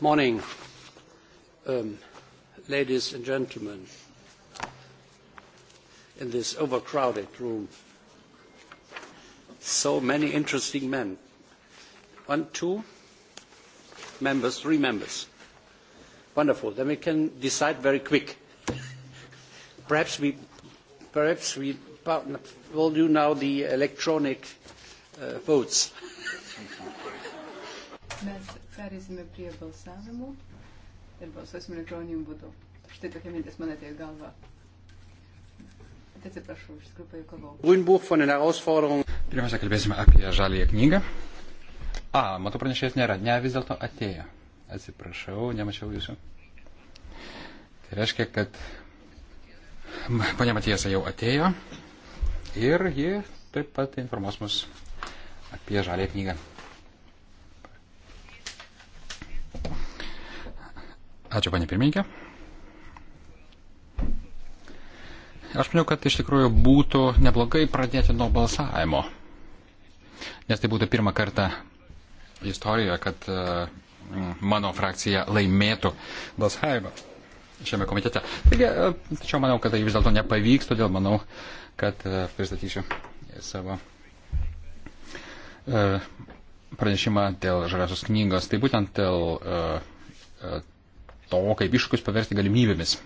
Morning, um, ladies and gentlemen, in this overcrowded room. So many interesting men. One, two members, three members. Wonderful. Then we can decide very quick. Perhaps we, perhaps we will do now the electronic uh, votes. Mes Perėsime prie balsavimų ir balsuosime elektroniniu būdu. Štai tokia mintis man atėjo galva. Tai atsiprašau, iš tikrųjų pajuokavau. Pirmiausia, kalbėsime apie žaląją knygą. A, matau, pranešėjas nėra. Ne, vis dėlto atėjo. Atsiprašau, nemačiau jūsų. Tai reiškia, kad ponia Matiesa jau atėjo ir ji taip pat informuos mus apie žaląją knygą. Ačiū, panė pirmininkė. Aš manau, kad iš tikrųjų būtų neblogai pradėti nuo balsavimo. Nes tai būtų pirmą kartą istorijoje, kad e, mano frakcija laimėtų balsavimą šiame komitete. Taigi, e, tačiau manau, kad tai vis dėlto nepavyks, todėl manau, kad e, pristatysiu savo pranešimą dėl žaliosios knygos. Tai būtent dėl to, kaip iššūkius paversti galimybėmis.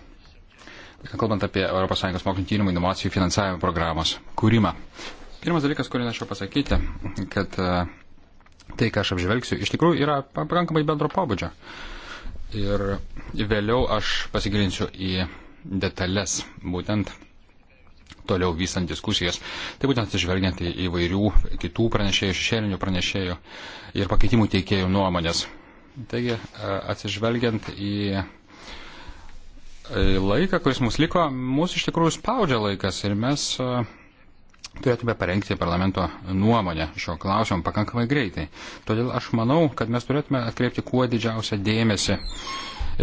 Kalbant apie ES mokslinio tyrimų inovacijų finansavimo programos kūrimą. Pirmas dalykas, kurį norėčiau pasakyti, kad e, tai, ką aš apžvelgsiu, iš tikrųjų yra pakankamai bendro pobūdžio. Ir vėliau aš pasigilinsiu į detalės, būtent toliau vystant diskusijas. Tai būtent atsižvelgiant į įvairių kitų pranešėjų, šešėlinių pranešėjų ir pakeitimų teikėjų nuomonės. Taigi, e, atsižvelgiant į laiką, kuris mums liko, mūsų iš tikrųjų spaudžia laikas ir mes e, turėtume parengti parlamento nuomonę šio klausimu pakankamai greitai. Todėl aš manau, kad mes turėtume atkreipti kuo didžiausią dėmesį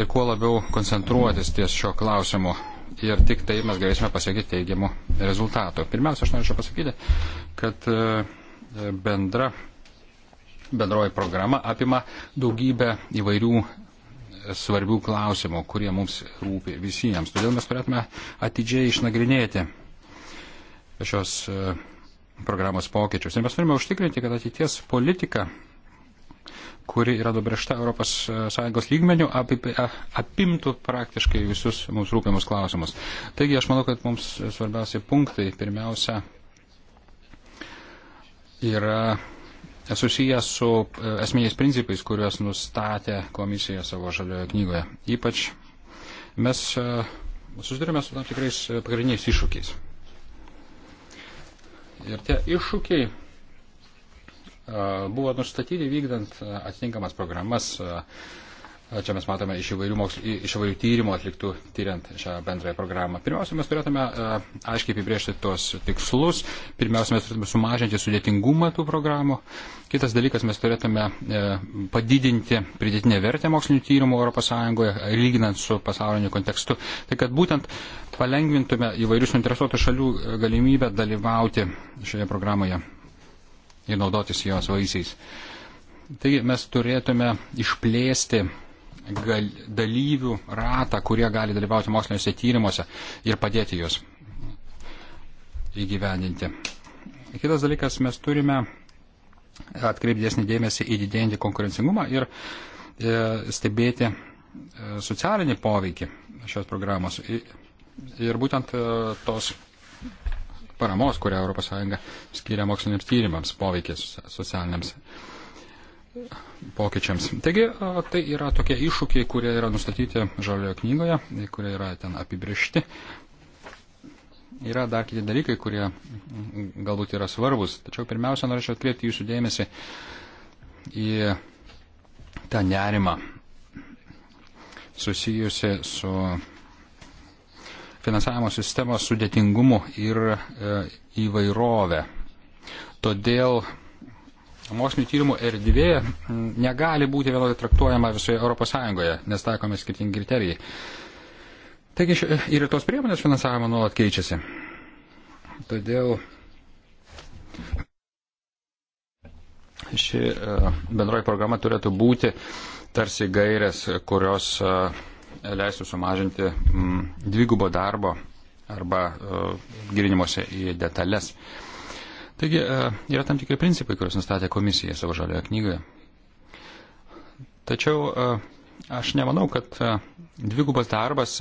ir kuo labiau koncentruotis ties šio klausimu. Ir tik tai mes galėsime pasiekti teigiamų rezultatų. Pirmiausia, aš norėčiau pasakyti, kad e, bendra bendroji programa apima daugybę įvairių svarbių klausimų, kurie mums rūpi visiems. Todėl mes turėtume atidžiai išnagrinėti šios e, programos pokyčius. Ir mes turime užtikrinti, kad ateities politika, kuri yra nubrėžta ES e, lygmenių, apimtų praktiškai visus mums rūpimus klausimus. Taigi aš manau, kad mums svarbiausiai punktai pirmiausia yra susijęs su e, esminiais principais, kuriuos nustatė komisija savo žalioje knygoje. Ypač mes e, susidurime su tam tikrais e, pagrindiniais iššūkiais. Ir tie iššūkiai buvo nustatyti vykdant atitinkamas programas Čia mes matome iš įvairių, moksl... iš įvairių tyrimų atliktų tyriant šią bendrąją programą. Pirmiausia, mes turėtume e, aiškiai apibriežti tuos tikslus. Pirmiausia, mes turėtume sumažinti sudėtingumą tų programų. Kitas dalykas, mes turėtume e, padidinti pridėtinę vertę mokslinių tyrimų ES, lyginant su pasauliniu kontekstu. Tai kad būtent palengvintume įvairių suinteresuotų šalių e, galimybę dalyvauti šioje programoje ir naudotis jos vaisiais. Taigi mes turėtume išplėsti gal, dalyvių ratą, kurie gali dalyvauti moksliniuose tyrimuose ir padėti juos įgyvendinti. Kitas dalykas, mes turime atkreipdėsnį dėmesį į didėjantį konkurencingumą ir e, stebėti e, socialinį poveikį šios programos. Ir, ir būtent e, tos paramos, kurią ES skiria moksliniams tyrimams, poveikis socialiniams pokyčiams. Taigi, tai yra tokie iššūkiai, kurie yra nustatyti žaliojo knygoje, kurie yra ten apibriešti. Yra dar kiti dalykai, kurie mm, galbūt yra svarbus, tačiau pirmiausia, norėčiau atkreipti jūsų dėmesį į tą nerimą susijusi su finansavimo sistemos sudėtingumu ir e, įvairovė. Todėl mokslinio tyrimų erdvė mm, negali būti vienodai traktuojama visoje ES, nes taikomi skirtingi kriterijai. Taigi ir tos priemonės finansavimo nuolat keičiasi. Todėl ši e, bendroji programa turėtų būti tarsi gairės, kurios e, leistų sumažinti mm, dvigubo darbo arba e, gilinimuose į detalės. Uh, Taigi e, yra tam tikri principai, kuriuos nustatė komisija savo žalioje knygoje. Tačiau e, aš nemanau, kad e, dvigubas darbas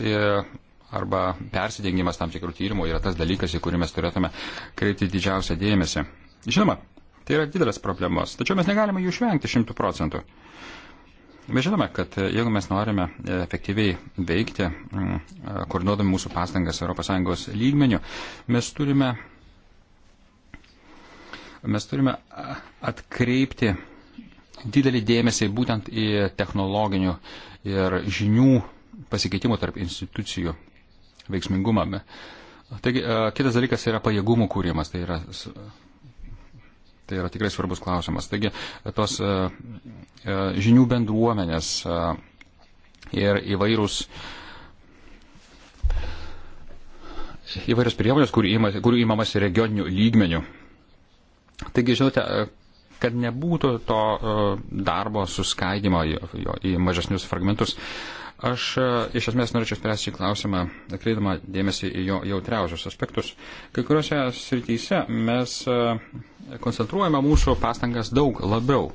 arba persidengimas tam tikrų tyrimų yra tas dalykas, į kurį mes turėtume kreipti didžiausią dėmesį. Žinoma, tai yra didelės problemos, tačiau mes negalime jų išvengti šimtų procentų. Mes žinome, kad jeigu mes norime efektyviai veikti, koordinuodami mūsų pastangas ES lygmenių, mes turime Mes turime atkreipti didelį dėmesį būtent į technologinių ir žinių pasikeitimų tarp institucijų veiksmingumą. Taigi, kitas dalykas yra pajėgumų kūrimas. Tai yra, tai yra tikrai svarbus klausimas. Taigi, tos žinių bendruomenės ir įvairūs įvairios priemonės, kurių imamasi regioninių lygmenių Taigi, žinote, kad nebūtų to e, darbo suskaidimo į mažesnius fragmentus, Aš e, iš esmės norėčiau spręsti šį klausimą, atkreidama dėmesį į jo jautriausius aspektus. Kai kuriuose srityse mes e, koncentruojame mūsų pastangas daug labiau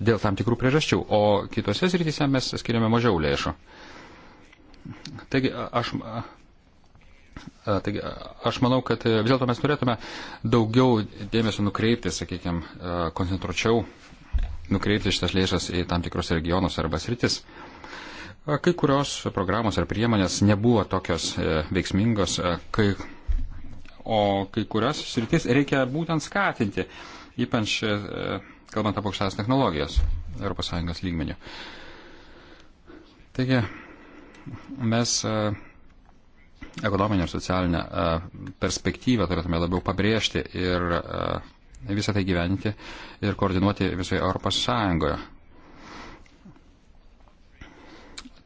dėl tam tikrų priežasčių, o kitose srityse mes skiriame mažiau lėšų. Taigi aš Taigi, aš manau, kad e, vis dėlto mes turėtume daugiau dėmesio nukreipti, sakykime, koncentruočiau nukreipti šitas lėšas į tam tikrus regionus arba sritis. Kai kurios programos ar priemonės nebuvo tokios e, veiksmingos, kai, o kai kurias sritis reikia būtent skatinti, ypač e, kalbant apie aukštas technologijas ES lygmenių. Taigi, mes ekonominę ir socialinę e, perspektyvą turėtume labiau pabrėžti ir e, visą tai gyventi ir koordinuoti visoje Europos Sąjungoje.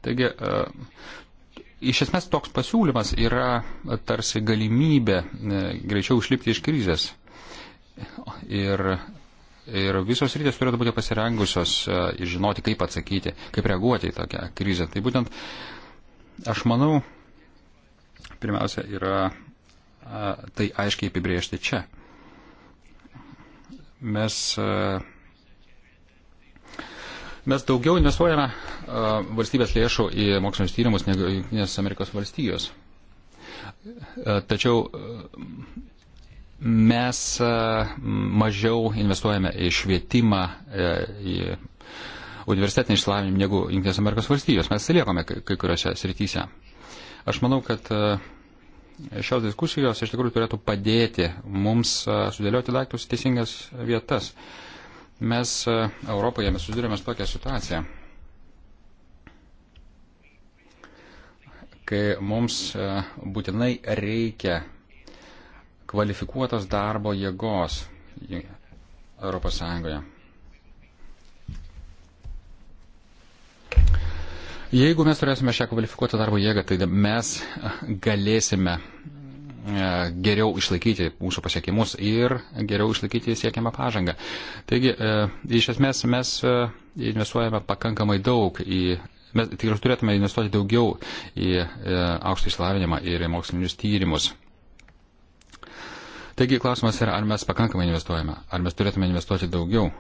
Taigi, e, iš esmės toks pasiūlymas yra tarsi galimybė greičiau išlipti iš krizės. Ir, ir visos rytis turėtų būti pasirengusios ir žinoti, kaip atsakyti, kaip reaguoti į tokią krizę. Tai būtent aš manau, pirmiausia yra tai aiškiai apibriežti čia. Mes, mes daugiau investuojame valstybės lėšų į mokslinius tyrimus negu Junktinės Amerikos valstijos. Tačiau mes mažiau investuojame į švietimą, į universitetinį išsilavinimą negu Junktinės Amerikos valstijos. Mes atsiliekame kai kuriuose srityse. Aš manau, kad e, šios diskusijos iš tikrųjų turėtų padėti mums e, sudėlioti daiktus į teisingas vietas. Mes e, Europoje mes susidurėme su tokia situacija, kai mums būtinai reikia kvalifikuotos darbo jėgos Europos Sąjungoje. Jeigu mes turėsime šią kvalifikuotą darbo jėgą, tai mes eh, galėsime eh, geriau išlaikyti mūsų pasiekimus ir geriau išlaikyti siekiamą pažangą. Taigi, eh, iš esmės mes investuojame pakankamai daug į. Mes tikrai turėtume investuoti daugiau į aukštą išsilavinimą ir į mokslinius tyrimus. Taigi klausimas yra, ar mes pakankamai investuojame, ar mes turėtume investuoti daugiau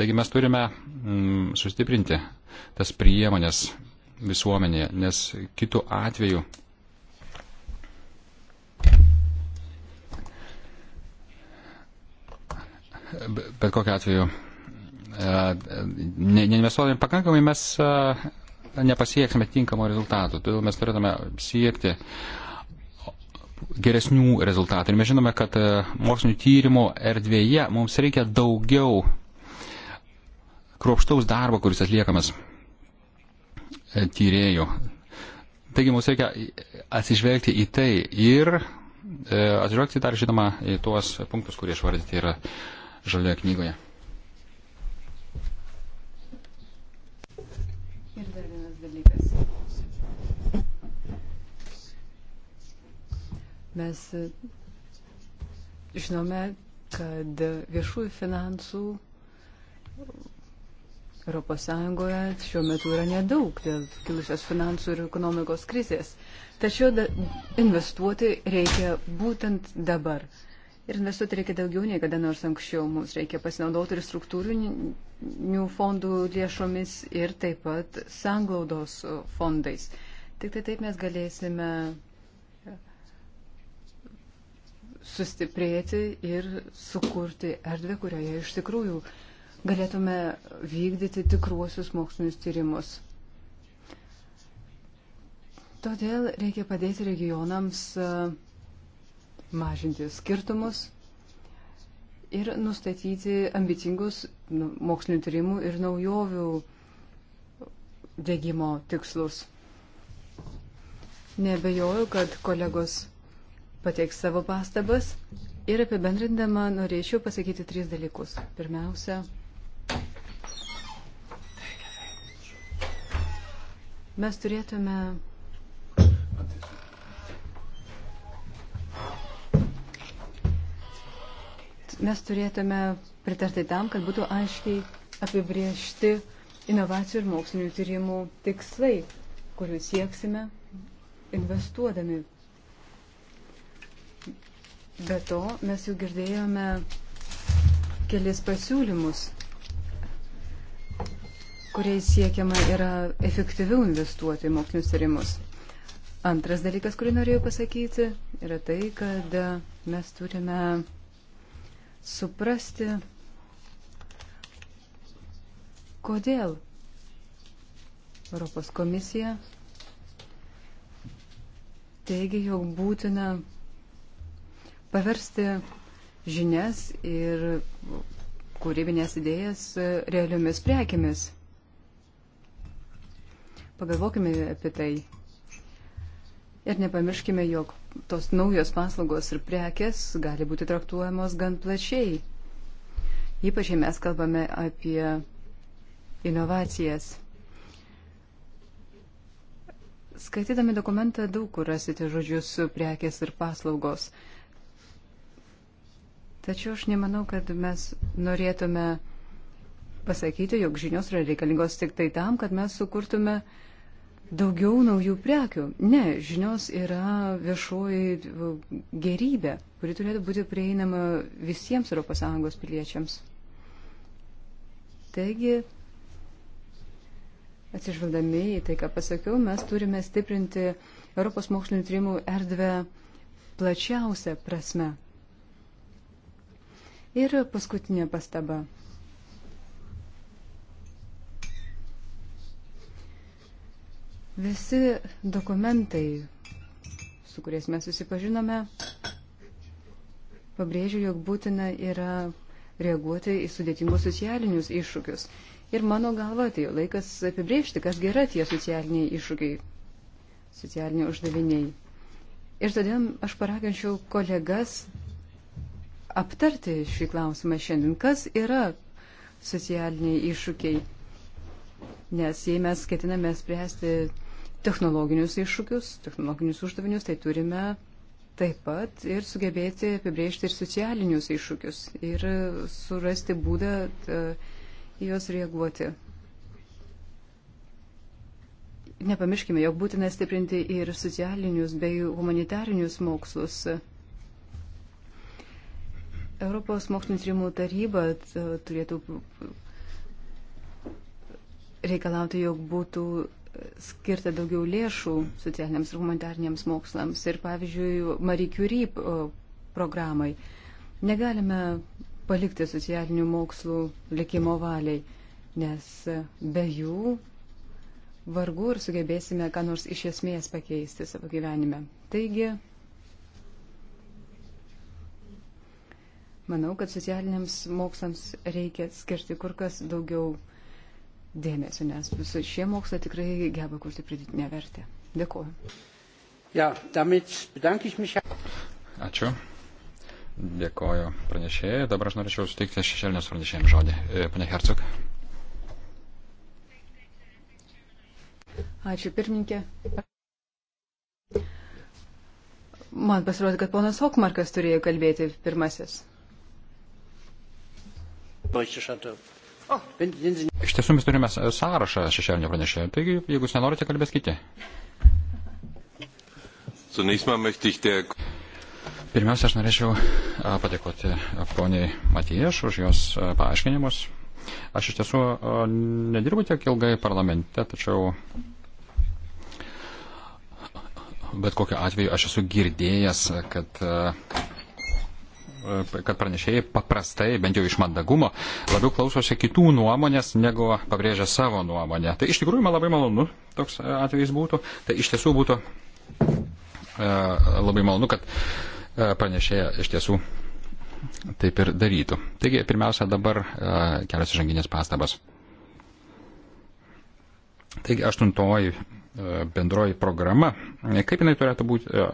Taigi mes turime mm, sustiprinti tas priemonės visuomenėje, nes kitų atveju bet kokiu atveju e, neinvestuodami pakankamai mes e, nepasieksime tinkamų rezultatų. Todėl mes turėtume siekti geresnių rezultatų. Ir mes žinome, kad e, mokslinio tyrimo erdvėje mums reikia daugiau kruopštaus darbo, kuris atliekamas e, tyriejų. Taigi mums reikia atsižvelgti į tai ir e, atsižvelgti dar žinoma į tuos punktus, kurie išvardyti yra žalioje knygoje. Ir dar vienas dalykas. Mes e, žinome, kad viešųjų finansų ES šiuo metu yra nedaug dėl kilusios finansų ir ekonomikos krizės. Tačiau investuoti reikia būtent dabar. Ir investuoti reikia daugiau nei kada nors anksčiau. Mums reikia pasinaudoti ir struktūrinių fondų lėšomis ir taip pat sanglaudos fondais. Tik tai taip mes galėsime sustiprėti ir sukurti erdvę, kurioje iš tikrųjų uh, galėtume vykdyti tikruosius mokslinius tyrimus. Todėl reikia padėti regionams e, mažinti skirtumus ir nustatyti ambicingus nu, mokslinių tyrimų ir naujovių dėgymo tikslus. Nebejoju, kad kolegos pateiks savo pastabas ir apibendrindama norėčiau pasakyti tris dalykus. Pirmiausia, mes turėtume mes turėtume pritarti tam, kad būtų aiškiai apibriežti inovacijų ir mokslinių tyrimų tikslai, kurių sieksime investuodami. Be to, mes jau girdėjome kelis pasiūlymus kuriais siekiama yra efektyviau investuoti į mokslinius tyrimus. Antras dalykas, kurį norėjau pasakyti, yra tai, kad mes turime suprasti, kodėl Europos komisija teigia, jog būtina paversti žinias ir kūrybinės idėjas realiomis prekiamis. Pagalvokime apie tai. Ir nepamirškime, jog tos naujos paslaugos ir prekes gali būti traktuojamos gan plačiai. Ypač jei mes kalbame apie inovacijas. Skaitydami dokumentą daug kur rasite žodžius prekės ir paslaugos. Tačiau aš nemanau, kad mes norėtume pasakyti, jog žinios yra reikalingos tik tai tam, kad mes sukurtume uh, daugiau naujų prekių. Ne, žinios yra viešoji gerybė, kuri turėtų būti prieinama visiems ES piliečiams. Taigi, atsižvaldami į tai, ką pasakiau, mes turime stiprinti Europos mokslinio tyrimų erdvę plačiausią prasme. Ir paskutinė pastaba. Visi dokumentai, su kuriais mes susipažinome, pabrėžiu, jog būtina yra reaguoti į sudėtingus socialinius iššūkius. Ir mano galva, tai laikas apibrėžti, kas yra tie socialiniai iššūkiai, socialiniai uždaviniai. Ir todėl aš paraginčiau kolegas aptarti šį klausimą šiandien, kas yra socialiniai iššūkiai. Nes jei mes ketiname spręsti technologinius iššūkius, technologinius uždavinius, tai turime taip pat ir sugebėti apibrėžti ir socialinius iššūkius ir surasti būdą e, į juos reaguoti. Nepamirškime, jog būtina stiprinti ir socialinius bei humanitarinius mokslus. Europos mokslinio tyrimų taryba e, turėtų reikalauti, jog būtų skirta daugiau lėšų socialiniams ir humanitariniams mokslams ir, pavyzdžiui, Marie Curie programai. Negalime palikti socialinių mokslų likimo valiai, nes be jų vargu ir sugebėsime ką nors iš esmės pakeisti savo gyvenime. Taigi, manau, kad socialiniams mokslams reikia skirti kur kas daugiau dėmesio, nes visi šie mokslai tikrai geba kurti pridėtinę vertę. Dėkuoju. Ja, mich... Ačiū. Dėkoju pranešėjai. Dabar aš norėčiau suteikti šešėlinės pranešėjams žodį. E, Pane Hercog. Ačiū pirmininkė. Man pasirodė, kad ponas Hokmarkas turėjo kalbėti pirmasis. Baigti šantau. Iš tiesų mes turime sąrašą šešėlinio pranešėjo, taigi jeigu jūs nenorite, kalbės kiti. Pirmiausia, aš norėčiau padėkoti poniai Matijaš už jos paaiškinimus. Aš iš tiesų nedirbu tiek ilgai parlamente, tačiau bet kokiu atveju aš esu girdėjęs, kad kad pranešėjai paprastai, bent jau iš mandagumo, labiau klausosi kitų nuomonės, negu pabrėžia savo nuomonę. Tai iš tikrųjų man labai malonu toks e, atvejis būtų. Tai iš tiesų būtų e, labai malonu, kad e, pranešėja iš tiesų taip ir darytų. Taigi, pirmiausia, dabar kelias žanginės pastabas. Taigi, aštuntoji bendroji programa, kaip jinai turėtų būti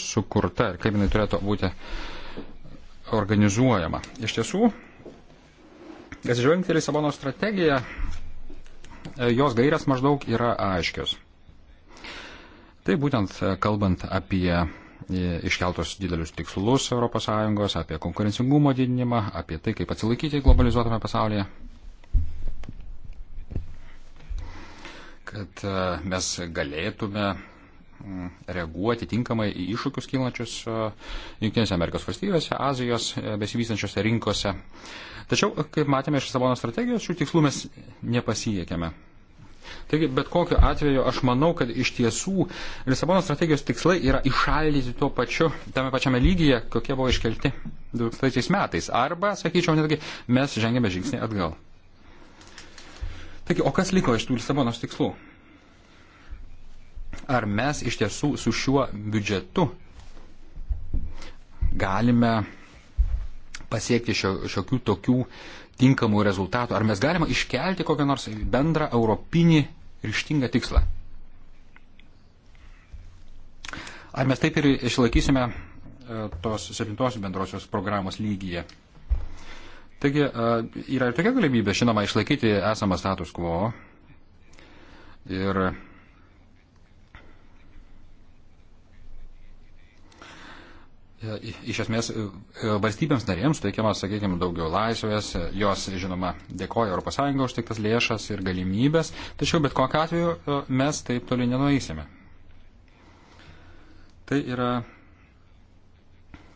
sukurta ir kaip jinai turėtų būti uh, organizuojama. Iš tiesų, atsižvelgiant į Lisabono strategiją, e, jos gairias maždaug yra aiškios. Tai būtent e, kalbant apie e, iškeltus didelius tikslus ES, apie konkurencingumo didinimą, apie tai, kaip atsilaikyti globalizuotame pasaulyje. Kad mes galėtume Mm, reaguoti tinkamai į iššūkius kylančius e, Junktinėse Amerikos valstybėse, Azijos e, besivystančiose rinkose. Tačiau, kaip matėme iš Sabono strategijos, šių tikslų mes nepasiekėme. Taigi, bet kokiu atveju aš manau, kad iš tiesų Lisabono strategijos tikslai yra išaldyti tuo pačiu, tame pačiame lygyje, kokie buvo iškelti 2000 metais. Arba, sakyčiau, netgi mes žengėme žingsnį atgal. Taigi, o kas liko iš tų Lisabonos tikslų? ar mes iš tiesų su šiuo biudžetu galime pasiekti šio, šiokių tokių tinkamų rezultatų, ar mes galime iškelti kokią nors bendrą europinį ryštingą tikslą. Ar mes taip ir išlaikysime e, tos septintos bendrosios programos lygyje? Taigi e, yra ir tokia galimybė, žinoma, išlaikyti esamą status quo ir E, iš esmės e, e, valstybėms narėms teikiamas, sakykime, daugiau laisvės, jos, žinoma, dėkoja ES už teiktas lėšas ir galimybės, tačiau bet kokiu atveju mes taip toli nenueisime. Tai yra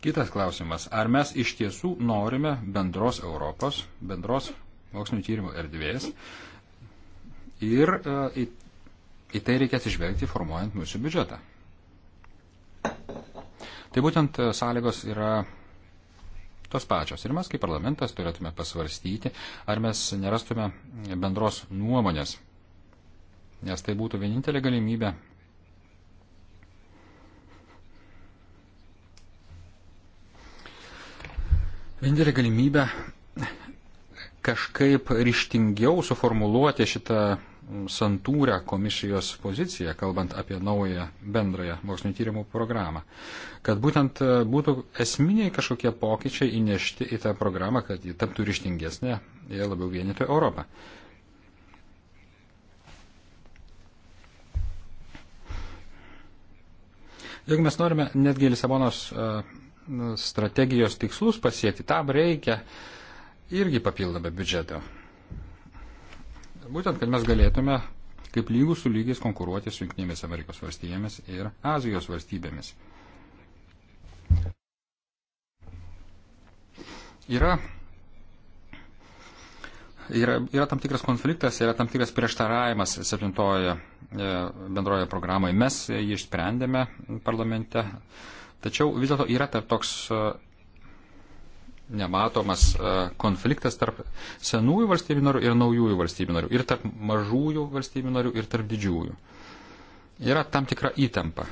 kitas klausimas. Ar mes iš tiesų norime bendros Europos, bendros mokslinio tyrimų erdvės ir į, į tai reikės išvelgti formuojant mūsų biudžetą. Tai būtent e, sąlygos yra tos pačios. Ir mes kaip parlamentas turėtume pasvarstyti, ar mes nerastume bendros nuomonės. Nes tai būtų vienintelė galimybė. Vienintelė galimybė kažkaip ryštingiau suformuluoti šitą santūrę komisijos poziciją, kalbant apie naują bendrąją mokslinio tyrimų programą. Kad būtent e, būtų esminiai kažkokie pokyčiai įnešti į tą programą, kad ji taptų ryštingesnė ir labiau vienytų Europą. Jeigu mes norime netgi Lisabonos e, strategijos tikslus pasiekti, tam reikia irgi papildomą biudžetą. Būtent, kad mes galėtume kaip lygų su lygiais konkuruoti su Junktinėmis Amerikos valstybėmis ir Azijos valstybėmis. Yra, yra, yra tam tikras konfliktas, yra tam tikras prieštaravimas septintoje e, bendroje programoje. Mes jį išsprendėme parlamente, tačiau vis dėlto yra toks nematomas e, konfliktas tarp senųjų valstybių narių ir naujųjų valstybių narių, ir tarp mažųjų valstybių narių, ir tarp didžiųjų. Yra tam tikra įtampa.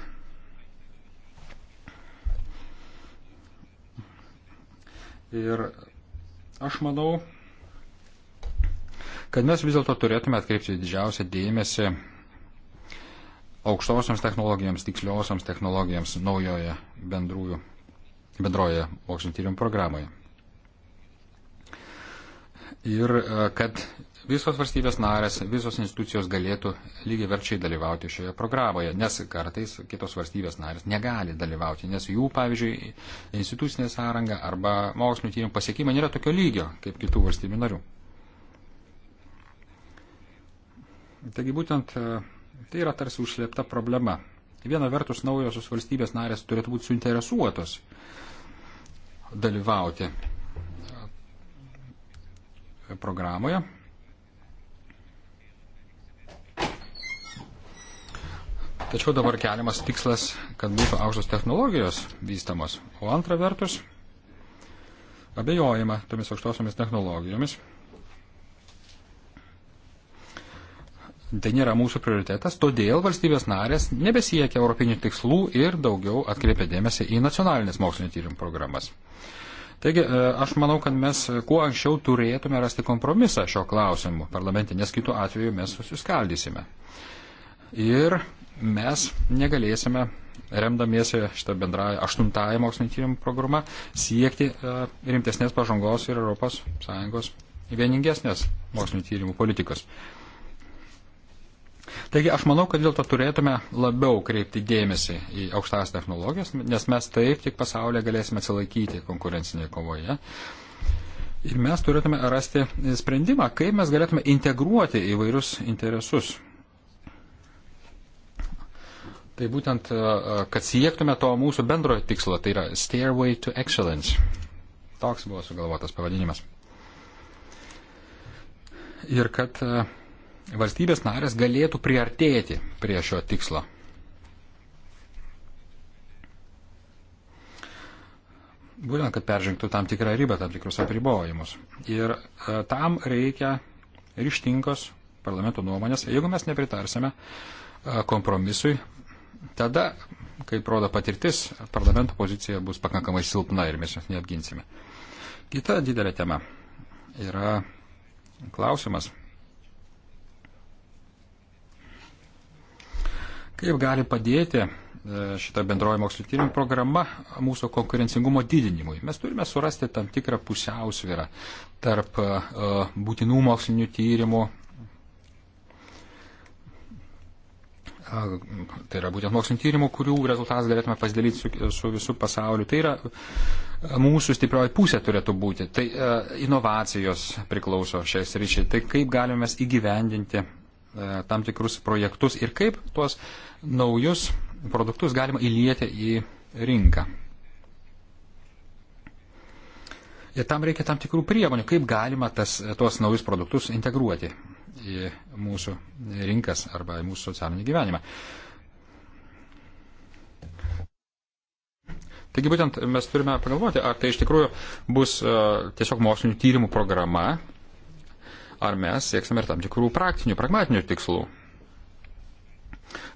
Ir aš manau, kad mes vis dėlto turėtume atkreipti didžiausią dėmesį aukštosioms technologijoms, tiksliosioms technologijoms naujoje bendrųjų, bendroje mokslinio tyrimų programoje ir e, kad visos valstybės narės, visos institucijos galėtų lygiai verčiai dalyvauti šioje programoje, nes kartais kitos valstybės narės negali dalyvauti, nes jų, pavyzdžiui, institucinė sąranga arba mokslinio tyrimų pasiekimai nėra tokio lygio kaip kitų valstybių narių. Taigi būtent e, tai yra tarsi užslėpta problema. Viena vertus naujosios valstybės narės turėtų būti suinteresuotos dalyvauti programoje. Tačiau dabar keliamas tikslas, kad būtų aukštos technologijos vystamos. O antra vertus, abejojama tomis aukštosiomis technologijomis. Tai nėra mūsų prioritetas, todėl valstybės narės nebesiekia europinių tikslų ir daugiau atkreipia dėmesį į nacionalinės mokslinio tyrimų programas. Taigi e, aš manau, kad mes e, kuo anksčiau turėtume rasti kompromisą šio klausimu parlamente, nes kitų atveju mes susiskaldysime. Ir mes negalėsime, remdamiesi šitą bendrąją aštuntąją mokslinio tyrimų programą, siekti e, rimtesnės pažangos ir ES vieningesnės mokslinio tyrimų politikos. Taigi aš manau, kad dėl to turėtume labiau kreipti dėmesį į aukštas technologijas, nes mes taip tik pasaulyje galėsime atsilaikyti konkurencinėje kovoje. Ir mes turėtume rasti sprendimą, kaip mes galėtume integruoti įvairius interesus. Tai būtent, kad siektume to mūsų bendrojo tikslo, tai yra Stairway to Excellence. Toks buvo sugalvotas pavadinimas. Ir kad uh, valstybės narės galėtų priartėti prie šio tikslo. Būtent, kad peržengtų tam tikrą ribą, tam tikrus apribojimus. Ir e, tam reikia ryštingos parlamento nuomonės. Jeigu mes nepritarsime e, kompromisui, tada, kaip rodo patirtis, parlamento pozicija bus pakankamai silpna ir mes jos neapginsime. Kita didelė tema yra klausimas, Kaip gali padėti e, šita bendroji mokslo tyrimų programa mūsų konkurencingumo didinimui? Mes turime surasti tam tikrą pusiausvyrą tarp e, būtinų mokslinių tyrimų e, tai yra būtent mokslinio tyrimų, kurių rezultatas galėtume pasidalyti su, su visų pasauliu. Tai yra mūsų stiprioji pusė turėtų būti. Tai inovacijos priklauso šiais ryšiai. Tai kaip galime mes įgyvendinti E, tam tikrus projektus ir kaip tuos naujus produktus galima įlieti į rinką. Ir tam reikia tam tikrų priemonių, kaip galima tas, tuos naujus produktus integruoti į mūsų rinkas arba į mūsų socialinį gyvenimą. Taigi būtent mes turime pagalvoti, ar tai iš tikrųjų bus e, tiesiog mokslinių tyrimų programa, ar mes sieksime ir tam tikrų praktinių, pragmatinių tikslų.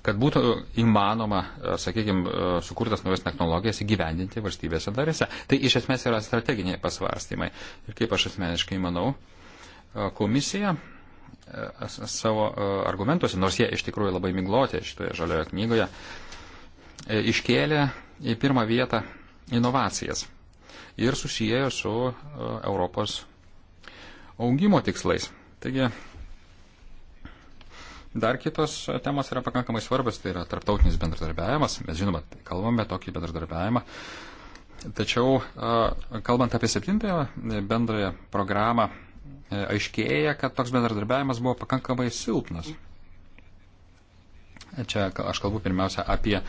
Kad būtų įmanoma, e, sakykime, sukurtas naujas technologijas įgyvendinti valstybėse darėse. Tai iš esmės yra strateginiai pasvarstymai. Ir kaip aš asmeniškai manau, e, komisija e, savo argumentuose, nors jie iš tikrųjų labai migloti šitoje žalioje knygoje, iškėlė į pirmą vietą inovacijas ir susiję su Europos augimo tikslais. Taigi, dar kitos temos yra pakankamai svarbios, tai yra tarptautinis bendradarbiavimas. Mes žinoma, tai kalbame tokį bendradarbiavimą. Tačiau, kalbant apie septintąją e, bendrąją programą, e, aiškėja, kad toks bendradarbiavimas buvo pakankamai silpnas. Čia aš kalbu pirmiausia apie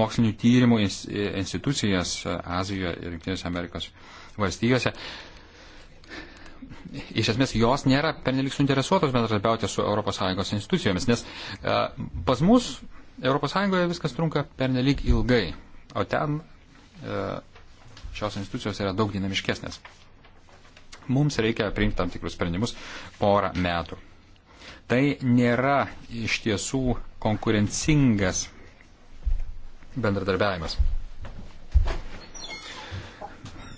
mokslinių tyrimų institucijas e, Azijoje ir Junktinėse Amerikos valstijose iš esmės jos nėra pernelik suinteresuotos bendradarbiauti su ES institucijomis, nes e, pas mus ES viskas trunka pernelik ilgai, o ten e, šios institucijos yra daug dinamiškesnės. Mums reikia priimti tam tikrus sprendimus porą metų. Tai nėra iš tiesų konkurencingas bendradarbiavimas.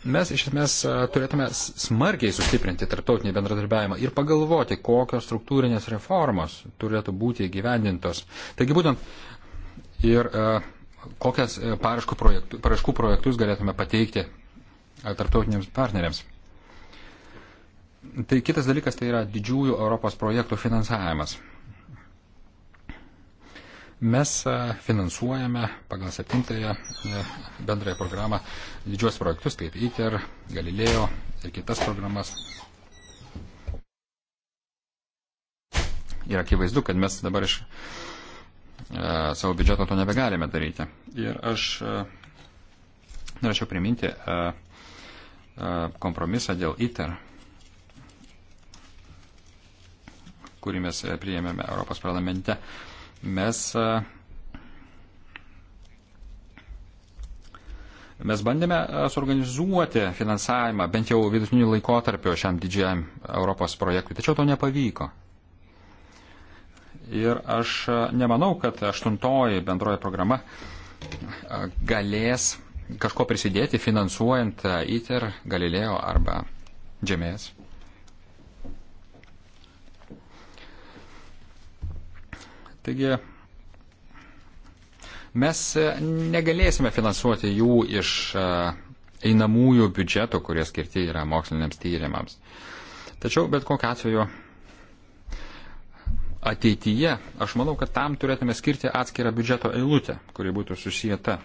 Mes iš esmės turėtume smarkiai sustiprinti tarptautinį bendradarbiavimą ir pagalvoti, kokios struktūrinės reformos turėtų būti įgyvendintos. Taigi būtent ir kokias e, paraškų, projektų, paraškų projektus galėtume pateikti tarptautiniams partneriams. Tai kitas dalykas tai yra didžiųjų Europos projektų finansavimas. Mes e, finansuojame pagal septintąją e, bendrąją programą didžiuos projektus kaip ITER, Galileo ir kitas programas. Ir akivaizdu, kad mes dabar iš e, savo biudžeto to nebegalime daryti. Ir aš norėčiau priminti kompromisą dėl ITER, kurį mes priėmėme Europos parlamente. Mes, e, mes bandėme e, suorganizuoti finansavimą bent jau vidutiniu laikotarpiu šiam didžiajam Europos projektui, tačiau to nepavyko. Ir aš e, nemanau, kad aštuntoji bendroji programa galės kažko prisidėti finansuojant ITER, Galileo arba Džemės. Taigi mes e, negalėsime finansuoti jų iš e, einamųjų biudžetų, kurie skirti yra moksliniams tyrimams. Tačiau bet kokiu atveju ateityje aš manau, kad tam turėtume skirti atskirą biudžeto eilutę, kuri būtų susijęta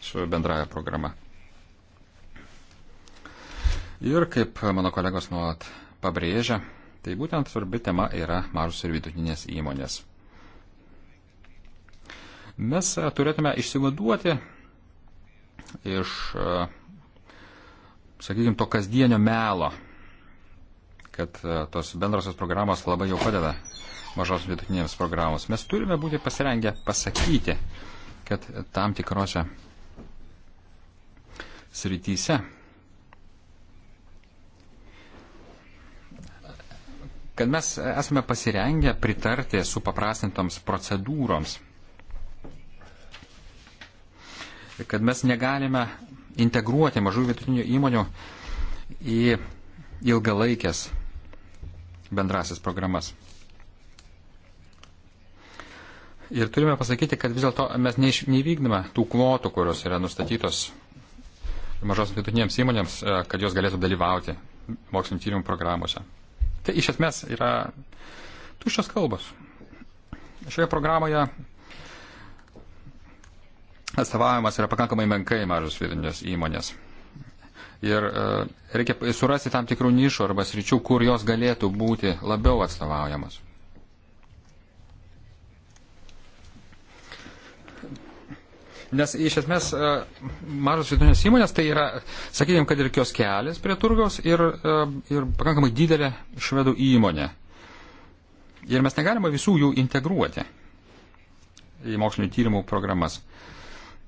su bendraja programa. Ir kaip mano kolegos nuolat pabrėžia, tai būtent svarbi tema yra mažos ir vidutinės įmonės. Mes e, turėtume išsivaduoti iš, e, sakykime, to kasdienio melo, kad e, tos bendrasios programos labai jau padeda mažos vidutinėms programos. Mes turime būti pasirengę pasakyti, kad tam tikrose srityse, kad mes esame pasirengę pritarti supaprastintoms procedūroms kad mes negalime integruoti mažų vidutinių įmonių į ilgalaikės bendrasis programas. Ir turime pasakyti, kad vis dėlto mes neįvykdome tų kvotų, kurios yra nustatytos mažos vidutinėms įmonėms, e, kad jos galėtų dalyvauti mokslinio tyrimų programuose. Tai iš esmės yra tuščios kalbos. Šioje programoje atstovavimas yra pakankamai menkai mažos vidinės įmonės. Ir e, reikia surasti tam tikrų nišų arba sričių, kur jos galėtų būti labiau atstovaujamos. Nes iš esmės e, mažos vidutinės įmonės tai yra, sakykime, kad ir kioskelis prie turgaus ir, e, ir pakankamai didelė švedų įmonė. Ir mes negalime visų jų integruoti į mokslinio tyrimų programas.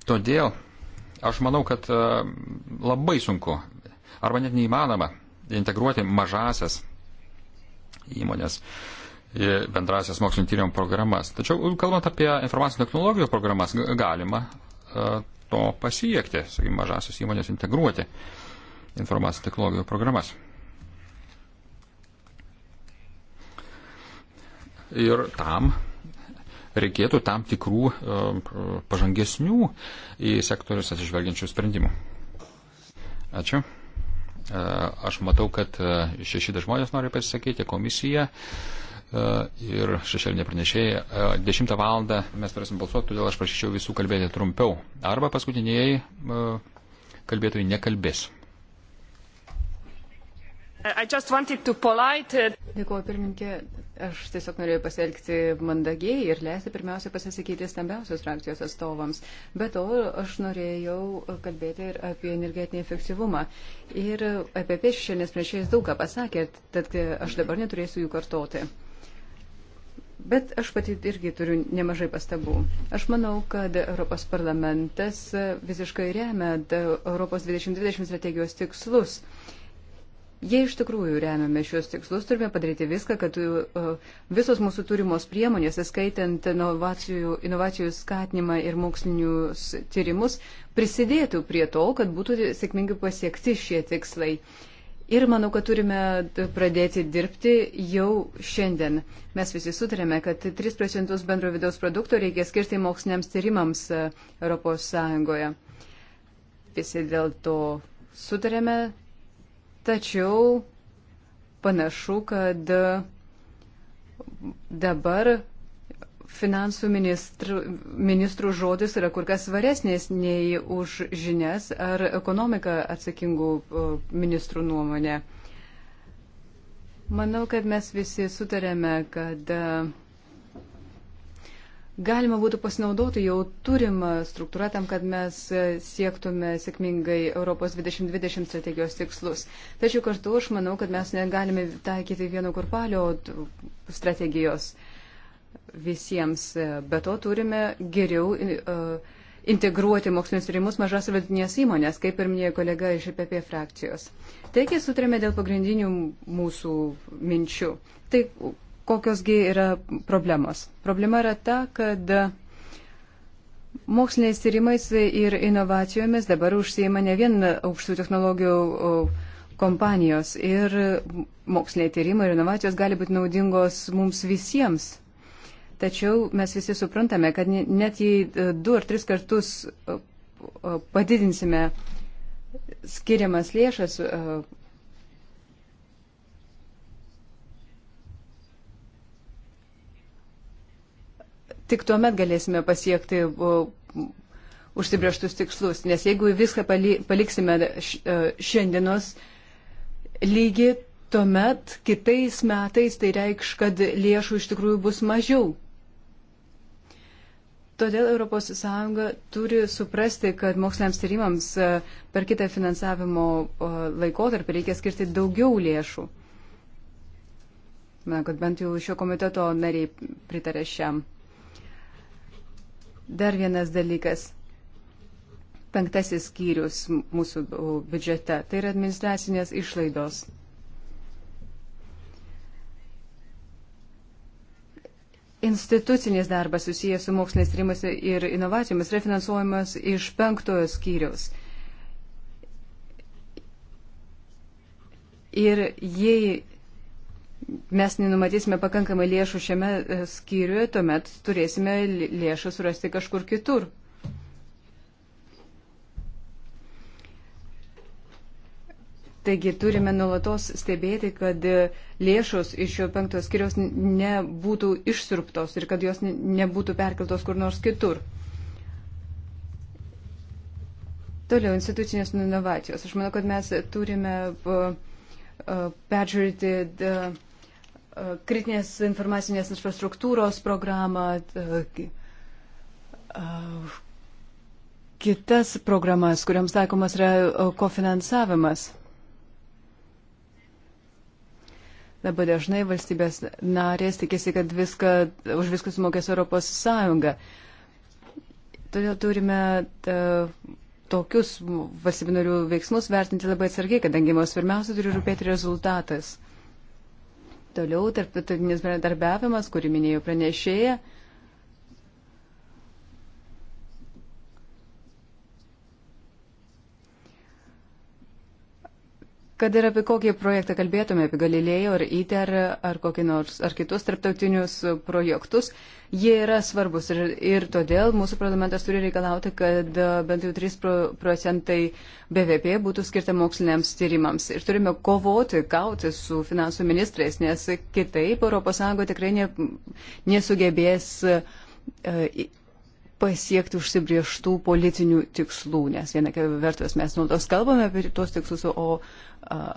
Todėl aš manau, kad e, labai sunku arba net neįmanoma integruoti mažasias įmonės į bendrasias mokslinio tyrimų programas. Tačiau kalbant apie informacinių technologijų programas, galima e, to pasiekti, sakykime, mažasias įmonės integruoti informacinių technologijų programas. Ir tam reikėtų tam tikrų e, pažangesnių į sektorius atsižvelgiančių sprendimų. Ačiū. E, aš matau, kad e, šeši žmonės nori pasisakyti, komisija ir šešėlinė pranešėja. 10 val. mes turėsim balsuoti, todėl aš prašyčiau visų kalbėti trumpiau. Arba paskutiniai kalbėtojai nekalbės. Uh, Dėkuoju, pirmininkė. Aš tiesiog norėjau pasielgti mandagiai ir leisti pirmiausia pasisakyti stambiausios frakcijos atstovams. Be to, aš norėjau kalbėti ir apie energetinį efektyvumą. Ir apie piešišėlės prieš jais daug ką pasakė, tad e, aš dabar neturėsiu jų kartoti. Bet aš pati irgi turiu nemažai pastabų. Aš manau, kad Europos parlamentas e, visiškai remia e, Europos 2020 strategijos tikslus. Jei iš tikrųjų remiame šios tikslus, turime padaryti viską, kad uh, visos mūsų turimos priemonės, įskaitant inovacijų, inovacijų skatinimą ir mokslinius tyrimus, prisidėtų prie to, kad būtų sėkmingai pasiekti šie tikslai. Ir manau, kad turime pradėti dirbti jau šiandien. Mes visi sutarėme, kad 3 procentus bendro vidaus produkto reikia skirti moksliniams tyrimams uh, ES. Visi dėl to sutarėme, Tačiau panašu, kad dabar finansų ministrų, ministrų žodis yra kur kas svaresnės nei už žinias ar ekonomiką atsakingų ministrų nuomonę. Manau, kad mes visi sutarėme, kad uh, galima būtų pasinaudoti jau turimą struktūrą tam, kad mes siektume sėkmingai Europos 2020 strategijos tikslus. Tačiau kartu aš manau, kad mes negalime taikyti vieno kurpalio strategijos visiems. Be to turime geriau e, integruoti mokslinius tyrimus mažas ir vidutinės įmonės, kaip ir minėjo kolega iš IPP e frakcijos. Taigi sutrėme dėl pagrindinių mūsų minčių. Tai kokiosgi yra problemos. Problema yra ta, kad moksliniais tyrimais ir inovacijomis dabar užsieima ne vien aukštų technologijų kompanijos ir moksliniai tyrimai ir inovacijos gali būti naudingos mums visiems. Tačiau mes visi suprantame, kad net jei e, du ar tris kartus e, e, padidinsime skiriamas lėšas Tik tuomet galėsime pasiekti užsibrieštus tikslus, nes jeigu viską paliksime e, šiandienos lygį, tuomet kitais metais tai reikš, kad lėšų iš tikrųjų bus mažiau. Todėl ES turi suprasti, kad moksliniams tyrimams e, per kitą finansavimo e, laikotarpį reikia skirti daugiau lėšų. Manau, kad bent jau šio komiteto nariai pritarė šiam Dar vienas dalykas. Penktasis skyrius mūsų biudžete. Tai yra administracinės išlaidos. Institucinis darbas susijęs su moksliniais tyrimais ir inovacijomis yra finansuojamas iš penktojo skyriaus. Ir jei mes nenumatysime pakankamai lėšų šiame e, skyriuje, tuomet turėsime lėšų surasti kažkur kitur. Taigi turime nulatos stebėti, kad e, lėšos iš šio penktos skiriaus nebūtų išsirptos ir kad jos nebūtų perkeltos kur nors kitur. Toliau, institucinės inovacijos. Aš manau, kad mes turime e, peržiūrėti E, kritinės informacinės infrastruktūros programą, e, e, kitas programas, kuriams taikomas yra kofinansavimas. Labai dažnai valstybės narės tikėsi, kad viską, už viską sumokės Europos Sąjunga. Todėl turime ta, tokius valstybinarių veiksmus vertinti labai atsargiai, kadangi mums pirmiausia turi rūpėti rezultatas. Toliau tarptautinis bendradarbiavimas, kurį minėjo pranešėja. Kad ir apie kokį projektą kalbėtume, apie Galilėjo ar ITER ar, nors, ar kitus tarptautinius projektus, jie yra svarbus ir, ir todėl mūsų parlamentas turi reikalauti, kad bent jau 3 procentai BVP būtų skirta moksliniams tyrimams. Ir turime kovoti, kauti su finansų ministrais, nes kitaip ES tikrai ne, nesugebės. Uh, pasiekti užsibrieštų politinių tikslų, nes viena vertus mes nuolatos kalbame apie tuos tikslus, o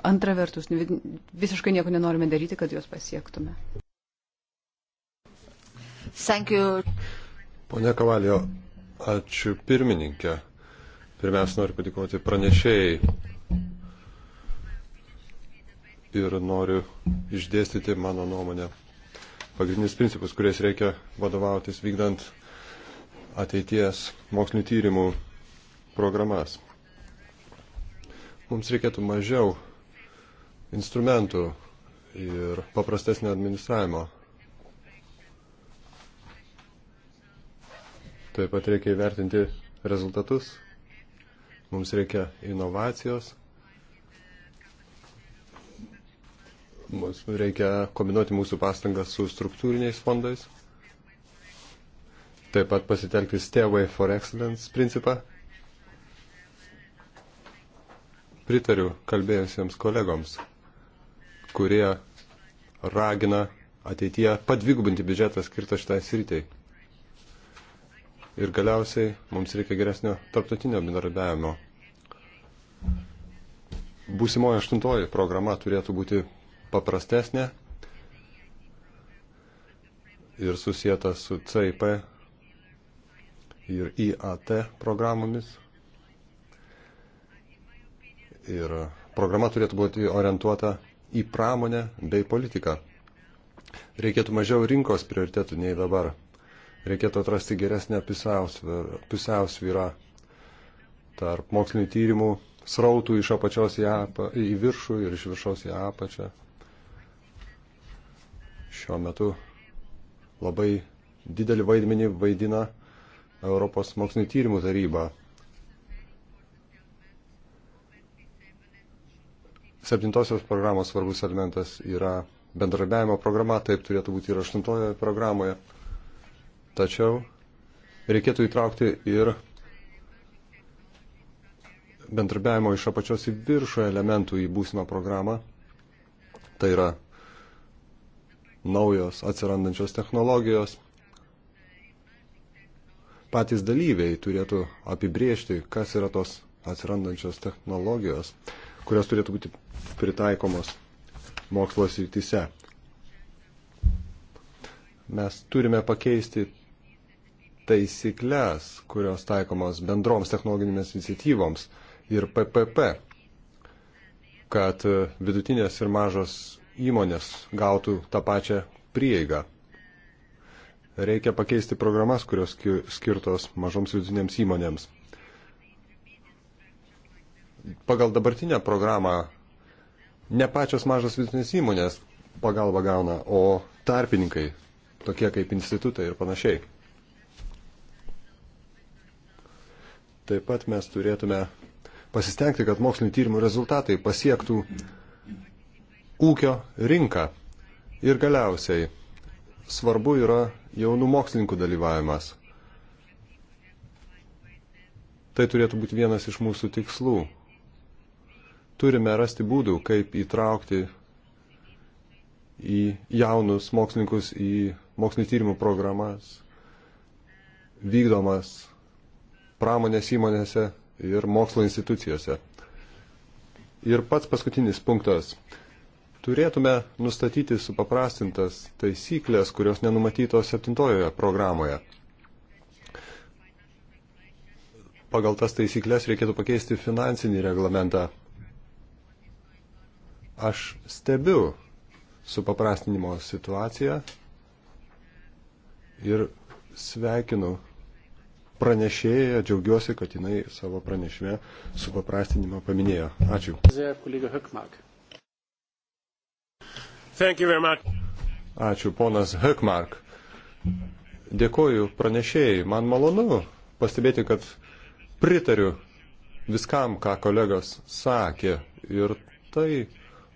antra vertus visiškai nieko nenorime daryti, kad juos pasiektume. Pone Kavalio, ačiū pirmininkė. Pirmiausia, noriu padėkoti pranešėjai ir noriu išdėstyti mano nuomonę. Pagrindinis principus, kuriais reikia vadovautis vykdant ateities mokslinių tyrimų programas. Mums reikėtų mažiau instrumentų ir paprastesnio administravimo. Taip pat reikia įvertinti rezultatus. Mums reikia inovacijos. Mums reikia kombinuoti mūsų pastangas su struktūriniais fondais taip pat pasitelkti Stairway for Excellence principą. Pritariu kalbėjusiems kolegoms, kurie ragina ateityje padvigubinti biudžetą skirtą šitai sritiai. Ir galiausiai mums reikia geresnio tarptautinio bendradarbiavimo. Būsimoji aštuntoji programa turėtų būti paprastesnė ir susijęta su CIP ir IAT programomis. Ir programa turėtų būti orientuota į pramonę bei politiką. Reikėtų mažiau rinkos prioritetų nei dabar. Reikėtų atrasti geresnę pusiausvyrą tarp mokslinių tyrimų srautų iš apačios į, apa, į viršų ir iš viršaus į apačią. Šiuo metu labai didelį vaidmenį vaidina Europos mokslinio tyrimų taryba. 7 programos svarbus elementas yra bendradarbiavimo programa, taip turėtų būti ir 8 programoje. Tačiau reikėtų įtraukti ir bendradarbiavimo iš apačios į viršų elementų į būsimą programą. Tai yra naujos atsirandančios technologijos, patys dalyviai turėtų apibriežti, kas yra tos atsirandančios technologijos, kurios turėtų būti pritaikomos mokslo srityse. Mes turime pakeisti taisyklės, kurios taikomos bendroms technologinėms iniciatyvoms ir PPP, kad vidutinės ir mažos įmonės gautų tą pačią prieigą. Reikia pakeisti programas, kurios skirtos mažoms vidutinėms įmonėms. Pagal dabartinę programą ne pačios mažos vidutinės įmonės pagalba gauna, o tarpininkai, tokie kaip institutai ir panašiai. Taip pat mes turėtume pasistengti, kad mokslinio tyrimų rezultatai pasiektų ūkio rinką. Ir galiausiai svarbu yra jaunų mokslininkų dalyvavimas. Tai turėtų būti vienas iš mūsų tikslų. Turime rasti būdų, kaip įtraukti į jaunus mokslininkus į mokslinio tyrimų programas, vykdomas pramonės įmonėse ir mokslo institucijose. Ir pats paskutinis punktas turėtume nustatyti supaprastintas taisyklės, kurios nenumatytos septintojoje programoje. Pagal tas taisyklės reikėtų pakeisti finansinį reglamentą. Aš stebiu supaprastinimo situaciją ir sveikinu pranešėja, džiaugiuosi, kad jinai savo pranešime supaprastinimą paminėjo. Ačiū. Ačiū, ponas Hökmark. Dėkuoju pranešėjai. Man malonu pastebėti, kad pritariu viskam, ką kolegos sakė. Ir tai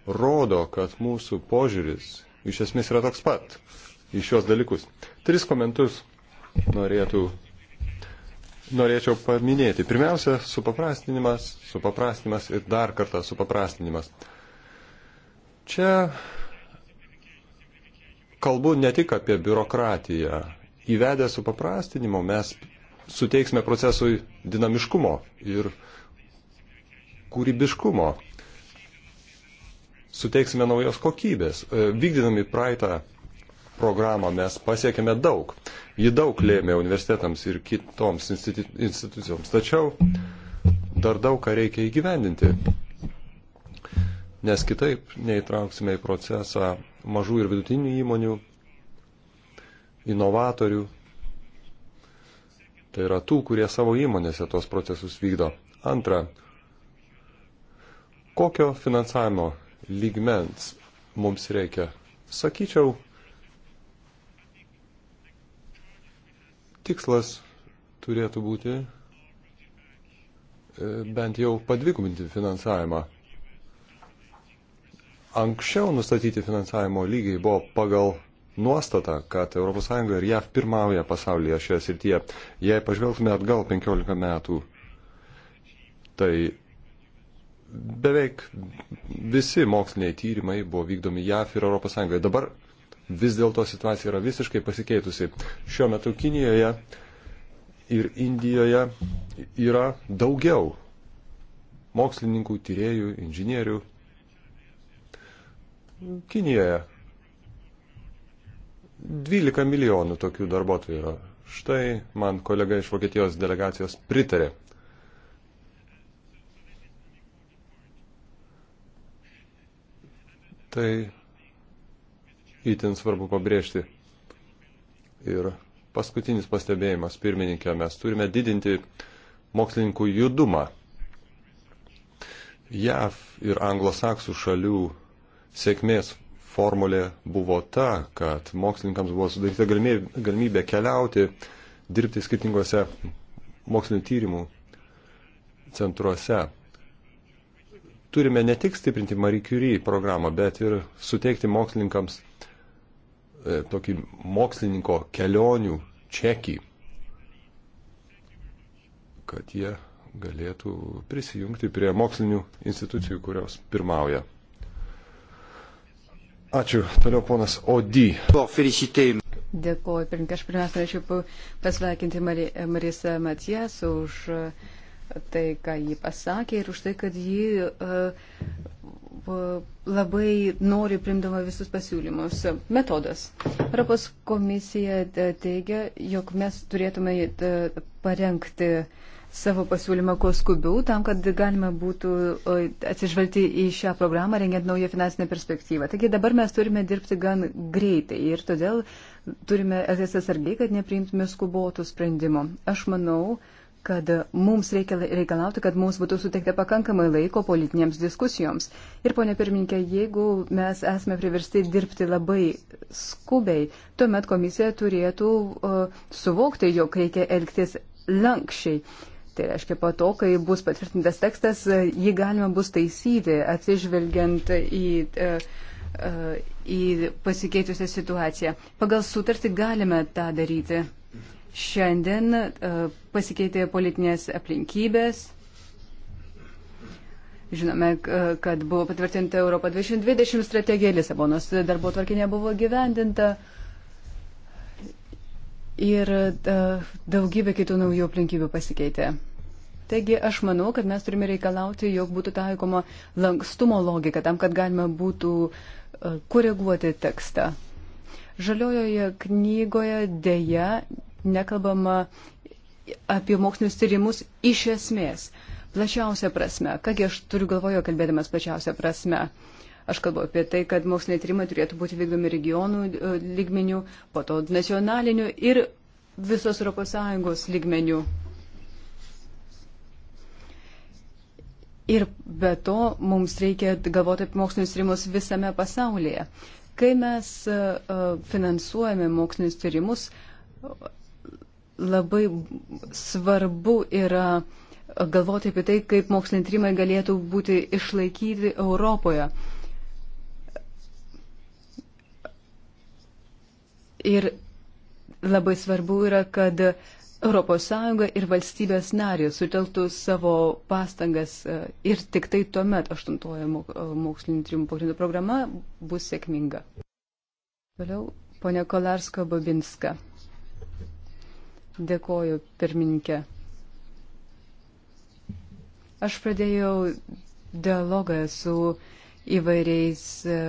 rodo, kad mūsų požiūris iš esmės yra toks pat į šios dalykus. Tris komentus norėtų, norėčiau paminėti. Pirmiausia, supaprastinimas, supaprastinimas ir dar kartą supaprastinimas. Čia kalbu ne tik apie biurokratiją. Įvedę su paprastinimo mes suteiksime procesui dinamiškumo ir kūrybiškumo. Suteiksime naujos kokybės. E, vykdydami praeitą programą mes pasiekėme daug. Ji daug lėmė universitetams ir kitoms institucijoms. Tačiau dar daug ką reikia įgyvendinti nes kitaip neįtrauksime į procesą mažų ir vidutinių įmonių, inovatorių, tai yra tų, kurie savo įmonėse tos procesus vykdo. Antra, kokio finansavimo lygmens mums reikia? Sakyčiau, tikslas turėtų būti e, bent jau padvigubinti finansavimą Anksčiau nustatyti finansavimo lygiai buvo pagal nuostatą, kad ES ir JAV pirmauja pasaulyje šioje srityje. Jei pažvelgtume atgal 15 metų, tai beveik visi moksliniai tyrimai buvo vykdomi JAV ir ES. Dabar vis dėlto situacija yra visiškai pasikeitusi. Šiuo metu Kinijoje ir Indijoje yra daugiau mokslininkų, tyriejų, inžinierių Kinijoje 12 milijonų tokių darbuotojų yra. Štai man kolega iš Vokietijos delegacijos pritarė. Tai įtin svarbu pabrėžti. Ir paskutinis pastebėjimas, pirmininkė, mes turime didinti mokslininkų judumą. JAV ir anglosaksų šalių sėkmės formulė buvo ta, kad mokslininkams buvo sudaryta galimybė, galimybė keliauti, dirbti skirtingose mokslinio tyrimų centruose. Turime ne tik stiprinti Marie Curie programą, bet ir suteikti mokslininkams e, tokį mokslininko kelionių čekį, kad jie galėtų prisijungti prie mokslinių institucijų, kurios pirmauja. Ačiū. Toliau ponas Odi. Dėkuoju, pirmininkė. Aš pirmiausia norėčiau pasveikinti Marisą Matijas už uh, tai, ką jį pasakė ir už tai, kad jį uh, labai nori primdama visus pasiūlymus. Metodas. Europos komisija uh, teigia, jog mes turėtume uh, parengti uh, savo pasiūlymą kuo skubiau, tam, kad galima būtų atsižvelgti į šią programą, rengiant naują finansinę perspektyvą. Taigi dabar mes turime dirbti gan greitai ir todėl turime elgtis atsargiai, kad nepriimtume skubotų sprendimų. Aš manau, kad mums reikia reikalauti, kad mums būtų suteikta pakankamai laiko politinėms diskusijoms. Ir, ponia pirmininkė, jeigu mes esame priversti dirbti labai skubiai, tuomet komisija turėtų uh, suvokti, jog reikia elgtis lankščiai Tai reiškia, po to, kai bus patvirtintas tekstas, jį galima bus taisyti, atsižvelgiant į, e, e, į pasikeitusią situaciją. Pagal sutartį galime tą daryti. Šiandien e, pasikeitė politinės aplinkybės. Žinome, kad buvo patvirtinta Europo 2020 strategija, Lisabonos darbo tvarkinė buvo gyvendinta ir daugybė kitų naujų aplinkybių pasikeitė. Taigi aš manau, kad mes turime reikalauti, jog būtų taikoma lankstumo logika tam, kad galima būtų e, koreguoti tekstą. Žaliojoje knygoje dėja nekalbama apie mokslinius tyrimus iš esmės, plačiausia prasme. Kągi aš turiu galvoje, kalbėdamas plačiausia prasme. Aš kalbu apie tai, kad moksliniai tyrimai turėtų būti vykdomi regionų e, lygmenių, po to nacionalinių ir visos ES lygmenių. Ir be to mums reikia galvoti apie mokslinius tyrimus visame pasaulyje. Kai mes e, e, finansuojame mokslinius tyrimus, labai svarbu yra galvoti apie tai, kaip moksliniai tyrimai galėtų būti išlaikyti Europoje. Ir labai svarbu yra, kad uh, ES ir valstybės narės sutelktų savo pastangas e, ir tik tai tuomet aštuntoji e, mokslinio tyrimų pagrindų programa bus sėkminga. Toliau ponia Kolarsko Babinska. Dėkoju, pirmininkė. Aš pradėjau dialogą su įvairiais e,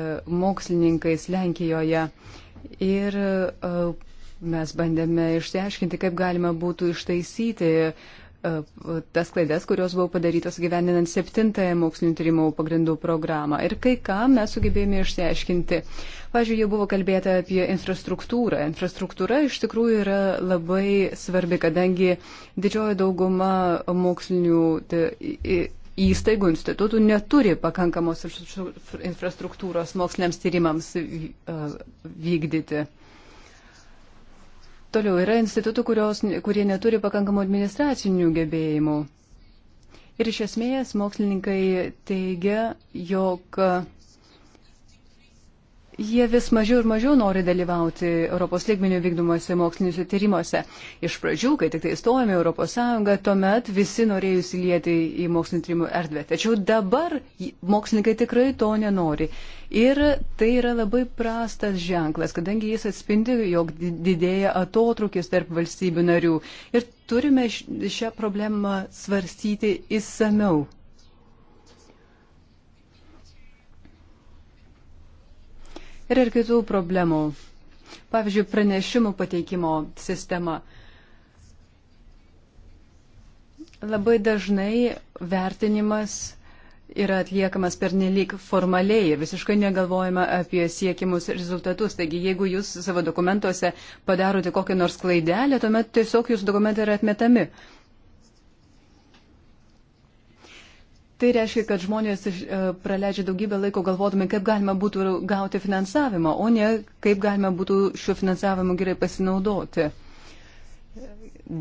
mokslininkais Lenkijoje ir uh, Mes bandėme išsiaiškinti, kaip galima būtų ištaisyti e, tas klaidas, kurios buvo padarytos gyveninant septintąją mokslinio tyrimų pagrindų programą. Ir kai ką mes sugebėjome išsiaiškinti. Pavyzdžiui, jau buvo kalbėta apie infrastruktūrą. Infrastruktūra iš tikrųjų yra labai svarbi, kadangi didžioji dauguma mokslinių įstaigų, institutų neturi pakankamos infrastruktūros moksliniams tyrimams e, vykdyti. Toliau yra institutų, kurios, kurie neturi pakankamų administracinių gebėjimų. Ir iš esmės mokslininkai teigia, jog jie vis mažiau ir mažiau nori dalyvauti Europos lygmenių vykdomuose moksliniuose tyrimuose. Iš pradžių, kai tik tai įstojame Europos Sąjungą, tuomet visi norėjo įsilieti į mokslinio tyrimų erdvę. Tačiau dabar mokslininkai tikrai to nenori. Ir tai yra labai prastas ženklas, kadangi jis atspindi, jog didėja atotrukis tarp valstybių narių. Ir turime šią problemą svarstyti įsameu. Yra ir kitų problemų. Pavyzdžiui, pranešimų pateikimo sistema. Labai dažnai vertinimas yra atliekamas pernelyg formaliai ir visiškai negalvojama apie siekimus rezultatus. Taigi, jeigu jūs savo dokumentuose padarote kokią nors klaidelę, tuomet tiesiog jūsų dokumentai yra atmetami. Tai reiškia, kad žmonės e, praleidžia daugybę laiko galvodami, kaip galima būtų gauti finansavimą, o ne kaip galima būtų šiuo finansavimu gerai pasinaudoti.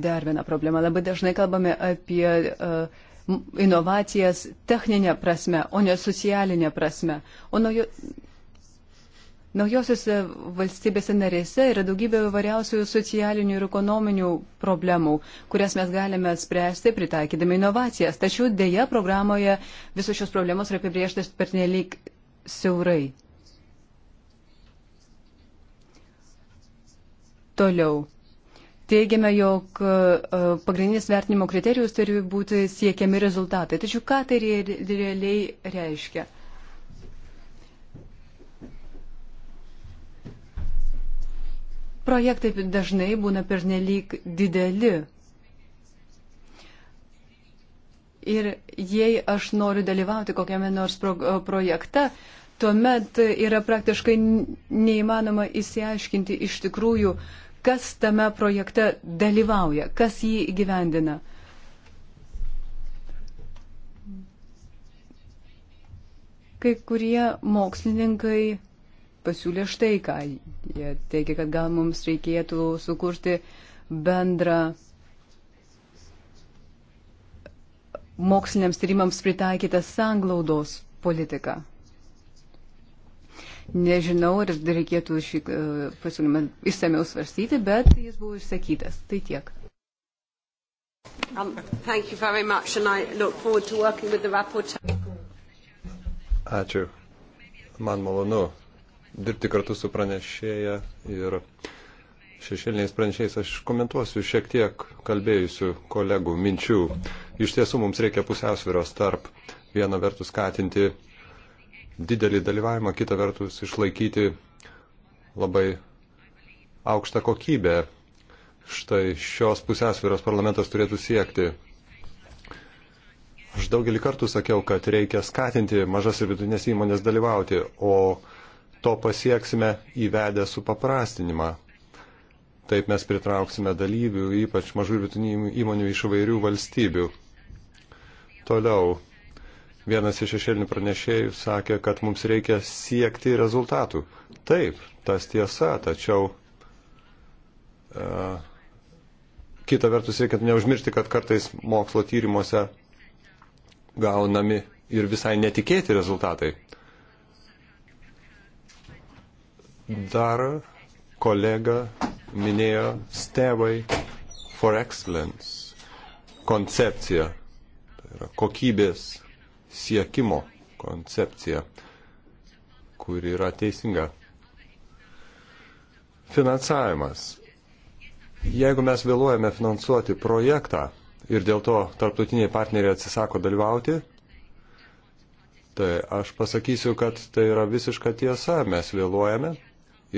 Dar viena problema. Labai dažnai kalbame apie uh, inovacijas techninę prasme, o ne socialinę prasme. O nuo jo, Naujosiuose valstybėse narėse yra daugybė variausių socialinių ir ekonominių problemų, kurias mes galime spręsti pritaikydami inovacijas. Tačiau dėja programoje visos šios problemos yra apibrieštas per nelik siaurai. Toliau. Teigiame, jog e, pagrindinis vertinimo kriterijus turi būti siekiami rezultatai. Tačiau ką tai realiai reiškia? projektai dažnai būna pernelyg dideli. Ir jei aš noriu dalyvauti kokiame nors pro, projekte, tuomet yra praktiškai neįmanoma įsiaiškinti iš tikrųjų, kas tame projekte dalyvauja, kas jį įgyvendina. Kai kurie mokslininkai pasiūlė štai ką Jie teigia, kad gal mums reikėtų sukurti bendrą moksliniams tyrimams pritaikytą sanglaudos politiką. Nežinau, ar reikėtų šį e, pasiūlymą įsamiau svarstyti, bet jis buvo išsakytas. Tai tiek. Um, thank you very much and I look forward to working with the rapporteur. Ačiū. Man malonu dirbti kartu su pranešėja ir šešėliniais pranešėjais. Aš komentuosiu šiek tiek kalbėjusių kolegų minčių. Iš tiesų mums reikia pusiausviros tarp viena vertus skatinti didelį dalyvavimą, kita vertus išlaikyti labai aukštą kokybę. Štai šios pusiausviros parlamentas turėtų siekti. Aš daugelį kartų sakiau, kad reikia skatinti mažas ir vidutinės įmonės dalyvauti, o to pasieksime įvedę supaprastinimą. Taip mes pritrauksime dalyvių, ypač mažų ir vidutinių įmonių iš įvairių valstybių. Toliau. Vienas iš šešėlinių pranešėjų sakė, kad mums reikia siekti rezultatų. Taip, tas tiesa, tačiau e, kita vertus reikia neužmiršti, kad kartais mokslo tyrimuose gaunami ir visai netikėti rezultatai. Dar kolega minėjo Stevai for Excellence koncepciją, tai yra kokybės siekimo koncepcija, kuri yra teisinga. Finansavimas. Jeigu mes vėluojame finansuoti projektą ir dėl to tarptautiniai partneriai atsisako dalyvauti, tai aš pasakysiu, kad tai yra visiška tiesa, mes vėluojame,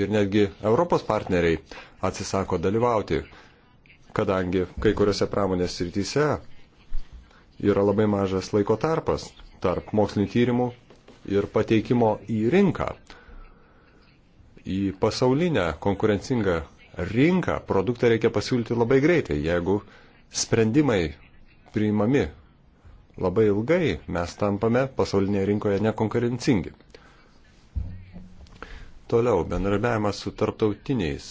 ir netgi Europos partneriai atsisako dalyvauti, kadangi kai kuriuose pramonės rytise yra labai mažas laiko tarpas tarp mokslinių tyrimų ir pateikimo į rinką, į pasaulinę konkurencingą rinką, produktą reikia pasiūlyti labai greitai. Jeigu sprendimai priimami labai ilgai, mes tampame pasaulinėje rinkoje nekonkurencingi. Toliau, bendrabiavimas su tarptautiniais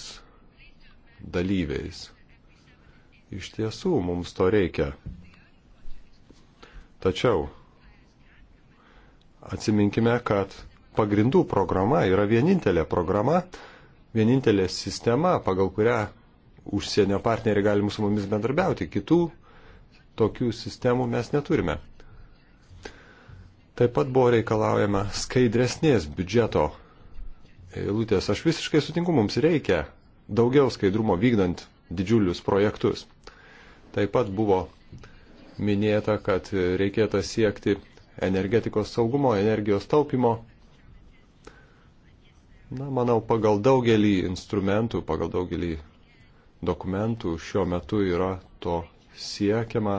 dalyviais. Iš tiesų, mums to reikia. Tačiau, atsiminkime, kad pagrindų programa yra vienintelė programa, vienintelė sistema, pagal kurią užsienio partneriai gali su mumis bendrabiauti. Kitų tokių sistemų mes neturime. Taip pat buvo reikalaujama skaidresnės biudžeto eilutės. Aš visiškai sutinku, mums reikia daugiau skaidrumo vykdant didžiulius projektus. Taip pat buvo minėta, kad reikėtų siekti energetikos saugumo, energijos taupimo. Na, manau, pagal daugelį instrumentų, pagal daugelį dokumentų šiuo metu yra to siekiama.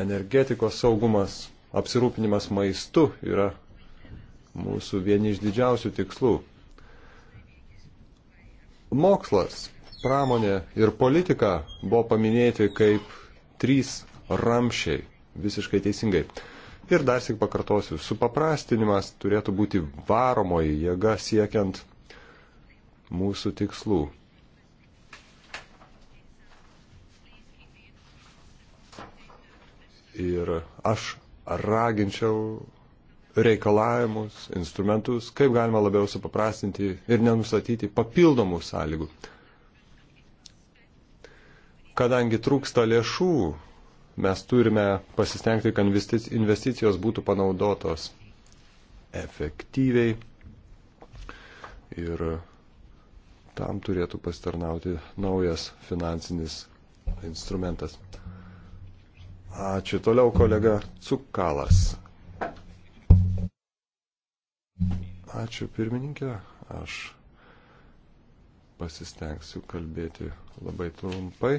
Energetikos saugumas, apsirūpinimas maistu yra mūsų vieni iš didžiausių tikslų. Mokslas, pramonė ir politika buvo paminėti kaip trys ramšiai. Visiškai teisingai. Ir dar sik pakartosiu, supaprastinimas turėtų būti varomoji jėga siekiant mūsų tikslų. Ir aš raginčiau reikalavimus, instrumentus, kaip galima labiau supaprastinti ir nenustatyti papildomų sąlygų. Kadangi trūksta lėšų, mes turime pasistengti, kad investicijos būtų panaudotos efektyviai ir tam turėtų pasitarnauti naujas finansinis instrumentas. Ačiū toliau kolega Cukalas. Ačiū pirmininkė, aš pasistengsiu kalbėti labai trumpai.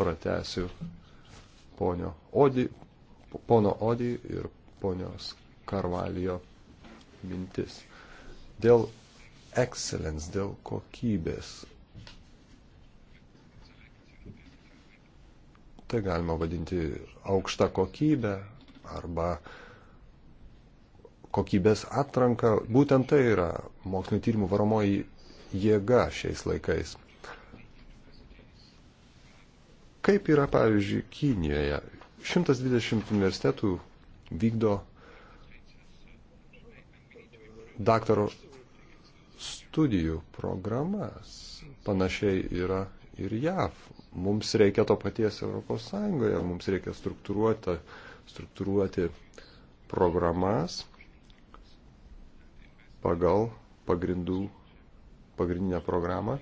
Pratesiu ponio Odi, pono Odį ir ponios Karvalijo mintis. Dėl excellence, dėl kokybės. Tai galima vadinti aukštą kokybę arba uh, kokybės atranką. Būtent tai yra mokslinio tyrimų varomoji jėga šiais laikais. Kaip yra, pavyzdžiui, Kinijoje? 120 universitetų vykdo daktaro studijų programas. Panašiai yra ir JAV. Mums reikia to paties ES, mums reikia struktūruoti, struktūruoti programas pagal pagrindų, pagrindinę programą.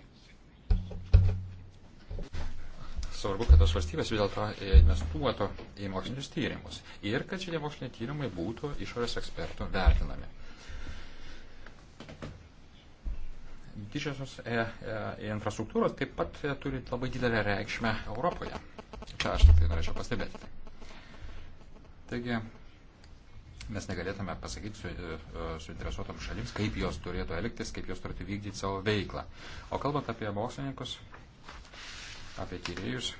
Svarbu, kad tos valstybės vis dėlto e, investuotų į mokslinius tyrimus ir kad šitie moksliniai tyrimai būtų išorės ekspertų vertinami. Didžiosios e, e, infrastruktūros taip pat e, turi labai didelę reikšmę Europoje. Čia aš tik tai norėčiau pastebėti. Taigi, mes negalėtume pasakyti su, e, e, suinteresuotam šalims, kaip jos turėtų elgtis, kaip jos turėtų vykdyti savo veiklą. O kalbant apie mokslininkus, apie tyriejus,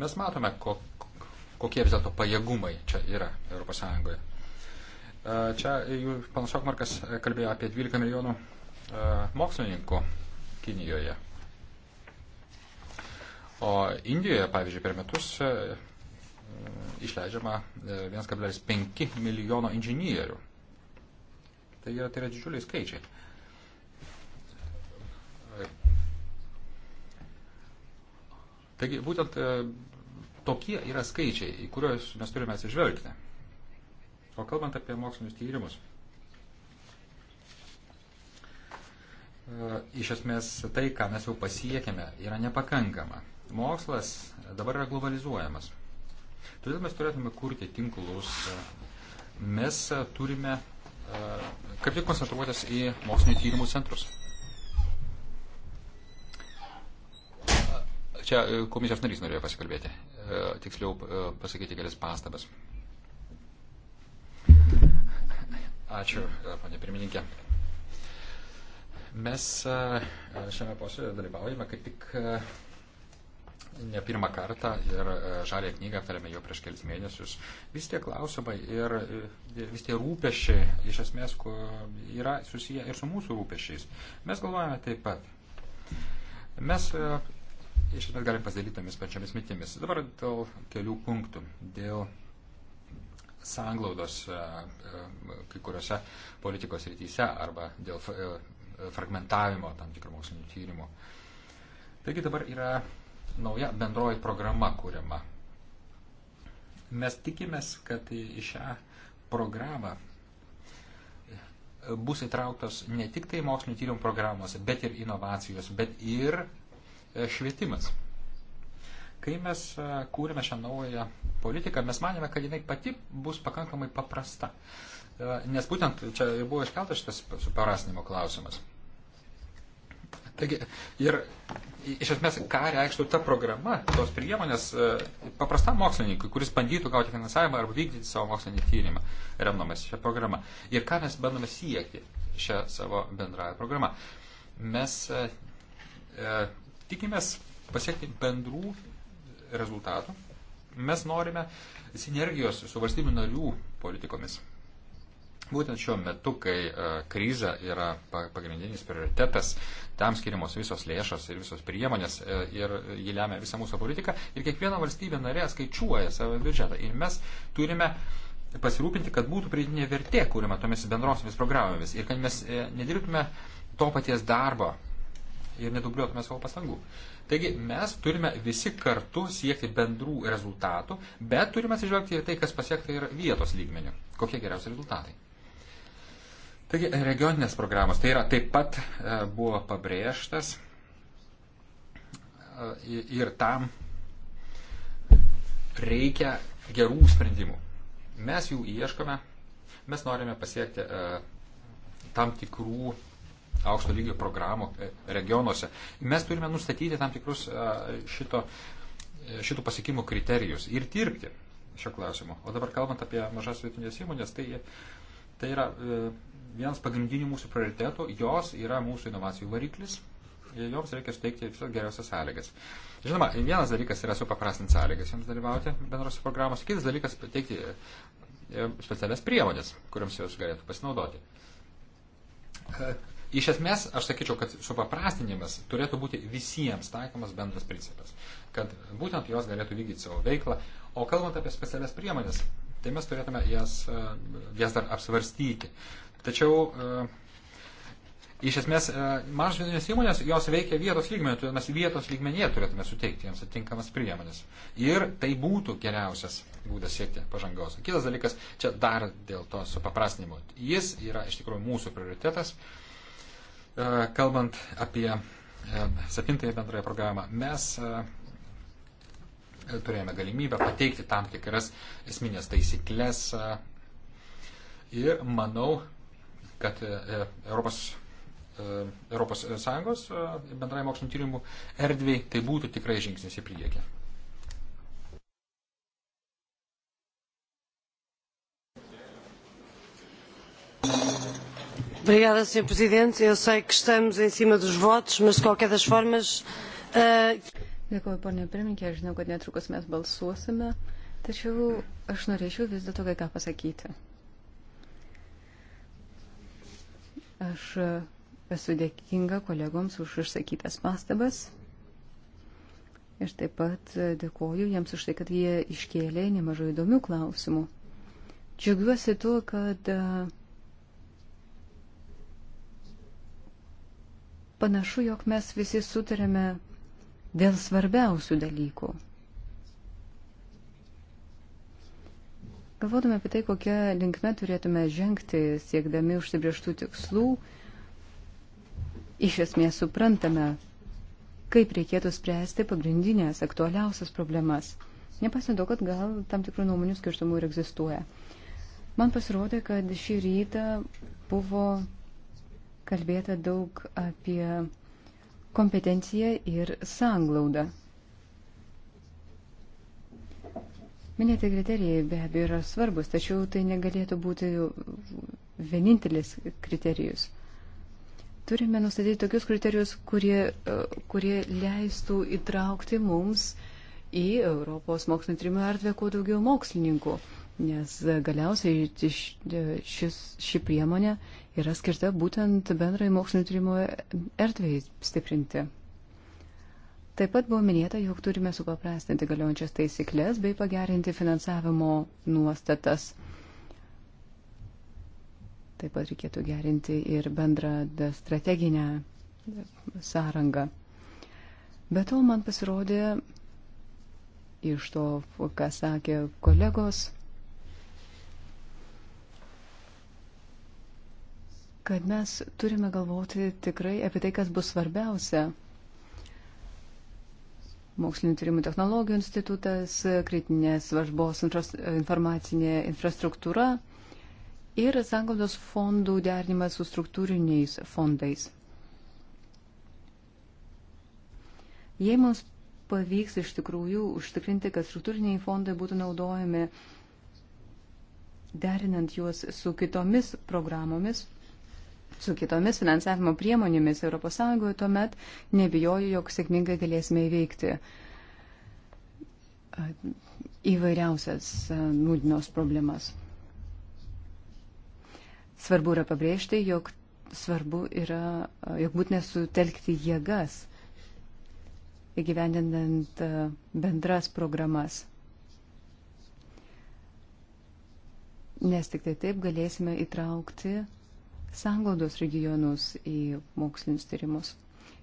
mes matome, ko, kokie vis dėlto pajėgumai čia yra ES. E, čia panas Okmarkas kalbėjo apie 12 milijonų mokslininkų Kinijoje. O Indijoje, pavyzdžiui, per metus išleidžiama 1,5 e, milijono inžinierių. Tai yra, tai yra didžiuliai skaičiai. Taigi būtent e, tokie yra skaičiai, į kuriuos mes turime atsižvelgti. O kalbant apie mokslinius tyrimus, e, iš esmės tai, ką mes jau pasiekėme, yra nepakankama. Mokslas dabar yra globalizuojamas. Todėl mes turėtume kurti tinklus. Mes turime e, kaip tik koncentruotis į mokslinio tyrimų centrus. E, čia e, komisijos narys norėjo pasikalbėti, tiksliau pasakyti kelias pastabas. Ačiū, panė pirmininkė. Mes šiame posėdėje dalyvaujame kaip tik ne pirmą kartą ir e, žalę knygą aptarėme jau prieš kelis mėnesius. Vis tie klausimai ir e, vis tie rūpešiai iš esmės yra susiję ir su mūsų rūpešiais. Mes galvojame taip pat. Mes e, iš esmės galim pasidalyti tomis pačiamis mintimis. Dabar dėl kelių punktų. Dėl sanglaudos kai kuriuose politikos rytyse arba dėl fragmentavimo tam tikrų mokslinių tyrimų. Taigi dabar yra nauja bendroji programa kūriama. Mes tikimės, kad į šią programą bus įtrauktos ne tik tai mokslinio tyrimų programos, bet ir inovacijos, bet ir e, švietimas. Kai mes e, kūrėme šią naują politiką, mes manėme, kad jinai pati bus pakankamai paprasta. E, nes būtent čia ir buvo iškeltas šitas suprasnimo klausimas. Taigi, ir iš esmės, ką reikštų ta programa, tos priemonės e, paprastam mokslininkui, kuris bandytų gauti finansavimą arba vykdyti savo mokslinį tyrimą, remdamas šią programą. Ir ką mes bandome siekti šią savo bendrąją programą. Mes e, e, tikimės pasiekti bendrų rezultatų. Mes norime sinergijos su valstybių narių politikomis. Būtent šiuo metu, kai e, kriza yra pagrindinis prioritetas, tam skirimos visos lėšos ir visos priemonės e, ir jį lemia visą mūsų politiką. Ir kiekviena valstybė narė skaičiuoja savo biudžetą. Ir mes turime pasirūpinti, kad būtų pridinė vertė kūrima tomis bendrosiomis programomis ir kad mes e, nedirbtume to paties darbo ir nedubliuotume savo pastangų. Taigi mes turime visi kartu siekti bendrų rezultatų, bet turime atsižvelgti ir tai, kas pasiekta ir vietos lygmenių. Kokie geriausi rezultatai. Taigi regioninės programos, tai yra taip pat e, buvo pabrėžtas e, ir tam reikia gerų sprendimų. Mes jų ieškome, mes norime pasiekti e, tam tikrų aukšto lygio programų regionuose. Mes turime nustatyti tam tikrus šito, šitų pasiekimų kriterijus ir dirbti šio klausimu. O dabar kalbant apie mažas vietinės įmonės, tai, tai yra vienas pagrindinių mūsų prioritetų, jos yra mūsų inovacijų variklis ir joms reikia suteikti visas geriausias sąlygas. Žinoma, vienas dalykas yra supaprastinti sąlygas jiems dalyvauti bendrose programose, kitas dalykas pateikti e, specialias priemonės, kuriams jos galėtų pasinaudoti. E, iš esmės, aš sakyčiau, kad supaprastinimas turėtų būti visiems taikomas bendras principas, kad būtent jos galėtų vykdyti savo veiklą. O kalbant apie specialias priemonės, tai mes turėtume jas, e, jas dar apsvarstyti. Uh, Tačiau e, iš esmės e, mažos vidinės įmonės, jos veikia vietos lygmenį, todėl tai mes vietos lygmenyje turėtume suteikti jiems atitinkamas priemonės. Ir tai būtų geriausias būdas siekti pažangos. Kitas dalykas, čia dar dėl to supaprastinimo. Jis yra iš tikrųjų mūsų prioritetas. E, kalbant apie septintąją bendrąją programą, mes turėjome galimybę pateikti tam tikras esminės taisyklės. Ir manau, kad e, e, Europos, e, Europos Sąjungos bendrai mokslinio tyrimų erdviai tai būtų tikrai žingsnis į priekį. Obrigada, Sr. Presidente. Eu sei que estamos em cima dos votos, mas de qualquer das formas. Uh... Dėkuoju, ponė pirmininkė, aš žinau, kad netrukus mes balsuosime, tačiau aš norėčiau vis dėlto kai ką pasakyti. Uh, Aš esu dėkinga kolegoms už išsakytas pastabas. Ir taip pat dėkoju jiems už tai, kad jie iškėlė nemažai įdomių klausimų. Džiaugiuosi tuo, kad e, panašu, jog mes visi sutarėme dėl svarbiausių dalykų. Galvodami apie tai, kokią linkmę turėtume žengti, siekdami užsibrieštų tikslų, iš esmės suprantame, kaip reikėtų spręsti pagrindinės, aktualiausias problemas. Nepaisant to, kad gal tam tikrų nuomonių skirtumų ir egzistuoja. Man pasirodė, kad šį rytą buvo kalbėta daug apie kompetenciją ir sanglaudą. Minėti kriterijai be abejo yra svarbus, tačiau tai negalėtų būti vienintelis kriterijus. Turime nustatyti tokius kriterijus, kurie, e, kurie leistų įtraukti mums į Europos mokslinio trimio erdvę kuo daugiau mokslininkų, nes galiausiai e, šis, ši priemonė yra skirta būtent bendrai mokslinio trimo erdvėjai stiprinti. Taip pat buvo minėta, jog turime supaprastinti galiojančias taisyklės bei pagerinti finansavimo nuostatas. Taip pat reikėtų gerinti ir bendrą strateginę sąrangą. Bet to man pasirodė iš to, ką sakė kolegos, kad mes turime galvoti tikrai apie tai, kas bus svarbiausia Mokslinio tyrimų technologijų institutas, kritinės svarbos informacinė infrastruktūra ir sanglaudos fondų derinimas su struktūriniais fondais. Jei mums pavyks iš tikrųjų užtikrinti, kad struktūriniai fondai būtų naudojami derinant juos su kitomis programomis, su kitomis finansavimo priemonėmis ES, tuomet nebijoju, jog sėkmingai galėsime įveikti įvairiausias nūdienos problemas. Svarbu yra pabrėžti, jog svarbu yra, jog būtina sutelkti jėgas įgyvendinant bendras programas. Nes tik tai taip galėsime įtraukti sanglaudos regionus, į mokslinius tyrimus.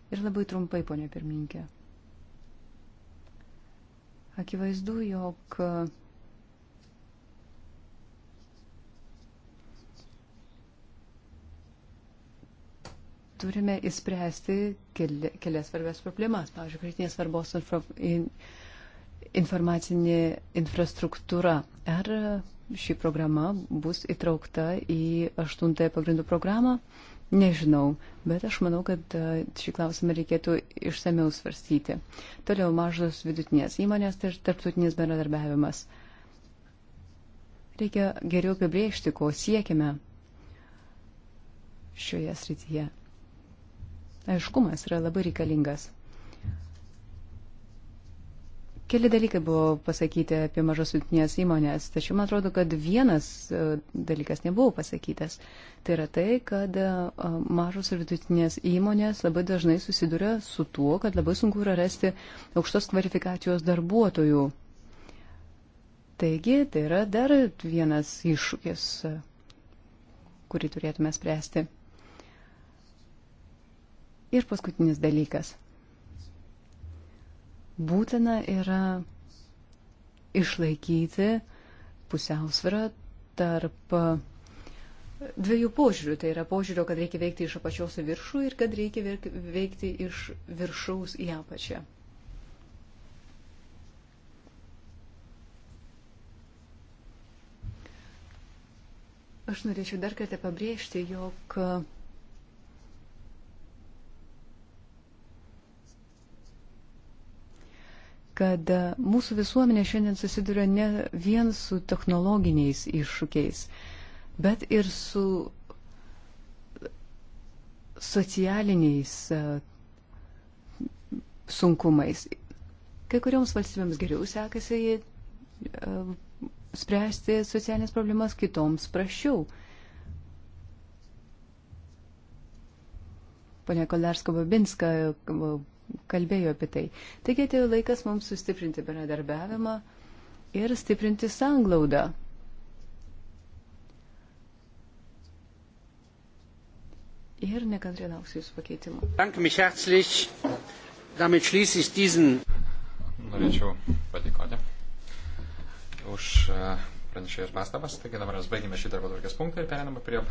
Ir labai trumpai, ponė pirminkė. Akivaizdu, jog turime įspręsti keli, kelias svarbias problemas. Pavyzdžiui, kritinės svarbos informacinė infrastruktūra. Ar ši programa bus įtraukta į aštuntąją pagrindų programą, nežinau, bet aš manau, kad e, šį klausimą reikėtų išsameu svarstyti. Toliau mažos vidutinės įmonės ir tai tarptautinis bendradarbiavimas. Reikia geriau apibriežti, ko siekime šioje srityje. Aiškumas yra labai reikalingas. Keli dalykai buvo pasakyti apie mažas vidutinės įmonės, tačiau man atrodo, kad vienas e, dalykas nebuvo pasakytas. Tai yra tai, kad e, mažos ir vidutinės įmonės labai dažnai susiduria su tuo, kad labai sunku yra rasti aukštos kvalifikacijos darbuotojų. Taigi, tai yra dar vienas iššūkis, kurį turėtume spręsti. Ir paskutinis dalykas – būtina yra išlaikyti pusiausvyrą tarp dviejų požiūrių. Tai yra požiūrio, kad reikia veikti iš apačios į viršų ir kad reikia veikti iš viršaus į apačią. Aš norėčiau dar kartą pabrėžti, jog kad mūsų visuomenė šiandien susiduria ne vien su technologiniais iššūkiais, bet ir su socialiniais e, sunkumais. Kai kurioms valstybėms geriau sekasi e, spręsti socialinės problemas, kitoms prašiau. Pane Kolarsko Babinska kalbėjo apie tai. Taigi atėjo laikas mums sustiprinti bendradarbiavimą ir stiprinti sanglaudą. Ir nekantriai lauksiu jūsų pakeitimų. Norėčiau padėkoti už e, pranešėjus pastabas. Taigi dabar mes baigėme šį darbo tvarkės punktą ir periname prie,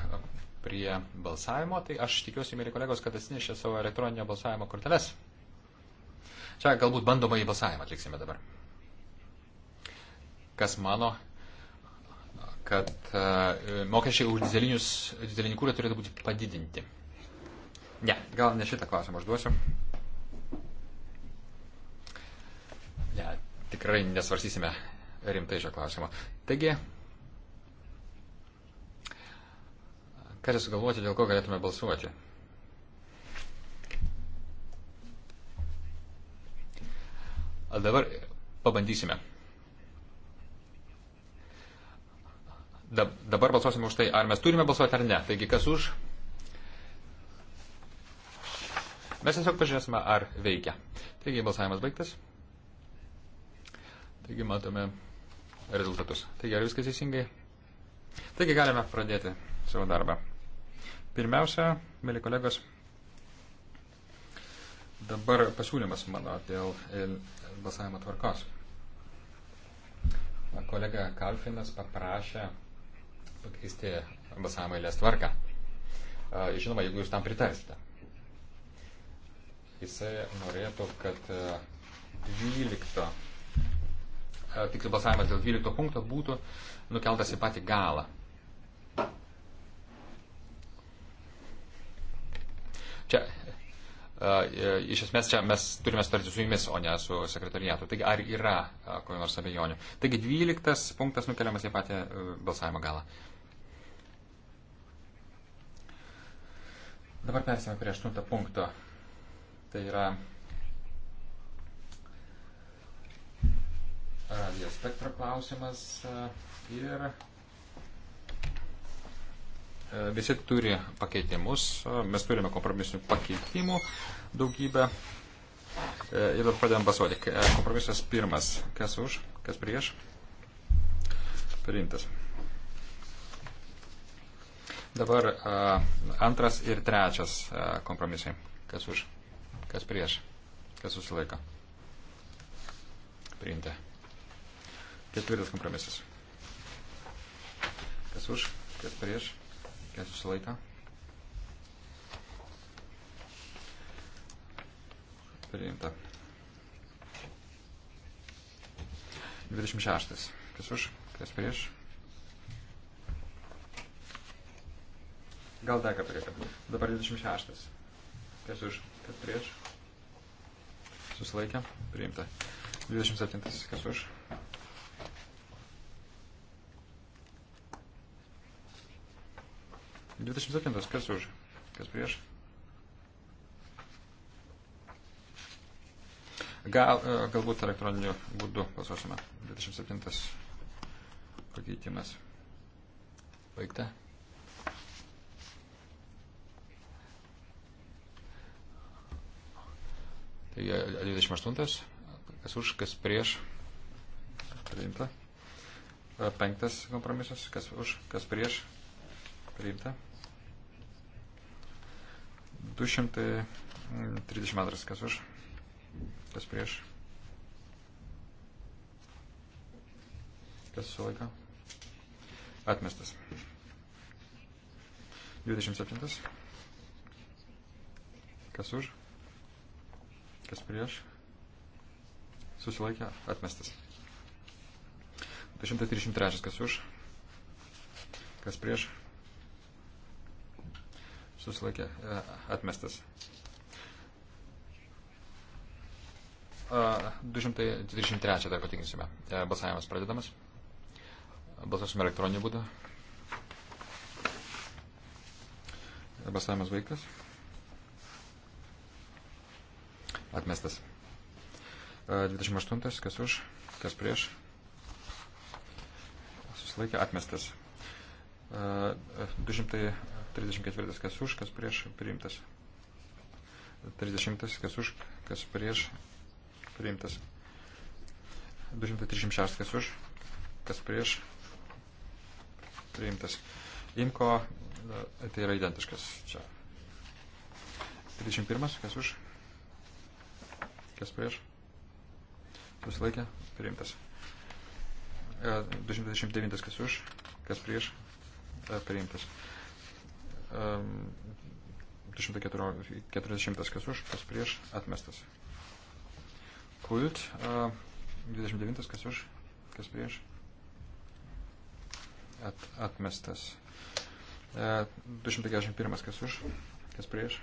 prie balsavimo. Tai aš tikiuosi, mėly kolegos, kad atsinešė savo elektroninio balsavimo korteles. Čia galbūt bandomą į balsavimą atliksime dabar. Kas mano, kad uh, mokesčiai už dizelinį kūrą turėtų būti padidinti? Ne, gal ne šitą klausimą aš duosiu. Ne, tikrai nesvarsysime rimtai šio klausimo. Taigi, ką jūs galvojate, dėl ko galėtume balsuoti? Dabar pabandysime. Dabar balsuosime už tai, ar mes turime balsuoti ar ne. Taigi, kas už? Mes tiesiog pažiūrėsime, ar veikia. Taigi, balsavimas baigtas. Taigi, matome rezultatus. Taigi, ar viskas teisingai? Taigi, galime pradėti savo darbą. Pirmiausia, mėly kolegos, dabar pasiūlymas mano dėl balsavimo tvarkos. Kolega Kalfinas paprašė pakeisti balsavimo eilės tvarką. Žinoma, jeigu jūs tam pritarsite. Jisai norėtų, kad 12, tiksliau balsavimas dėl 12 punkto būtų nukeltas į patį galą. Čia Iš esmės čia mes turime starti su jumis, o ne su sekretariatu. Taigi ar yra kokių nors abejonių? Taigi 12 punktas nukeliamas į patį balsavimo galą. Dabar persime prie 8 punkto. Tai yra radio spektro klausimas ir visi turi pakeitimus, mes turime kompromisinių pakeitimų daugybę. E, ir dabar pradėjom balsuoti. E, kompromisas pirmas. Kas už, kas prieš? Priimtas. Dabar e, antras ir trečias kompromisai. Kas už, kas prieš, kas susilaiko. Priimta. Ketvirtas kompromisas. Kas už, kas prieš, kas susilaiko. Priimta. 26. Kas už, kas prieš. Gal dar ką prieka. Dabar 26. Kas už, kas prieš. Susilaikė. Priimta. 27. Kas už. 27. Kas už? Kas prieš? Gal, e, galbūt elektroniniu būdu balsuosime. 27. pakeitimas. Baigta. Taigi e, 28. Kas už, kas prieš. Priimta. E, penktas kompromisas. Kas už, kas prieš. Priimta. 232 kas už, kas prieš, kas sulaiko, atmestas. 27 kas už, kas prieš, susilaikė, atmestas. 233 kas už, kas prieš, susilaikė e, atmestas. 223 dar patikinsime. E, balsavimas pradedamas. Balsasime elektroniniu būdu. E, balsavimas vaikas. Atmestas. 28. Kas už, kas prieš. Susilaikė atmestas. 200. 34 kas už, kas prieš priimtas. 30 kas už, kas prieš priimtas. 236 kas už, kas prieš priimtas. Imko, e, tai yra identiškas čia. 31 kas už, kas prieš. Susilaikė, priimtas. 229 e, kas už, kas prieš, e, priimtas. 240 kas už, kas prieš, atmestas. Kult 29 e, kas už, kas prieš, at, atmestas. 241 e, kas už, kas prieš,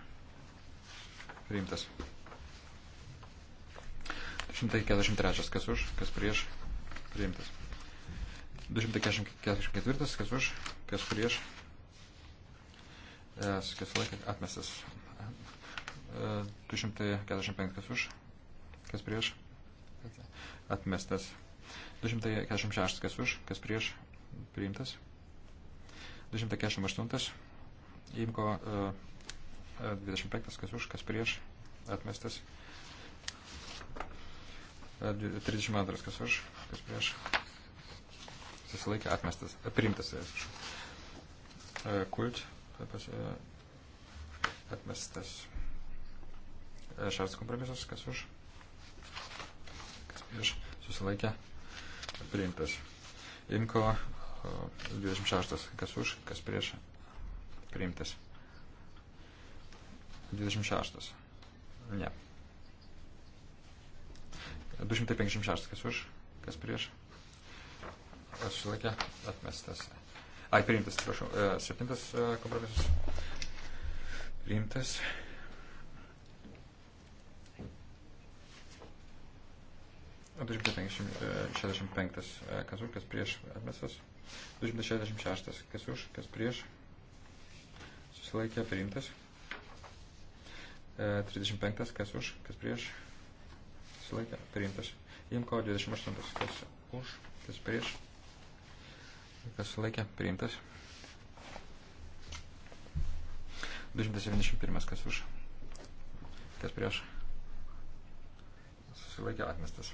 priimtas. 243 kas už, kas prieš, priimtas. 244 kas už, kas prieš, Kas laikas atmestas. 245 e, kas už, kas prieš. Atmestas. 246 kas už, kas prieš. Priimtas. 248. Imko 25 e, e, kas už, kas prieš. Atmestas. 32 kas už, kas prieš. Susilaikė atmestas. Priimtas. Tai kult E, atmestas. E, šeštas kompromisas, kas už, kas prieš, susilaikė, priimtas. Inko 26, e, kas už, kas prieš, priimtas. 26. Ne. 256, kas už, kas prieš, susilaikė, atmestas. Ai, priimtas, atsiprašau. E, septintas e, kompromisas. Priimtas. O 265, e, kas už, kas prieš atmestas. 266, kas už, kas prieš. Susilaikė, priimtas. 35, kas už, kas prieš. Susilaikė, priimtas. Imko 28, kas už, kas prieš kas sulaikė, priimtas. 271 kas už, kas prieš, susilaikė atmestas.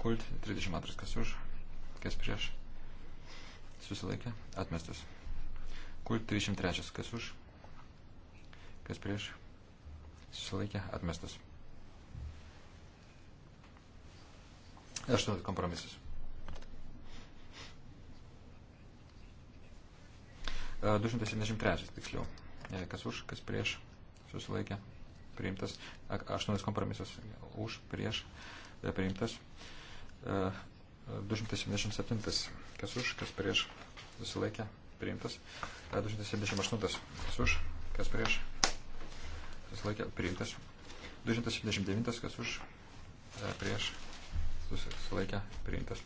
Kult 32 kas už, kas prieš, susilaikė atmestas. Kult 303 kas už, kas prieš, susilaikė atmestas. Aštuntas kompromisas. 273 e, tiksliau. Kas už, kas prieš susilaikė priimtas. Aštuonis kompromisas už, prieš e, priimtas. 277 e, kas už, kas prieš susilaikė priimtas. 278 kas už, kas prieš susilaikė priimtas. 279 kas už, prieš susilaikė priimtas.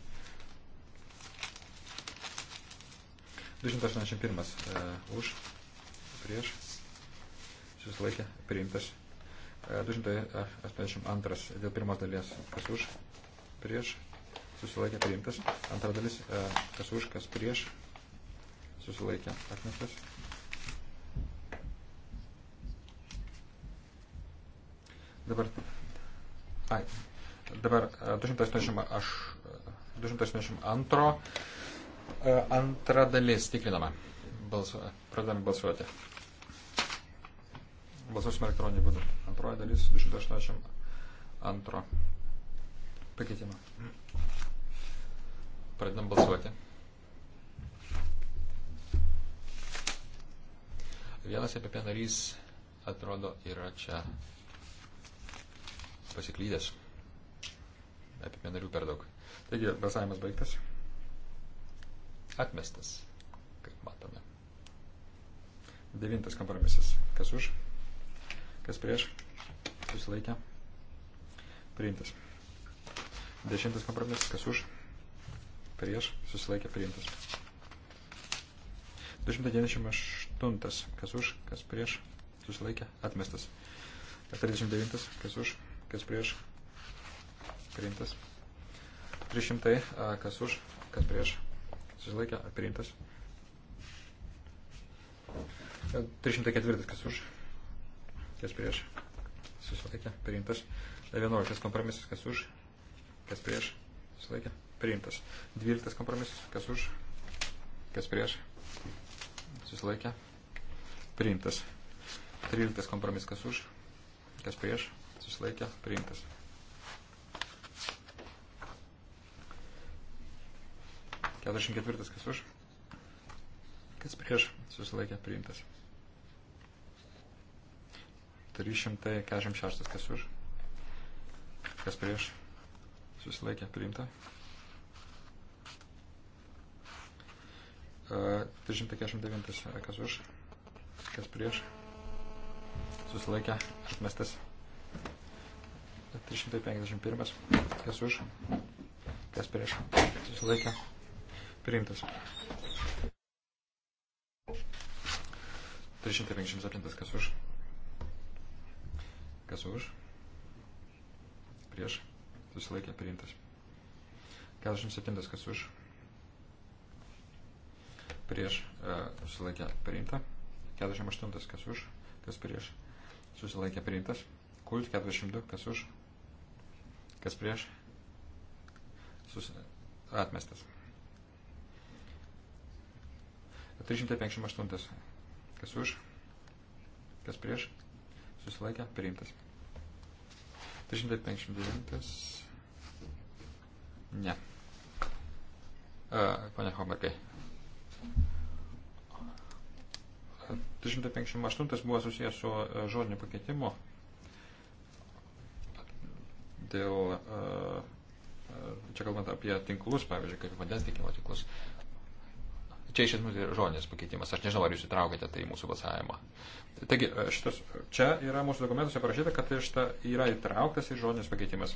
281 e, už, prieš, susilaikė, priimtas. 282 e, dėl pirmos dalies, kas už, prieš, susilaikė, priimtas. Antra dalis, e, kas už, kas prieš, susilaikė, atmestas. Dabar, ai, dabar 282 E, antra dalis tikrinama. Balsu, pradame balsuoti. Balsuosime elektroninį būdų. Antroji dalis 282 pakeitimo. Pradedam balsuoti. Vienas apie narys atrodo yra čia pasiklydęs. Apie narių per daug. Taigi, balsavimas baigtas. Atmestas, kaip matome. Devintas kompromisas. Kas už? Kas prieš? Susilaikė. Priimtas. Dešimtas kompromisas. Kas už? Prieš? Susilaikė. Priimtas. 298. Kas už? Kas prieš? Susilaikė. Atmestas. 39. Kas už? Kas prieš? Priimtas. 300. Kas už? Kas prieš? susilaikė priimtas. 304 e, kas už, kas prieš, susilaikė priimtas. 11 e, kompromisas kas už, kas prieš, susilaikė priimtas. 12 kompromisas kas už, kas prieš, susilaikė priimtas. 13 kompromisas kas už, kas prieš, susilaikė priimtas. 44 kas už, kas prieš, susilaikė priimtas. 346 kas už, kas prieš, susilaikė priimta. 349 e, kas už, kas prieš, susilaikė atmestas. 351 kas už, kas prieš, susilaikė Priimtas. 357 kas už. Kas už. Prieš. Susilaikė priimtas. 47 kas už. Prieš. E, susilaikė priimta. 48 kas už. Kas prieš. Susilaikė priimtas. Kult 42 kas už. Kas prieš. Susilaikė atmestas. 358. Kas už? Kas prieš? Susilaikė? Priimtas. 359. Ne. Uh, Pane Homarkai. 358 buvo susijęs su e, žodiniu pakeitimu dėl, e, e, čia kalbant apie tinklus, pavyzdžiui, kaip vandens tiekimo tinklus, čia iš esmės žodinis pakeitimas. Aš nežinau, ar jūs įtraukėte tai į mūsų balsavimą. Taigi, e, šitas, čia yra mūsų dokumentuose parašyta, kad tai šita yra įtrauktas į žodinis pakeitimas.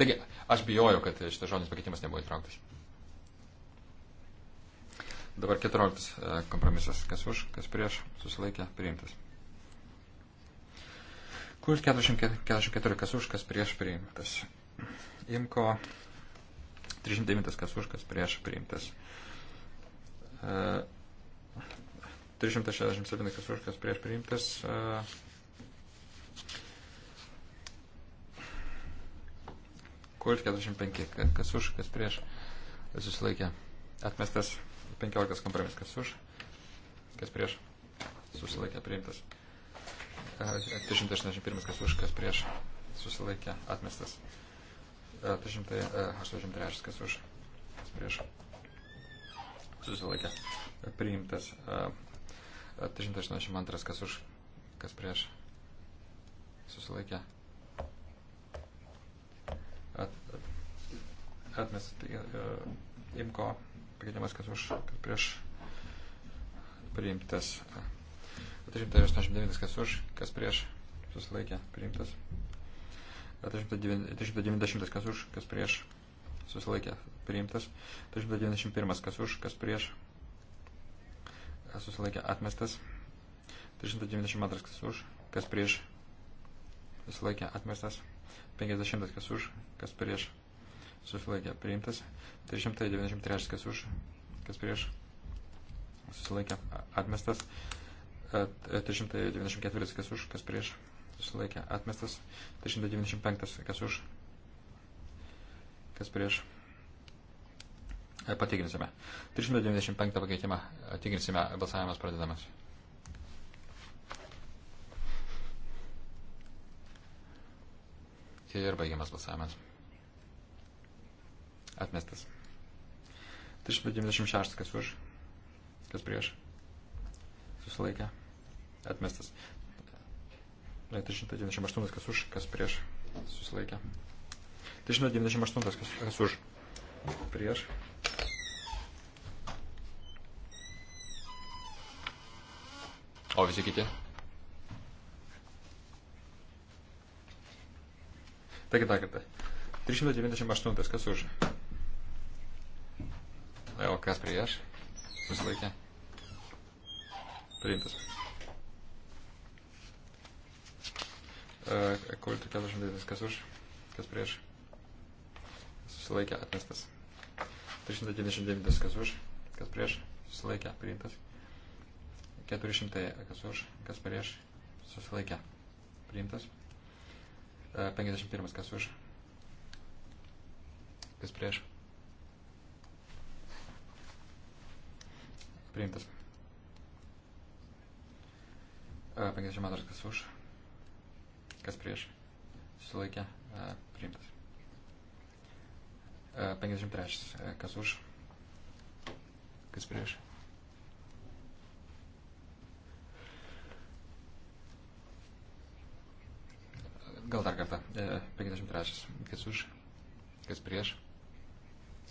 Taigi, aš bijojau, kad šitas žodinis pakeitimas nebuvo įtrauktas. Dabar 14 e, kompromisas. Kas už, kas prieš, susilaikė, priimtas. Kur 44, kas už, kas prieš, priimtas. Imko 309, kas už, kas prieš, priimtas. 367 kas prieš priimtas. Kult 45, kas už, kas prieš, susilaikė. Atmestas 15 kompromis, kas už, kas prieš, susilaikė priimtas. 381, kas už, kas prieš, susilaikė, atmestas. 383, kas už, kas prieš, susilaikė priimtas 382, kas už, kas prieš susilaikė at, atmes tai, imko pakeitimas, kas už, kas prieš priimtas 389, kas už, kas prieš susilaikė priimtas 390, kas už, kas prieš susilaikė priimtas, 391 kas už, kas prieš, kas susilaikė atmestas, 392 kas už, kas prieš, susilaikė atmestas, 50 kas už, kas prieš, susilaikė priimtas, 393 kas už, kas prieš, susilaikė atmestas, 394 kas už, kas prieš, susilaikė atmestas, 395 kas už, kas prieš, E, patikrinsime. 395 pakeitimą tikrinsime. Balsavimas pradedamas. Ir baigiamas balsavimas. Atmestas. 396 kas už, kas prieš. Susilaikė. Atmestas. 398 kas už, kas prieš. Susilaikė. 398 kas, kas už prieš. O visi kiti? Taigi dar kartą. 398. Kas už? E, o kas prieš? Susilaikė. Priimtas. E, kultų 49. Kas už? Kas prieš? susilaikė atmestas. 399 kas už, kas prieš, susilaikė priimtas. 400 kas už, kas prieš, susilaikė priimtas. 51 e, kas už, kas prieš. Priimtas. 52 e, kas už, kas prieš, susilaikė e, priimtas. 53. E, kas už? Kas prieš? Gal dar kartą. 53. E, kas už? Kas prieš?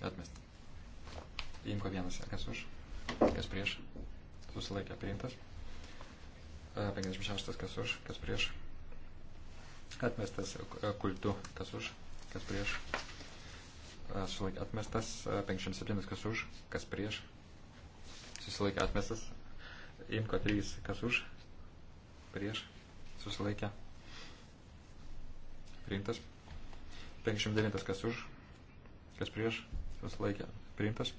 Atmest. Imko vienas. Kas už? Kas prieš? Susilaikė priimtas. 56. E, kas už? Kas prieš? Atmestas kultu. Kas už? Kas prieš? susilaikė atmestas, 57 kas už, kas prieš, susilaikė atmestas, imko 3 kas už, prieš, susilaikė, priimtas, 59 kas už, kas prieš, susilaikė, priimtas,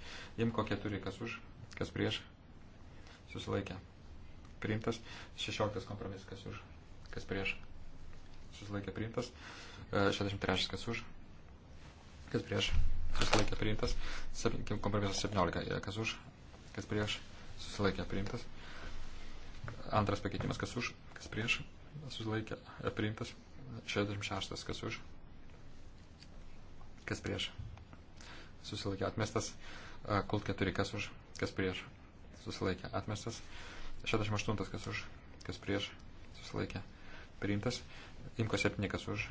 imko 4 kas už, kas prieš, susilaikė, priimtas, 16 kompromisas kas už, kas prieš, susilaikė, priimtas, 63 kas už, kas prieš, susilaikė priimtas, kompromisas 17, kas už, kas prieš, susilaikė priimtas, antras pakeitimas, kas už, kas prieš, susilaikė e, priimtas, 66, kas už, kas prieš, susilaikė atmestas, e, kult 4, kas už, kas prieš, susilaikė atmestas, 68, kas už, kas prieš, susilaikė priimtas, imko 7, kas už,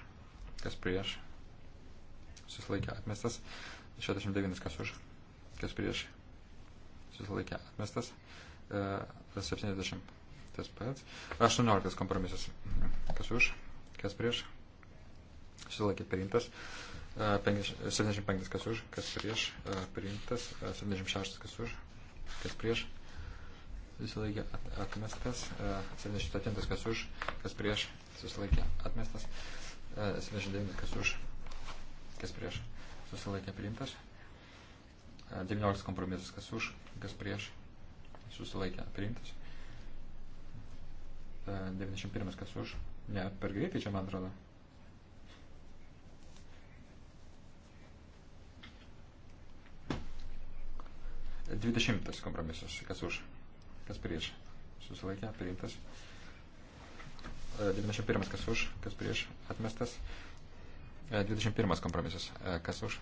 kas prieš, susilaikė atmestas, 69 kas už, kas prieš, susilaikė atmestas, 70 e, tas pats, 18 kompromisas, kas už, kas prieš, susilaikė priimtas, 75 e, kas už, kas prieš, e, priimtas, 76 kas už, kas prieš, susilaikė atmestas, 77 kas už, kas prieš, susilaikė atmestas, 79 kas už, kas prieš, susilaikė priimtas. 19 e, kompromisas, kas už, kas prieš, susilaikė priimtas. 91 e, kas už, ne, per greitai čia man atrodo. Dvidešimtas kompromisas, kas už, kas prieš, susilaikė, priimtas. 91 e, kas už, kas prieš, atmestas. 21 e, kompromisas. E, kas už?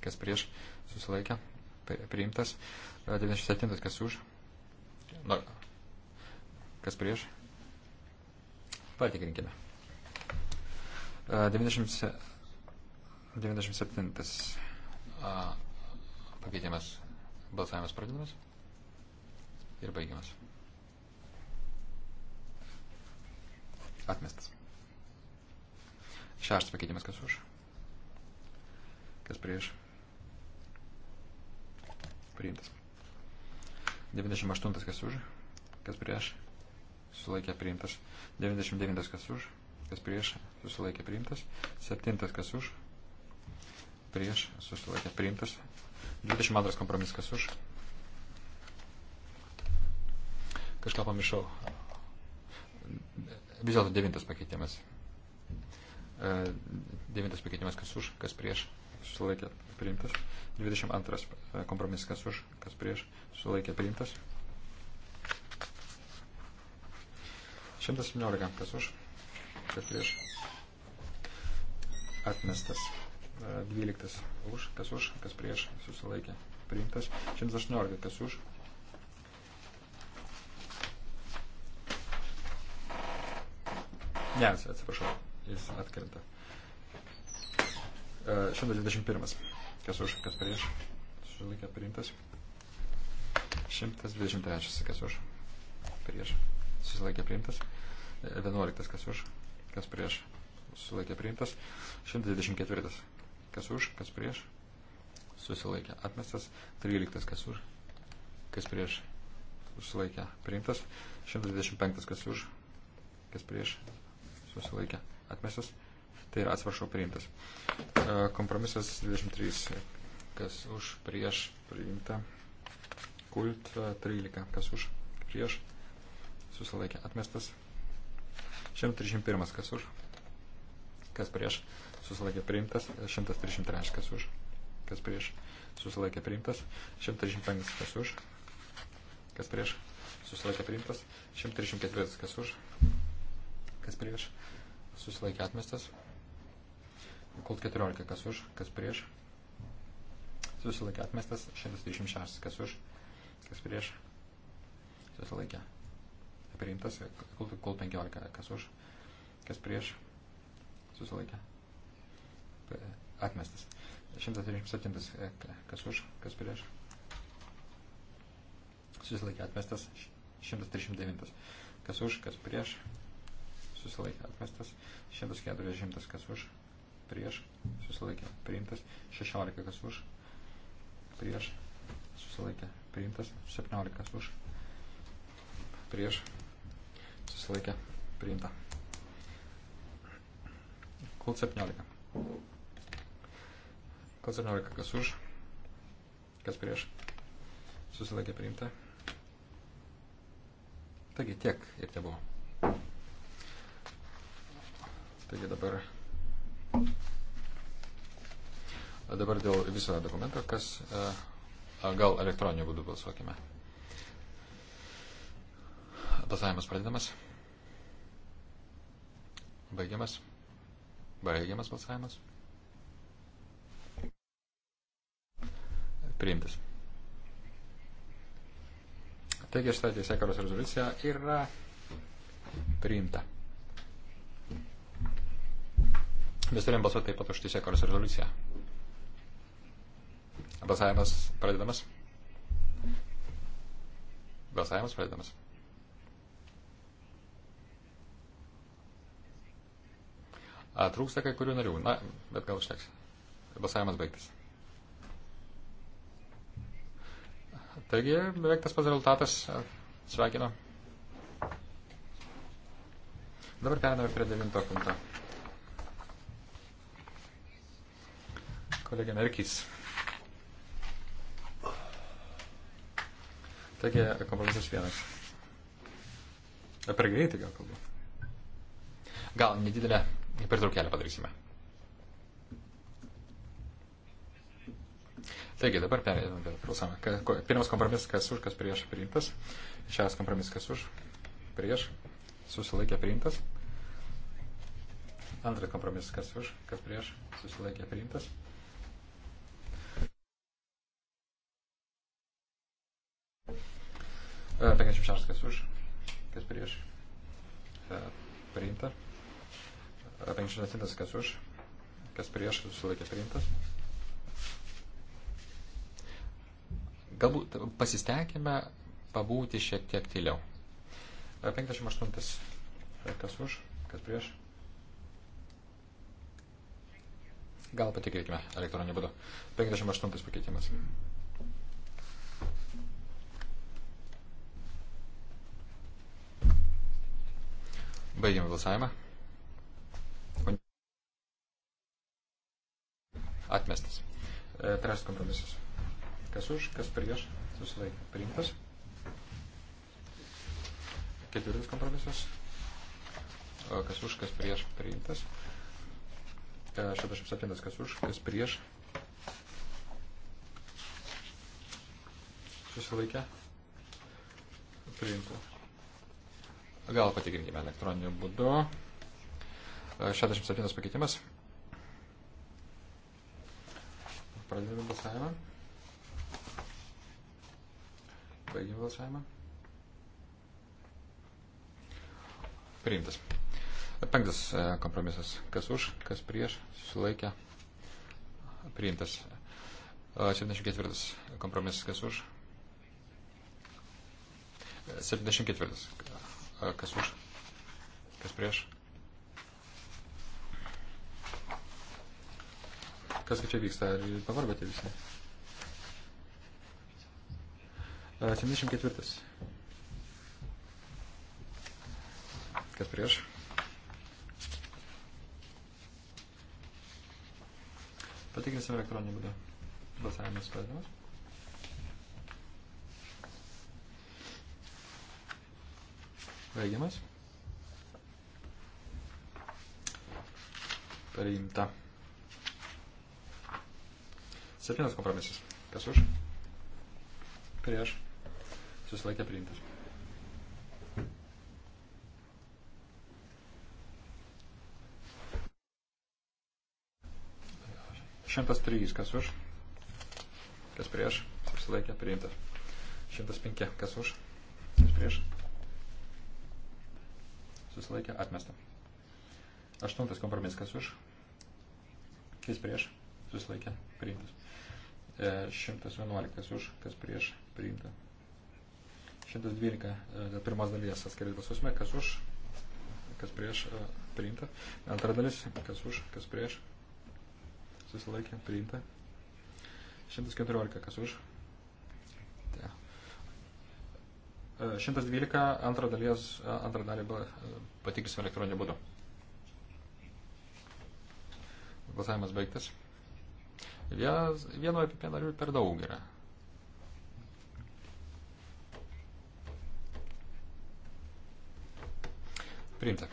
Kas prieš? Susilaikė. Tai priimtas. 97 e, kas už? Nu, kas prieš? Patikrinkime. 97 pakeitimas balsavimas pradedamas ir baigiamas. Atmestas. Šeštas pakeitimas kas už. Kas prieš. Priimtas. 98 kas už. Kas prieš. Susilaikė priimtas. 99 kas už. Kas prieš. Susilaikė priimtas. 7 kas už. Prieš. Susilaikė priimtas. 22 kompromisas kas už. Kažką pamiršau. Vis dėlto devintas pakeitimas. E, devintas pakeitimas, kas už, kas prieš, susilaikė priimtas. 22 e, kompromisas, kas už, kas prieš, susilaikė priimtas. 117, kas už, kas prieš, atmestas. 12 e, už, kas už, kas prieš, susilaikė priimtas. 118, kas už, Ne, atsiprašau jis atkrenta. 121. E, kas už, kas prieš? Susilaikė priimtas. 123. Kas už, prieš? Susilaikė priimtas. 11. E, kas už, kas prieš? Susilaikė priimtas. 124. Kas už, kas prieš? Susilaikė atmestas. 13. Kas už, kas prieš? Susilaikė priimtas. 125. Kas už, kas prieš? Susilaikė atmestas, tai yra atsiprašau priimtas. E, kompromisas 23, kas už prieš priimta, kult 13, e, kas už prieš susilaikė atmestas, 131, kas už, kas prieš susilaikė priimtas, 133, kas už, kas prieš susilaikė priimtas, 135, kas už, kas prieš susilaikė priimtas, 134, kas už, kas prieš susilaikė atmestas. Kult 14, kas už, kas prieš, susilaikė atmestas. 136, kas už, kas prieš, susilaikė. Priimtas, kult, kult 15, e, kas už, kas prieš, susilaikė. Atmestas. 137, kas už, kas prieš. Susilaikė atmestas 139. Kas už, kas prieš, susilaikė atmestas, 140 kas už, prieš, susilaikė priimtas, 16 kas už, prieš, susilaikė priimtas, 17 kas už, prieš, susilaikė priimta. Kul 17. Kul 17 kas už, kas prieš, susilaikė priimta. Taigi tiek ir tebuvo. Taigi dabar. Dabar dėl viso dokumento, kas. E, gal elektroniniu būdu balsuokime. Balsavimas pradedamas. Baigiamas. Baigiamas balsavimas. Priimtas. Taigi šitą teisėkaros rezoliuciją yra priimta. Mes turime balsuoti taip pat už teisėkaros rezoliuciją. Balsavimas pradedamas. Balsavimas pradedamas. A, trūksta kai kurių narių. Na, bet gal užteks. Balsavimas baigtas. Taigi, beveik tas pats rezultatas. Sveikinu. Dabar perėdame prie devinto punkto. kolegė Merkys. Taigi, kompromisas vienas. Per greitai gal kalbu. Gal nedidelę pertraukėlę padarysime. Taigi, dabar perėdame vėl klausame. Pirmas kompromisas, kas už, kas prieš priimtas. Šias kompromisas, kas už, prieš, susilaikė priimtas. Antras kompromisas, kas už, kas prieš, susilaikė priimtas. 56 e, e, e, kas už, kas prieš. Priimta. 57 kas už, kas prieš, susilaikė priimtas. Galbūt pasistengime pabūti šiek tiek tyliau. 58 kas už, kas prieš. Gal patikėkime elektroniniu būdu. 58 pakeitimas. Mm. Baigiam balsavimą. Atmestas. E, trečias kompromisas. Kas už, kas prieš, susilaikė. Priimtas. Ketvirtas kompromisas. Kas už, kas prieš, priimtas. 67 e, kas už, kas prieš. Susilaikė. Priimtas. Gal patikrinkime elektroniniu būdu. 67 e, pakeitimas. Pradėjome balsavimą. Baigėme balsavimą. Priimtas. Penktas e, kompromisas. Kas už, kas prieš, susilaikė. Priimtas. 74 e, kompromisas. Kas už, 74. Kas už? Kas prieš? Kas čia vyksta? Ar pavargote visi? 74. Kas prieš? Patikrinsim elektroninį būdą. Balsavimas pradedamas. Baigiamas. Priimta. Septynas kompromisas. Kas už? Prieš. Susilaikė priimtas. Šimtas trys. Kas už? Kas prieš? Susilaikė priimtas. Šimtas penki. Kas už? Kas prieš? susilaikė, atmesta. Aštuntas kompromisas, kas už, kas prieš, susilaikė, priimtas. 111 e, už, kas prieš, priimta. 112 e, pirmas dalies atskirai balsuosime, kas už, kas prieš, e, priimta. Antra dalis, kas už, kas prieš, susilaikė, priimta. 114 kas už, 112 antrą, dalies, antrą dalį patikrisim elektroniniu būdu. Balsavimas baigtas. Vieno apie narių per daug yra. Priimta.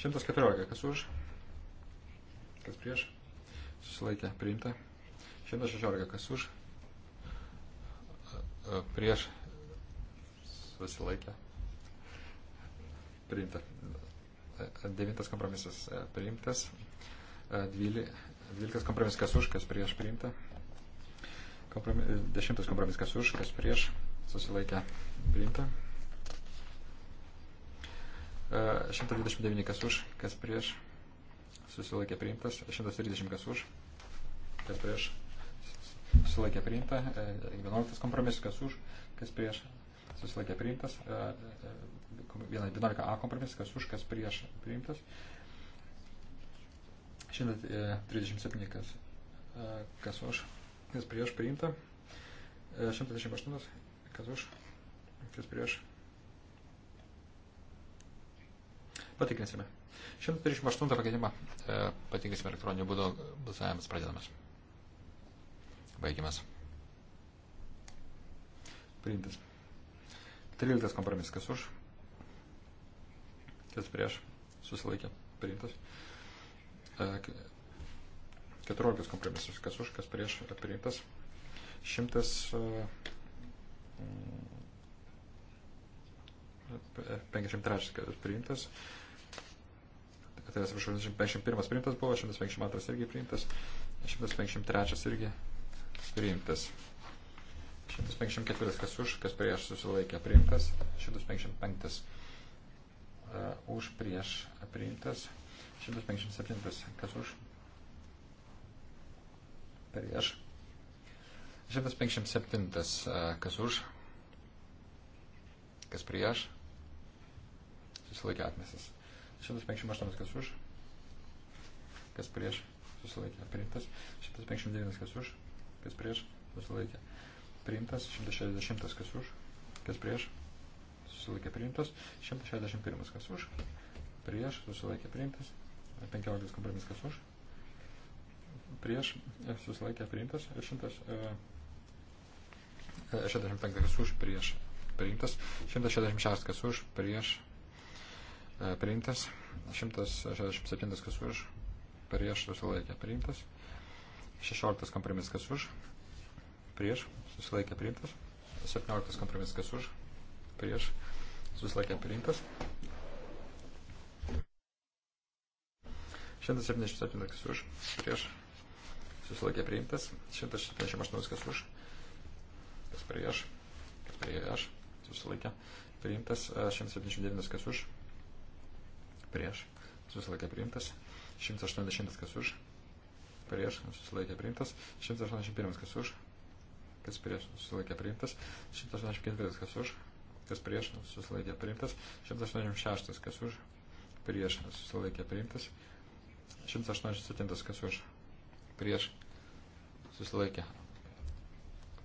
114. Kas už? Kas prieš? Susilaikė. Priimta. 116. Kas už? Prieš susilaikė. Priimta. E, devintas kompromisas e, priimtas. E, dvyliktas kompromisas kas už, kas prieš priimta. Kompromis, dešimtas kompromisas kas už, kas prieš susilaikė. Priimta. 129 kas už, kas prieš susilaikė priimtas. 130 kas už, kas prieš susilaikė priimta. 11 kompromisas kas už, kas prieš susilaikė priimtas, 11a e, e, kompromisas, kas už, kas prieš priimtas, 137 e, kas, kas už, kas prieš priimta, 128 kas už, kas prieš. Patikrinsime. 138 pakeitimą patikrinsime elektroniniu būdu, balsavimas pradedamas. Baigiamas. Priimtas. 13 kompromisas, kas už, kas prieš, susilaikė, priimtas. 14 e, kompromisas, kas už, kas prieš, priimtas. 153 e, mm, e, priimtas. Tai yra 151 priimtas buvo, 152 irgi priimtas, 153 irgi priimtas. 154 kas už, kas prieš susilaikė priimtas. 155 e, už prieš priimtas. 157 kas už. Prieš. 157 e, kas už. Kas prieš. Susilaikė atmestas. 158 kas už. Kas prieš. Susilaikė priimtas. 159 kas už. Kas prieš. Susilaikė priimtas, 160 kas už, kas prieš, susilaikė priimtas, 161 kas už, prieš, susilaikė priimtas, 15 kompromis kas už, prieš, susilaikė priimtas, 165 e, e, kas už, prieš, priimtas, 166 kas už, prieš, e, priimtas, 167 kas už, prieš, susilaikė priimtas, 16 kompromis kas už, prieš, susilaikė priimtas. 17 kompromisas kas už, prieš, susilaikė priimtas. 177 kas už, prieš, susilaikė priimtas. 178 kas už, kas prieš, kas prieš, susilaikė priimtas. 179 kas už, prieš, susilaikė priimtas. 180 kas už, prieš, susilaikė priimtas. 181 kas už, kas prieš susilaikė priimtas, 184 kas už, kas prieš susilaikė priimtas, 186 kas už, prieš susilaikė priimtas, 187 kas už, prieš susilaikė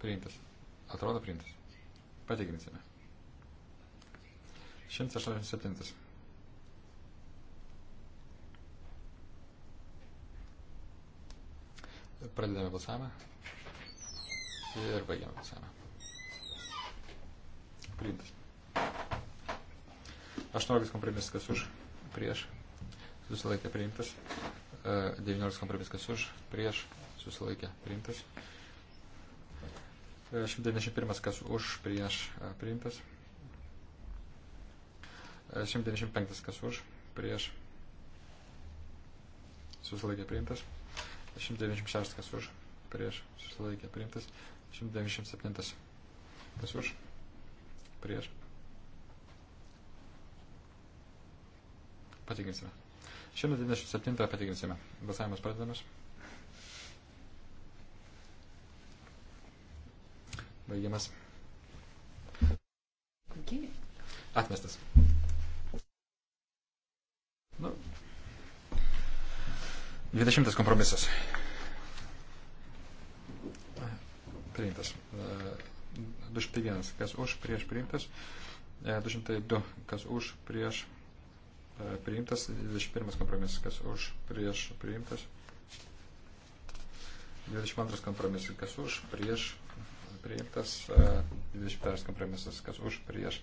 priimtas. Atrodo priimtas. Patikrinsime. 187. Pradedame balsavimą. Ir baigiam balsavimą. Priimtas. 18 kompromisas kas už, prieš, susilaikė priimtas. 19 e, kompromisas kas už, prieš, susilaikė priimtas. 191 e, kas už, prieš, e, priimtas. 195 kas už, prieš, susilaikė priimtas. 196 kas už, prieš, susilaikė priimtas. 197. Kas už? Prieš. Patikrinsime. 197 patikrinsime. Balsavimas pradedamas. Baigiamas. Atmestas. Nu. 20 kompromisas. priimtas. 201, e, kas už, prieš priimtas. 202, e, kas už, prieš e, priimtas. 21 kompromisas, kas už, prieš priimtas. 22 kompromisas, kas už, prieš priimtas. 22 kompromisas, kas už, prieš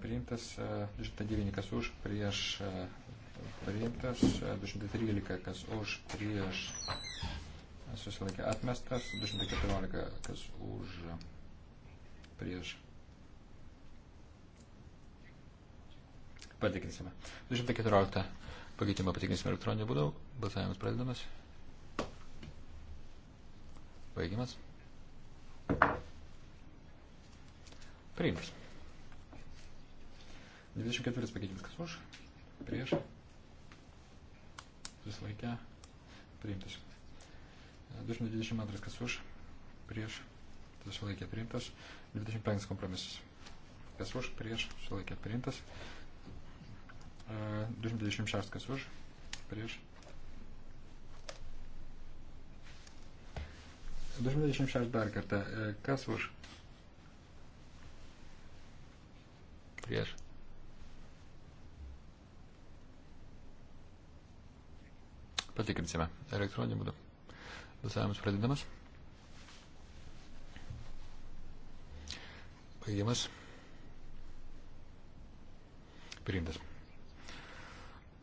priimtas. 209, kas už, prieš priimtas. 213, kas už, prieš susilaikė atmestas, 214 kas už prieš. Patikrinsime. 214 pakeitimą patikrinsime elektroninį būdų. Balsavimas pradedamas. Baigimas. Priimtas. 24 pakeitimas kas už prieš. Susilaikė. Priimtas. 222 kas už, prieš, susilaikė priimtas. 25 kompromisas. Kas už, prieš, susilaikė priimtas. 226 e, kas už, prieš. 226 dar kartą. E, kas už? Prieš. Patikrinsime elektroninį būdą. Balsavimas pradedamas. Baigiamas. Priimtas.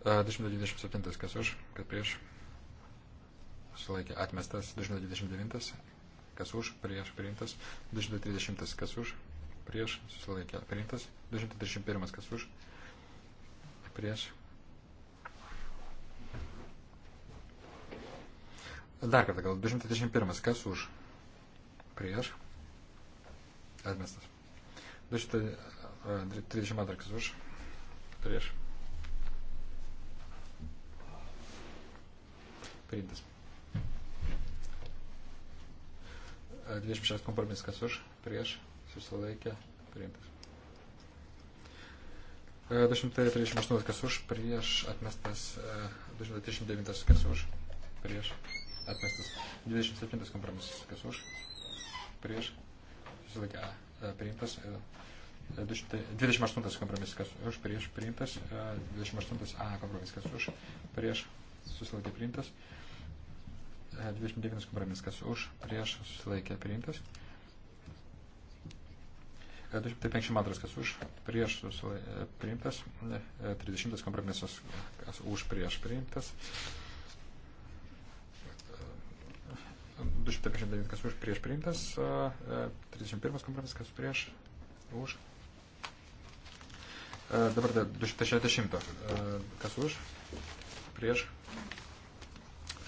227 kas už, kad prieš. Sulaikė atmestas. 229 kas už, prieš priimtas. 230 kas už, prieš. Susilaikė priimtas. 231 kas už, prieš Dar kartą, gal 231. Kas už? Prieš. Atmestas. 232. E, kas už? Prieš. Priimtas. 26 e, kompromisas. Kas už? Prieš. Susilaikė. Priimtas. 238 e, kas už, prieš atmestas 239 kas už, prieš atmestas. 27 kompromisas, kas už, prieš, susilaikė priimtas. 28 tai kompromisas, kas už, prieš, priimtas. 28 A kompromisas, kas už, prieš, susilaikė priimtas. 29 kompromisas, kas už, prieš, susilaikė priimtas. 252 kas už, prieš priimtas, 30 kompromisas kas už, prieš priimtas, 259 kas už prieš priimtas, 31 e, kompromisas kas prieš už. Dabar 260 kas už prieš.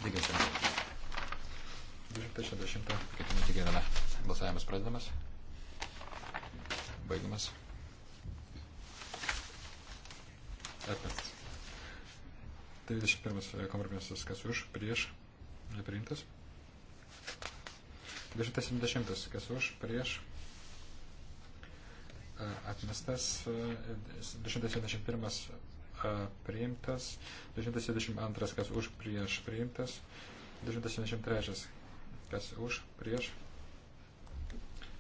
Lygiai 260 kaip tikriname. Balsavimas pradedamas. Baigiamas. Atmestas. 31 e, kompromisas kas už prieš nepriimtas. 270, kas už, prieš, e, atmestas, 271 e, e, priimtas, 272 kas už, prieš, priimtas, 273 kas už, prieš,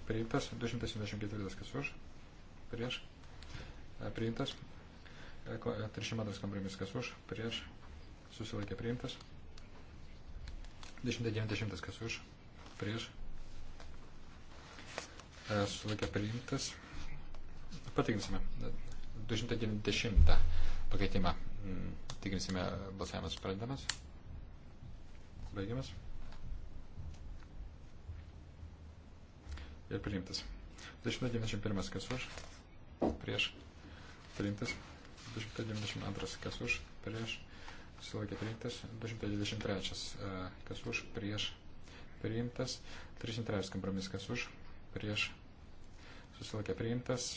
priimtas, 274 kas už, prieš, priimtas, 302 kompromisas kas už, prieš, susilaikė priimtas, 290 kas už, prieš, E, sulaikė priimtas. Patikrinsime 290 pakeitimą. Mm, tikrinsime balsavimas sprendimas. Baigiamas. Ir priimtas. 291 kas už, prieš, priimtas. 292 kas už, prieš, sulaikė priimtas. 223 e, kas už, prieš, priimtas. 33 kompromis kas už, prieš susilaikė priimtas,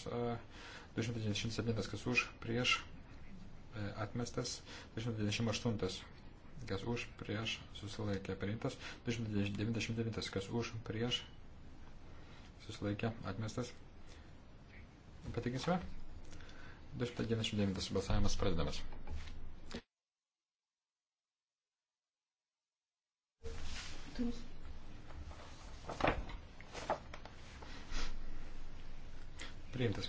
297 e, kas už, prieš e, atmestas, 298 kas už, prieš susilaikė priimtas, 299 kas už, prieš susilaikė atmestas. Patikinsime. 299 balsavimas pradedamas. Thank you. Priimtas.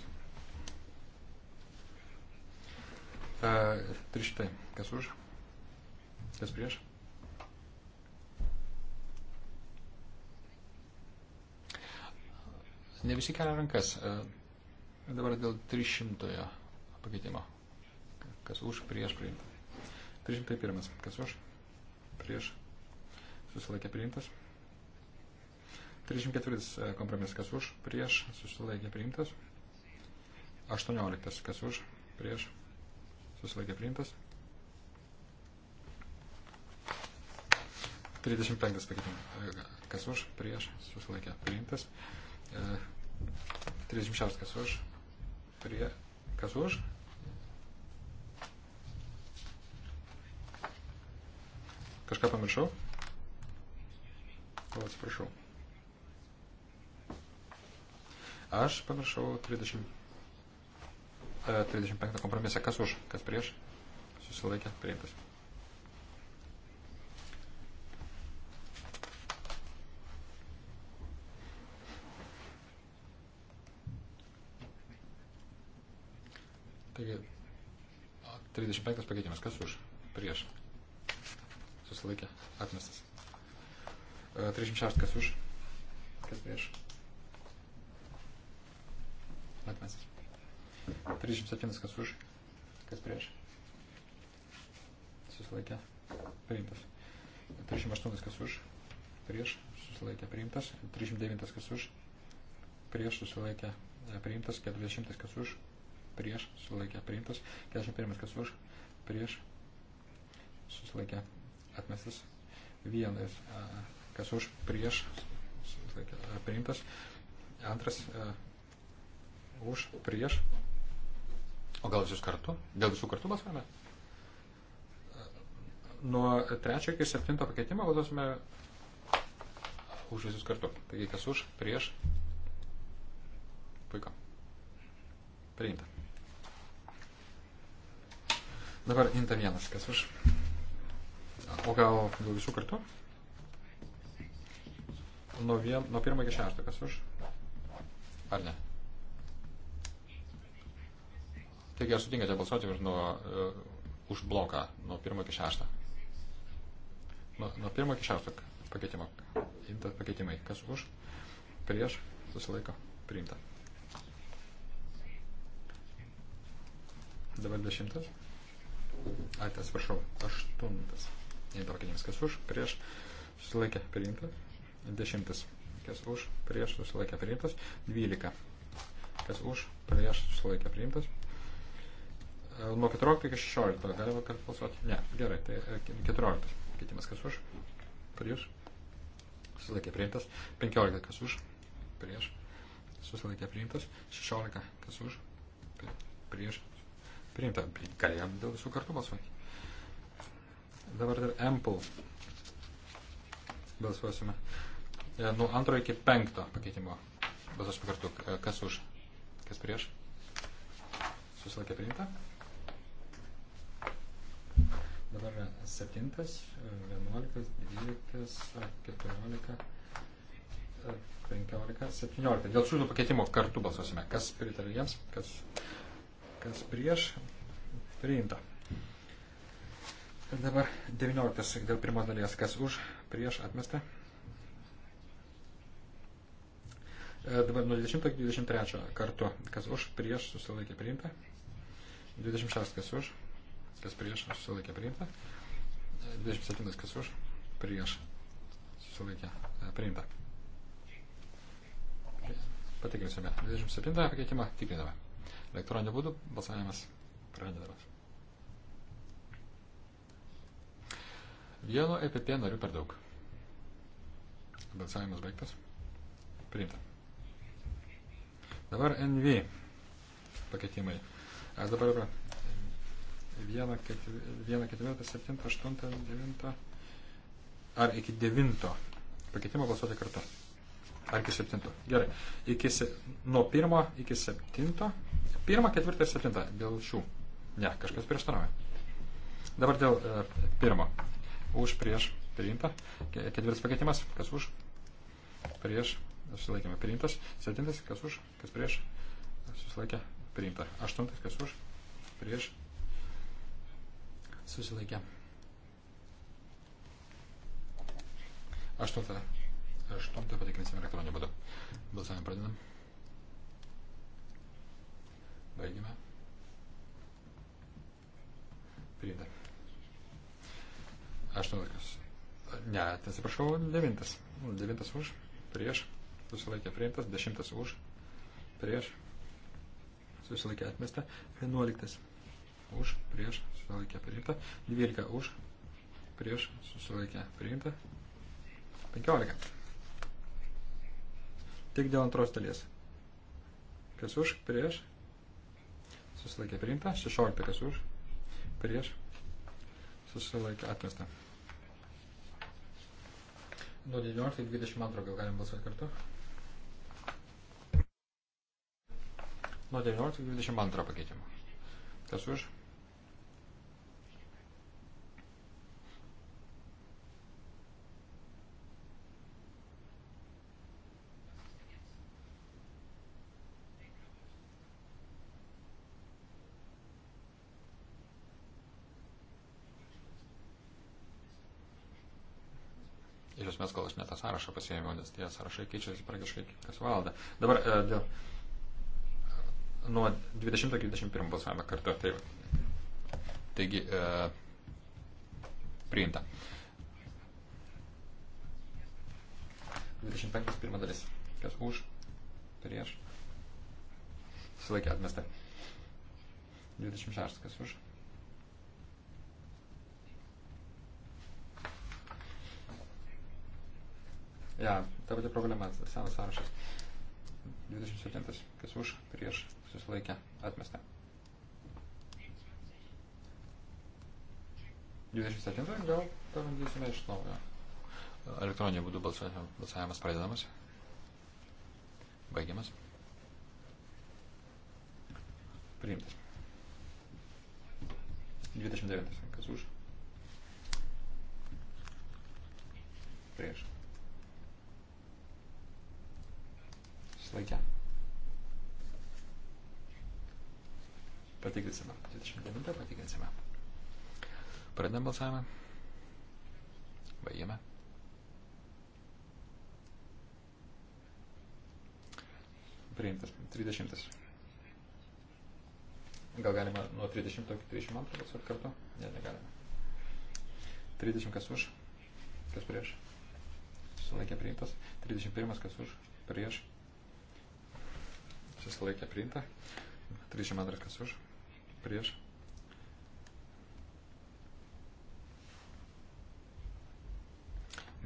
300. Kas už? Kas prieš? Ne visi kelia rankas. Dabar dėl 300 pakeitimo. Kas už, prieš priimta. 301. Kas už, prieš susilaikė priimtas. 304 kompromisas. Kas už, prieš susilaikė priimtas. 18. Kas už? Prieš. Susilaikė priimtas. 35 pakeitimas. Kas už? Prieš. Susilaikė priimtas. 36. E, kas už? Prie. Kas už? Kažką pamiršau? O, atsiprašau. Aš pamiršau 35. 35 e, kompromisą. Kas už, kas prieš? Susilaikė, priimtas. Taigi, 35 pakeitimas. Kas už? Prieš. Susilaikė. Atmestas. 36 e, kas už? Kas prieš? Atmestas. 37 kas už, kas prieš. Susilaikė priimtas. 38 kas už, prieš susilaikė priimtas. 39 kas už, prieš susilaikė priimtas. 40 kas už, prieš susilaikė priimtas. 41 kas už, prieš susilaikė atmestas. Vienas kas už, prieš susilaikė priimtas. Antras už, prieš O gal visus kartu? Dėl visų kartų balsavome? Nuo trečio iki septinto pakeitimo balsuosime už visus kartu. Taigi kas už, prieš. Puiku. Priimta. Dabar inta vienas, kas už. O gal dėl visų kartu? Nuo, vien, nuo pirmo iki šešto, kas už? Ar ne? Taigi ar sutinkate balsuoti už, nuo, uh, už bloką nuo 1 iki 6? Nuo, nuo 1 iki 6 pakeitimo. Intas pakeitimai. Kas už? Prieš? Susilaiko? Priimta. Dabar 10. Ai, atsiprašau. 8. Intrakinys. Kas už? Prieš? Susilaikė? Priimta. 10. Kas už? Prieš? Susilaikė? Priimtas. 12. Kas už? Prieš? Susilaikė? Priimtas nuo 14 iki 16 galima kartu balsuoti? Ne, gerai, tai 14 e, pakeitimas kas už, prieš, susilaikė priimtas, 15 kas už, prieš, susilaikė priimtas, 16 kas už, prieš, priimta, galėjom dėl visų kartų balsuoti. Dabar dar Ample balsuosime. E, nuo antro iki penkto pakeitimo. Balsuosime kartu. E, kas už? Kas prieš? Susilaikė priimta. Dabar 7, 11, 12, 14, 15, 17. Dėl šių pakeitimų kartu balsuosime. Kas pritarė jiems, kas, kas prieš, priimta. Ir dabar 19 dėl pirmos dalies. Kas už, prieš, atmesta. E, dabar nuo 20 iki 23 kartu. Kas už, prieš, susilaikė priimta. 26 kas už, kas prieš, susilaikė priimta. 27 kas už, prieš, susilaikė e, priimta. Patikrinsime. 27 pakeitimą tikriname. Elektroninio būdu balsavimas pradedamas. Vieno EPP narių per daug. Balsavimas baigtas. Priimta. Dabar NV pakeitimai. Aš dabar 1, 4, 7, 8, 9. Ar iki 9 pakeitimo balsuoti kartu? Ar iki 7? Gerai. Iki, nuo 1 iki 7. 1, 4 ir 7. Dėl šių. Ne, kažkas prieštarauja. Dabar dėl 1. E, už prieš priimta. Ketvirtas pakeitimas. Kas už? Prieš. Susilaikėme priimtas. Septintas. Kas už? Kas prieš? Susilaikė priimta. Aštuntas. Kas už? Prieš susilaikė. Aštuntą. Aštuntą patikrinsim elektroninį būdą. Balsavimą pradedam. Baigime. Priimta. Aštuntas. Ne, atsiprašau, devintas. Devintas už, prieš, susilaikė priimtas, dešimtas už, prieš, susilaikė atmesta, vienuoliktas už, prieš, susilaikė priimta. 12 už, prieš, susilaikė priimta. 15. Tik dėl antros dalies. Kas už, prieš, susilaikė priimta. 16 kas už, prieš, susilaikė atmesta. Nuo 19-22 gal galim balsuoti kartu. Nuo 19-22 pakeitimo. Kas už? prasmės, kol aš net tą sąrašą pasėmiau, nes tie sąrašai keičiasi praktiškai kas valandą. Dabar e, dėl nuo 20-21 balsavome kartu. Taip. Taigi, e, priimta. 25 pirma dalis. Kas už, prieš. Silaikė atmesta. 26 kas už, Ja, ta pati problema, senas sąrašas. 27. Kas už, prieš, susilaikė, atmesta. 27. Gal pabandysime iš naujo. Elektroniniu būdu balsavimas pradedamas. Baigiamas. Priimtas. 29. Kas už? Prieš. Susilaikė. Patikrinsime. 29 patikrinsime. Pradedam balsavimą. Baigiame. Priimtas 30. Gal galima nuo 30 iki 32 balsuoti kartu? Ne, negalima. 30 kas už, kas prieš. Sulaikė priimtas. 31 kas už, prieš susilaikė priimta. 32 kas už, prieš.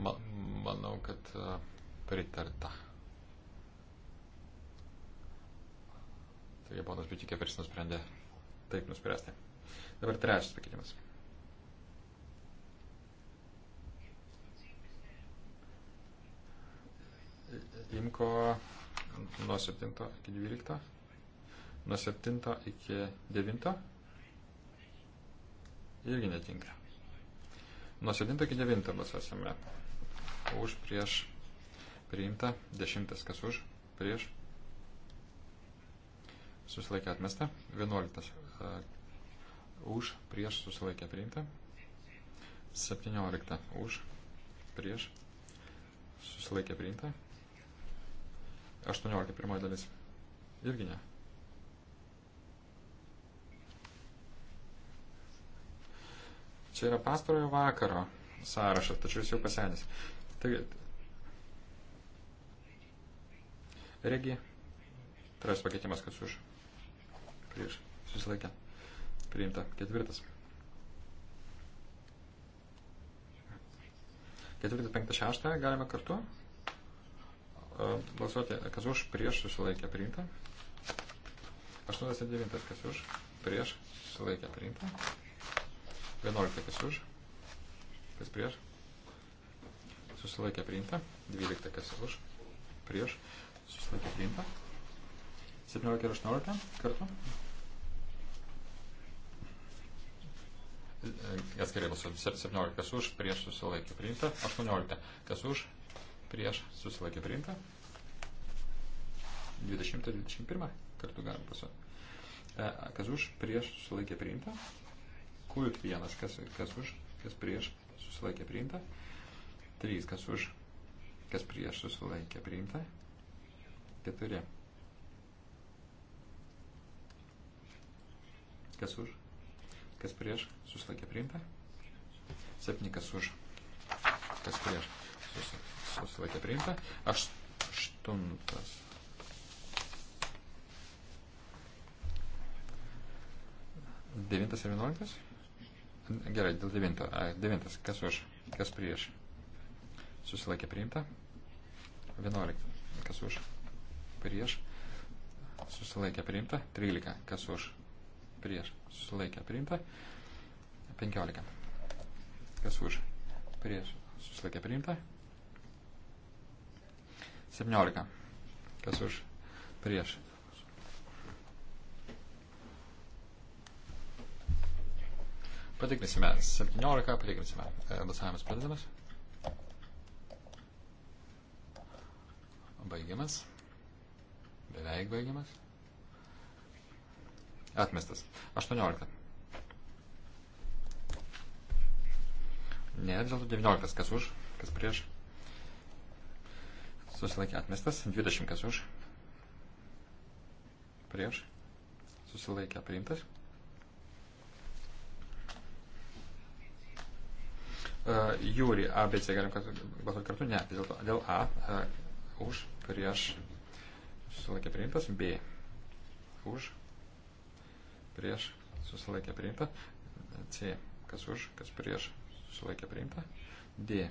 Man, manau, kad e, pritarta. Taigi ponas Bičikeveris nusprendė taip nuspręsti. Dabar trečias pakeitimas. Imko nuo 7 iki 12, nuo 7 iki 9 irgi netinka. Nuo 7 iki 9 balsuosime už prieš priimta, 10 kas už prieš susilaikė atmesta, 11 uh, už prieš susilaikė priimta, 17 už prieš susilaikė priimta, 18 pirmoji dalis. Irgi ne. Čia yra pastarojo vakaro sąrašas, tačiau jis jau pasenęs. Taigi, regi, trečias pakeitimas, kas už, prieš, susilaikė, priimta, ketvirtas. Ketvirtas, penktas, šeštą galime kartu balsuoti, kas už, prieš susilaikę priimta. 89 kas už, prieš susilaikę priimta. 11 kas už, kas prieš, susilaikę priimta. 12 kas už, prieš susilaikę priimta. 17 ir 18 kartu. Atskirai balsuoti. 17 kas už, prieš susilaikę priimta. 18 kas už, prieš susilaikė priimta. 20-21 kartu galim pasuoti. E, kas už, prieš susilaikė priimta. Kult vienas, kas, kas už, kas prieš susilaikė priimta. 3, kas už, kas prieš susilaikė priimta. 4. Kas už, kas prieš susilaikė priimta. 7, kas už, kas prieš susilaikė susilaikė priimta. Aš, aštuntas. Devintas ir vienuoliktas? Gerai, dėl devinto. A, devintas. Kas už? Kas prieš? Susilaikė priimta. Vienuoliktas. Kas už? Prieš. Susilaikė priimta. Trylika. Kas už? Prieš. Susilaikė priimta. Penkiolika. Kas už? Prieš. Susilaikė priimta. 17. Kas už prieš. Patikrinsime 17, patikrinsime. E, balsavimas pradedamas. Baigiamas. Beveik baigiamas. Atmestas. 18. Ne, dėl to 19. Kas už, kas prieš susilaikė atmestas, 20 kas už, prieš, susilaikė priimtas. Uh, Jūri ABC galim balsuoti kartu, ne, vis dėlto dėl A, uh, už, prieš, susilaikė priimtas, B, už, prieš, susilaikė priimta, C, kas už, kas prieš, susilaikė priimta, D,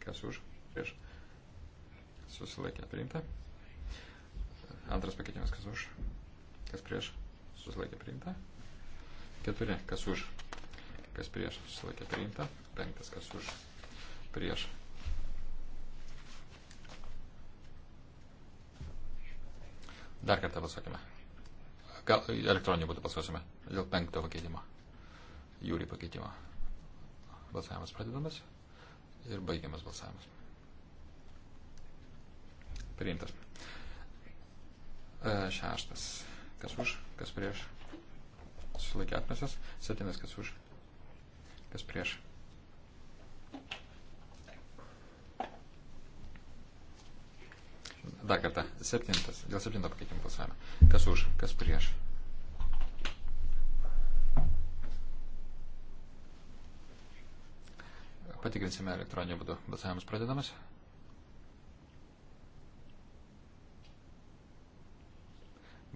kas už, prieš, susilaikė priimta susilaikė priimta. Antras pakeitimas, kas už, kas prieš, susilaikė priimta. Keturi, kas už, kas prieš, susilaikė priimta. Penktas, kas už, prieš. Dar kartą pasakėme. Gal elektroniniu būdu pasuosime dėl penkto pakeitimo. Jūri pakeitimo. Balsavimas pradedamas ir baigiamas balsavimas. Priimtas. E, šeštas. Kas už, kas prieš. Susilaikė atmestas. Septynas, kas už, kas prieš. Dar kartą. Septintas. Dėl septinto pakeitimo balsavimo. Kas už, kas prieš. Patikrinsime elektroninį būdų. Balsavimas pradedamas.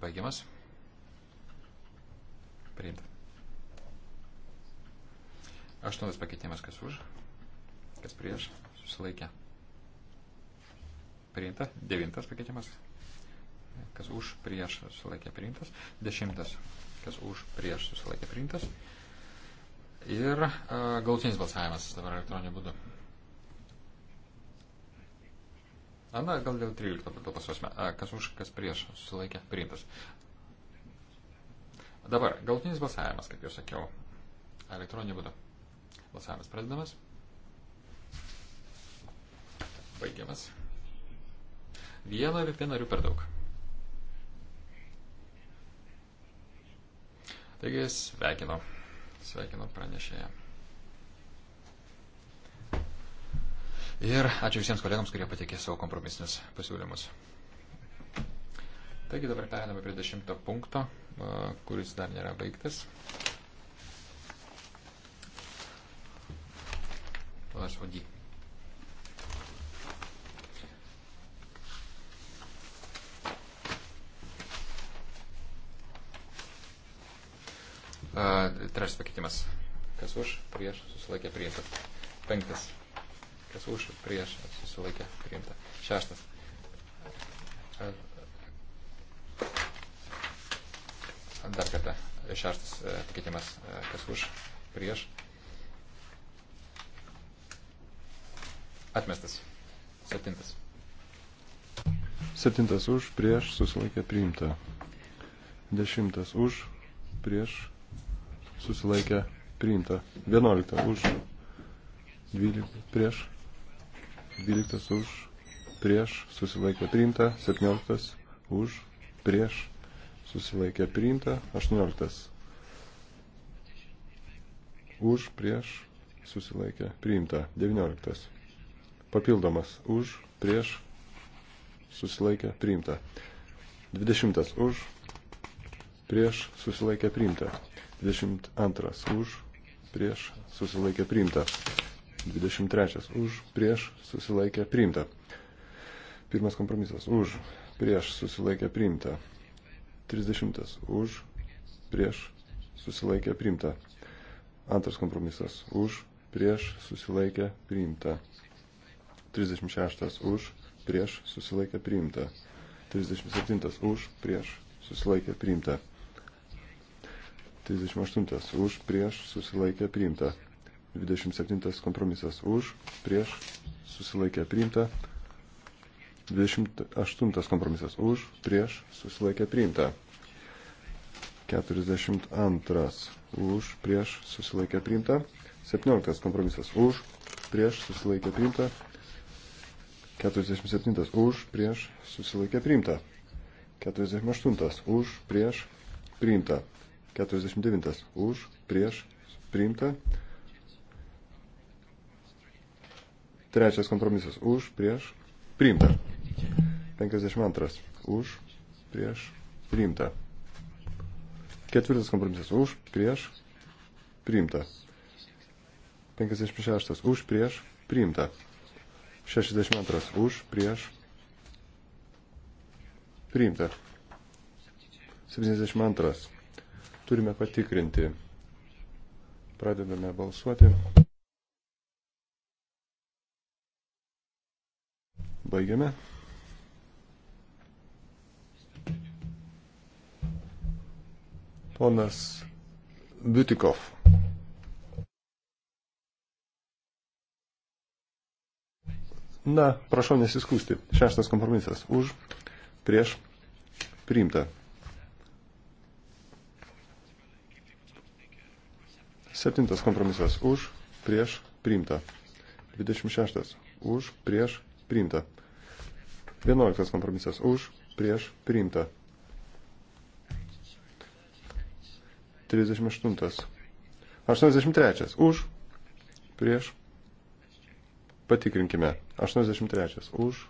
baigiamas. Priimta. Aštuntas pakeitimas, kas už, kas prieš, susilaikė. Priimta. Devintas pakeitimas, kas už, prieš, susilaikė priimtas. Dešimtas, kas už, prieš, susilaikė priimtas. Ir uh, galutinis balsavimas dabar elektroniniu būdu. Ana, gal dėl 13 būtų pasvarsime. Kas už, kas prieš, susilaikė, priimtas. Dabar, galutinis balsavimas, kaip jau sakiau, elektroninė būdu. Balsavimas pradedamas. Baigiamas. Vieno ir vienarių per daug. Taigi sveikinu. Sveikinu pranešėją. Ir ačiū visiems kolegams, kurie patikė savo kompromisinius pasiūlymus. Taigi dabar perėdame prie dešimto punkto, kuris dar nėra baigtas. Ponas Vody. Trečias pakeitimas. Kas už, prieš, susilaikė priimtas. Penktas kas už, prieš, susilaikė, priimta. Šeštas. Dar kartą. Šeštas e, pakeitimas, e, kas už, prieš. Atmestas. Septintas. Septintas už, prieš, susilaikė, priimta. Dešimtas už, prieš, susilaikė, priimta. Vienuolikta už, dvylikta, prieš, 12 už, prieš, susilaikė priimta, 17 už, prieš, susilaikė priimta, 18 už, prieš, susilaikė priimta, 19 papildomas už, prieš, susilaikė priimta, 20 už, prieš, susilaikė priimta, 22 už, prieš, susilaikė priimta. 23 už, prieš, susilaikė, priimta. Pirmas kompromisas už, prieš, susilaikė, priimta. 30 už, prieš, susilaikė, priimta. Antras kompromisas už, prieš, susilaikė, priimta. 36 už, prieš, susilaikė, priimta. 37 už, prieš, susilaikė, priimta. 38 už, prieš, susilaikė, priimta. 27 kompromisas už, prieš, susilaikė priimta. 28 kompromisas už, prieš, susilaikė priimta. 42 už, prieš, susilaikė priimta. 17 kompromisas už, prieš, susilaikė priimta. 47 už, prieš, susilaikė priimta. 48 už, prieš, priimta. 49 už, prieš, priimta. Trečias kompromisas už, prieš, priimta. 52 už, prieš, priimta. Ketvirtas kompromisas už, prieš, priimta. 56 už, prieš, priimta. 62 už, prieš, priimta. 72. Turime patikrinti. Pradedame balsuoti. Baigiame. Ponas Butikov. Na, prašau nesiskūsti. Šeštas kompromisas. Už, prieš, priimta. Septintas kompromisas. Už, prieš, priimta. 26. Už, prieš, priimta. 11 kompromisas už, prieš, priimta. 38. 83. Už, prieš, patikrinkime. 83. Už,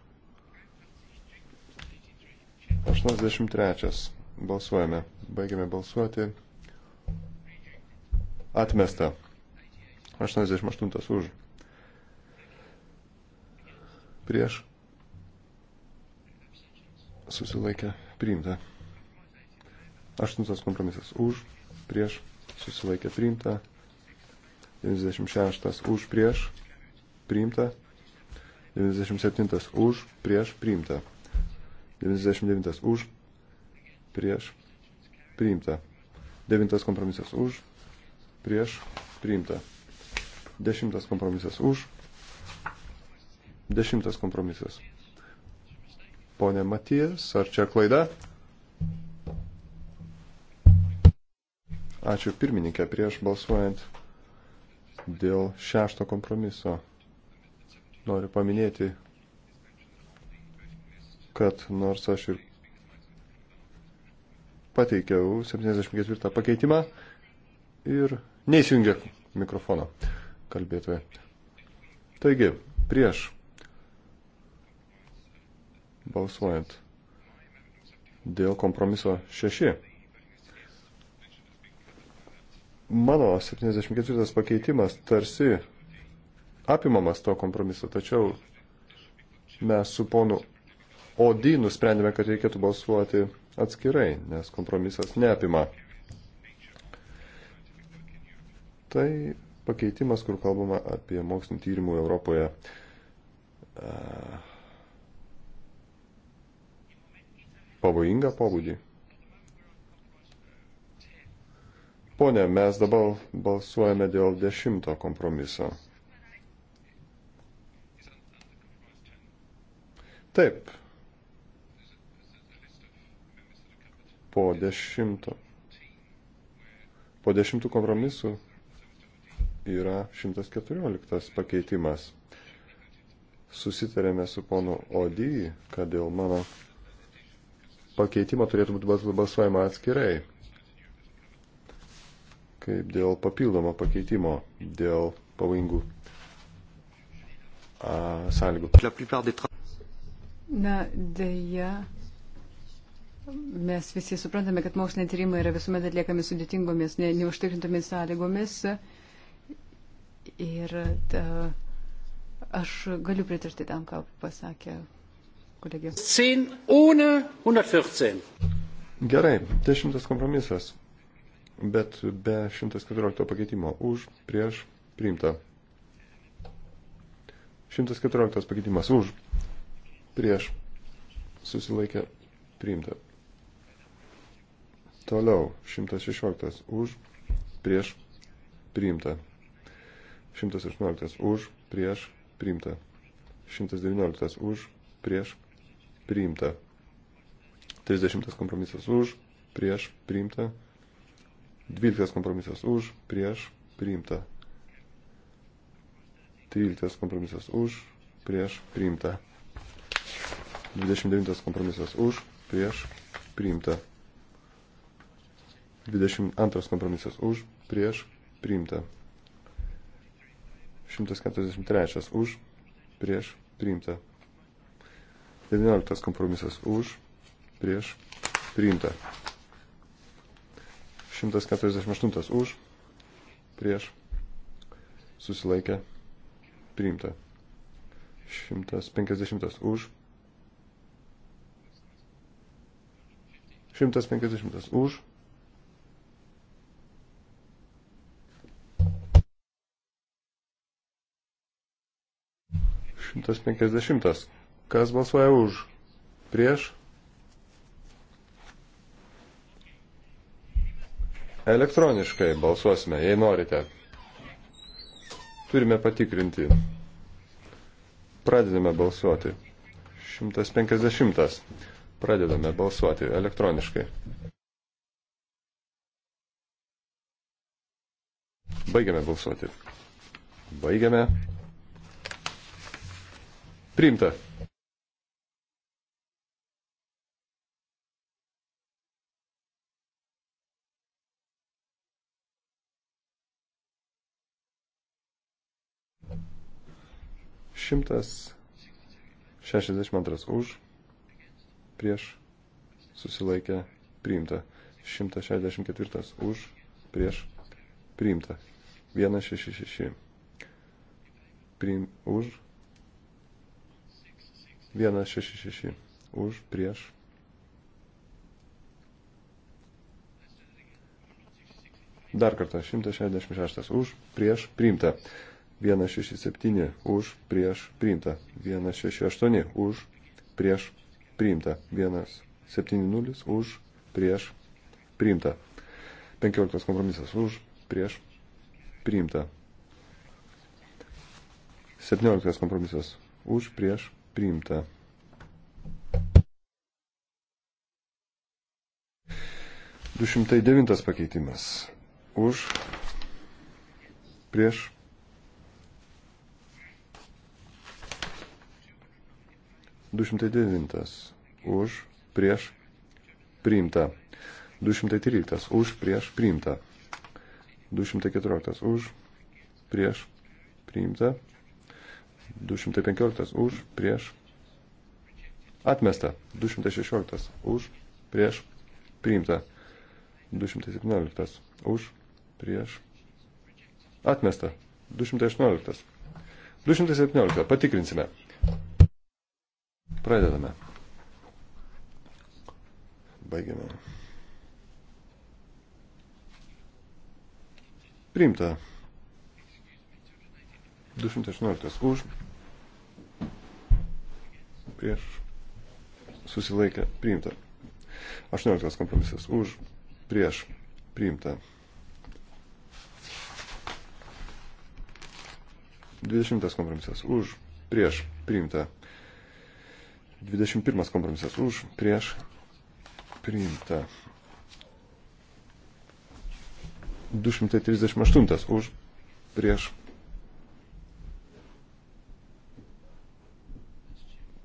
83. Balsuojame. Baigiame balsuoti. Atmesta. 88 už. Prieš susilaikė priimta. Aštuntas kompromisas už, prieš, susilaikė priimta. 96 už, prieš, priimta. 97 už, prieš, priimta. 99 už, prieš, priimta. 9 kompromisas už, prieš, priimta. 10 kompromisas už, 10 kompromisas Pone Matijas, ar čia klaida? Ačiū pirmininkė prieš balsuojant dėl šešto kompromiso. Noriu paminėti, kad nors aš ir pateikiau 74 pakeitimą ir neįsijungė mikrofono kalbėtoje. Taigi, prieš balsuojant dėl kompromiso 6. Mano 74 pakeitimas tarsi apimamas to kompromiso, tačiau mes su ponu Odį nusprendėme, kad reikėtų balsuoti atskirai, nes kompromisas neapima. Tai pakeitimas, kur kalbama apie mokslinį tyrimų Europoje. Uh pavojingą pobūdį. Pone, mes dabar balsuojame dėl dešimto kompromiso. Taip. Po dešimto. Po dešimtų kompromisų yra 114 pakeitimas. Susitarėme su ponu Odį, kad dėl mano pakeitimo turėtų būti balsuojama atskirai, kaip dėl papildomo pakeitimo, dėl pavojingų a, sąlygų. Na, dėja, mes visi suprantame, kad moksliniai tyrimai yra visuomet atliekami sudėtingomis, ne, neužtikrintomis sąlygomis. Ir ta, aš galiu pritarti tam, ką pasakė kolegė. Gerai, 10 tai kompromisas, bet be 114 pakeitimo už, prieš, priimta. 114 pakeitimas už, prieš, susilaikė, priimta. Toliau, 116 už, prieš, priimta. 118 už, prieš, priimta. 119 už, prieš, priimta. 30 kompromisas už, prieš, priimta. 12 kompromisas už, prieš, priimta. 13 kompromisas už, prieš, priimta. 29 kompromisas už, prieš, priimta. 22 kompromisas už, prieš, priimta. 143 už, prieš, priimta. 19 kompromisas už, prieš, priimta. 148 už, prieš, susilaikė, priimta. 150 už, 150 už, Šimtas penkiasdešimtas Kas balsuoja už? Prieš? Elektroniškai balsuosime, jei norite. Turime patikrinti. Pradedame balsuoti. 150. Pradedame balsuoti elektroniškai. Baigiame balsuoti. Baigiame. Priimta. 162 už, prieš, susilaikė, priimta. 164 už, prieš, priimta. 166 priim, už, 166 už, prieš. Dar kartą, 166 už, prieš, priimta. 167 už prieš priimta. 168 už prieš priimta. 170 už prieš priimta. 15 kompromisas už prieš priimta. 17 kompromisas už prieš priimta. 209 pakeitimas už prieš 209 už prieš priimta. 213 už prieš priimta. 214 už prieš priimta. 215 už prieš atmesta. 216 už prieš priimta. 217 už prieš atmesta. 218. 217 patikrinsime. Pradedame. Baigiame. Priimta. 218 už. Prieš. Susilaikę. Priimta. 18 kompromisas už. Prieš. Priimta. 20 kompromisas už. Prieš. Priimta. 21 kompromisas už, prieš, priimta. 238 už, prieš.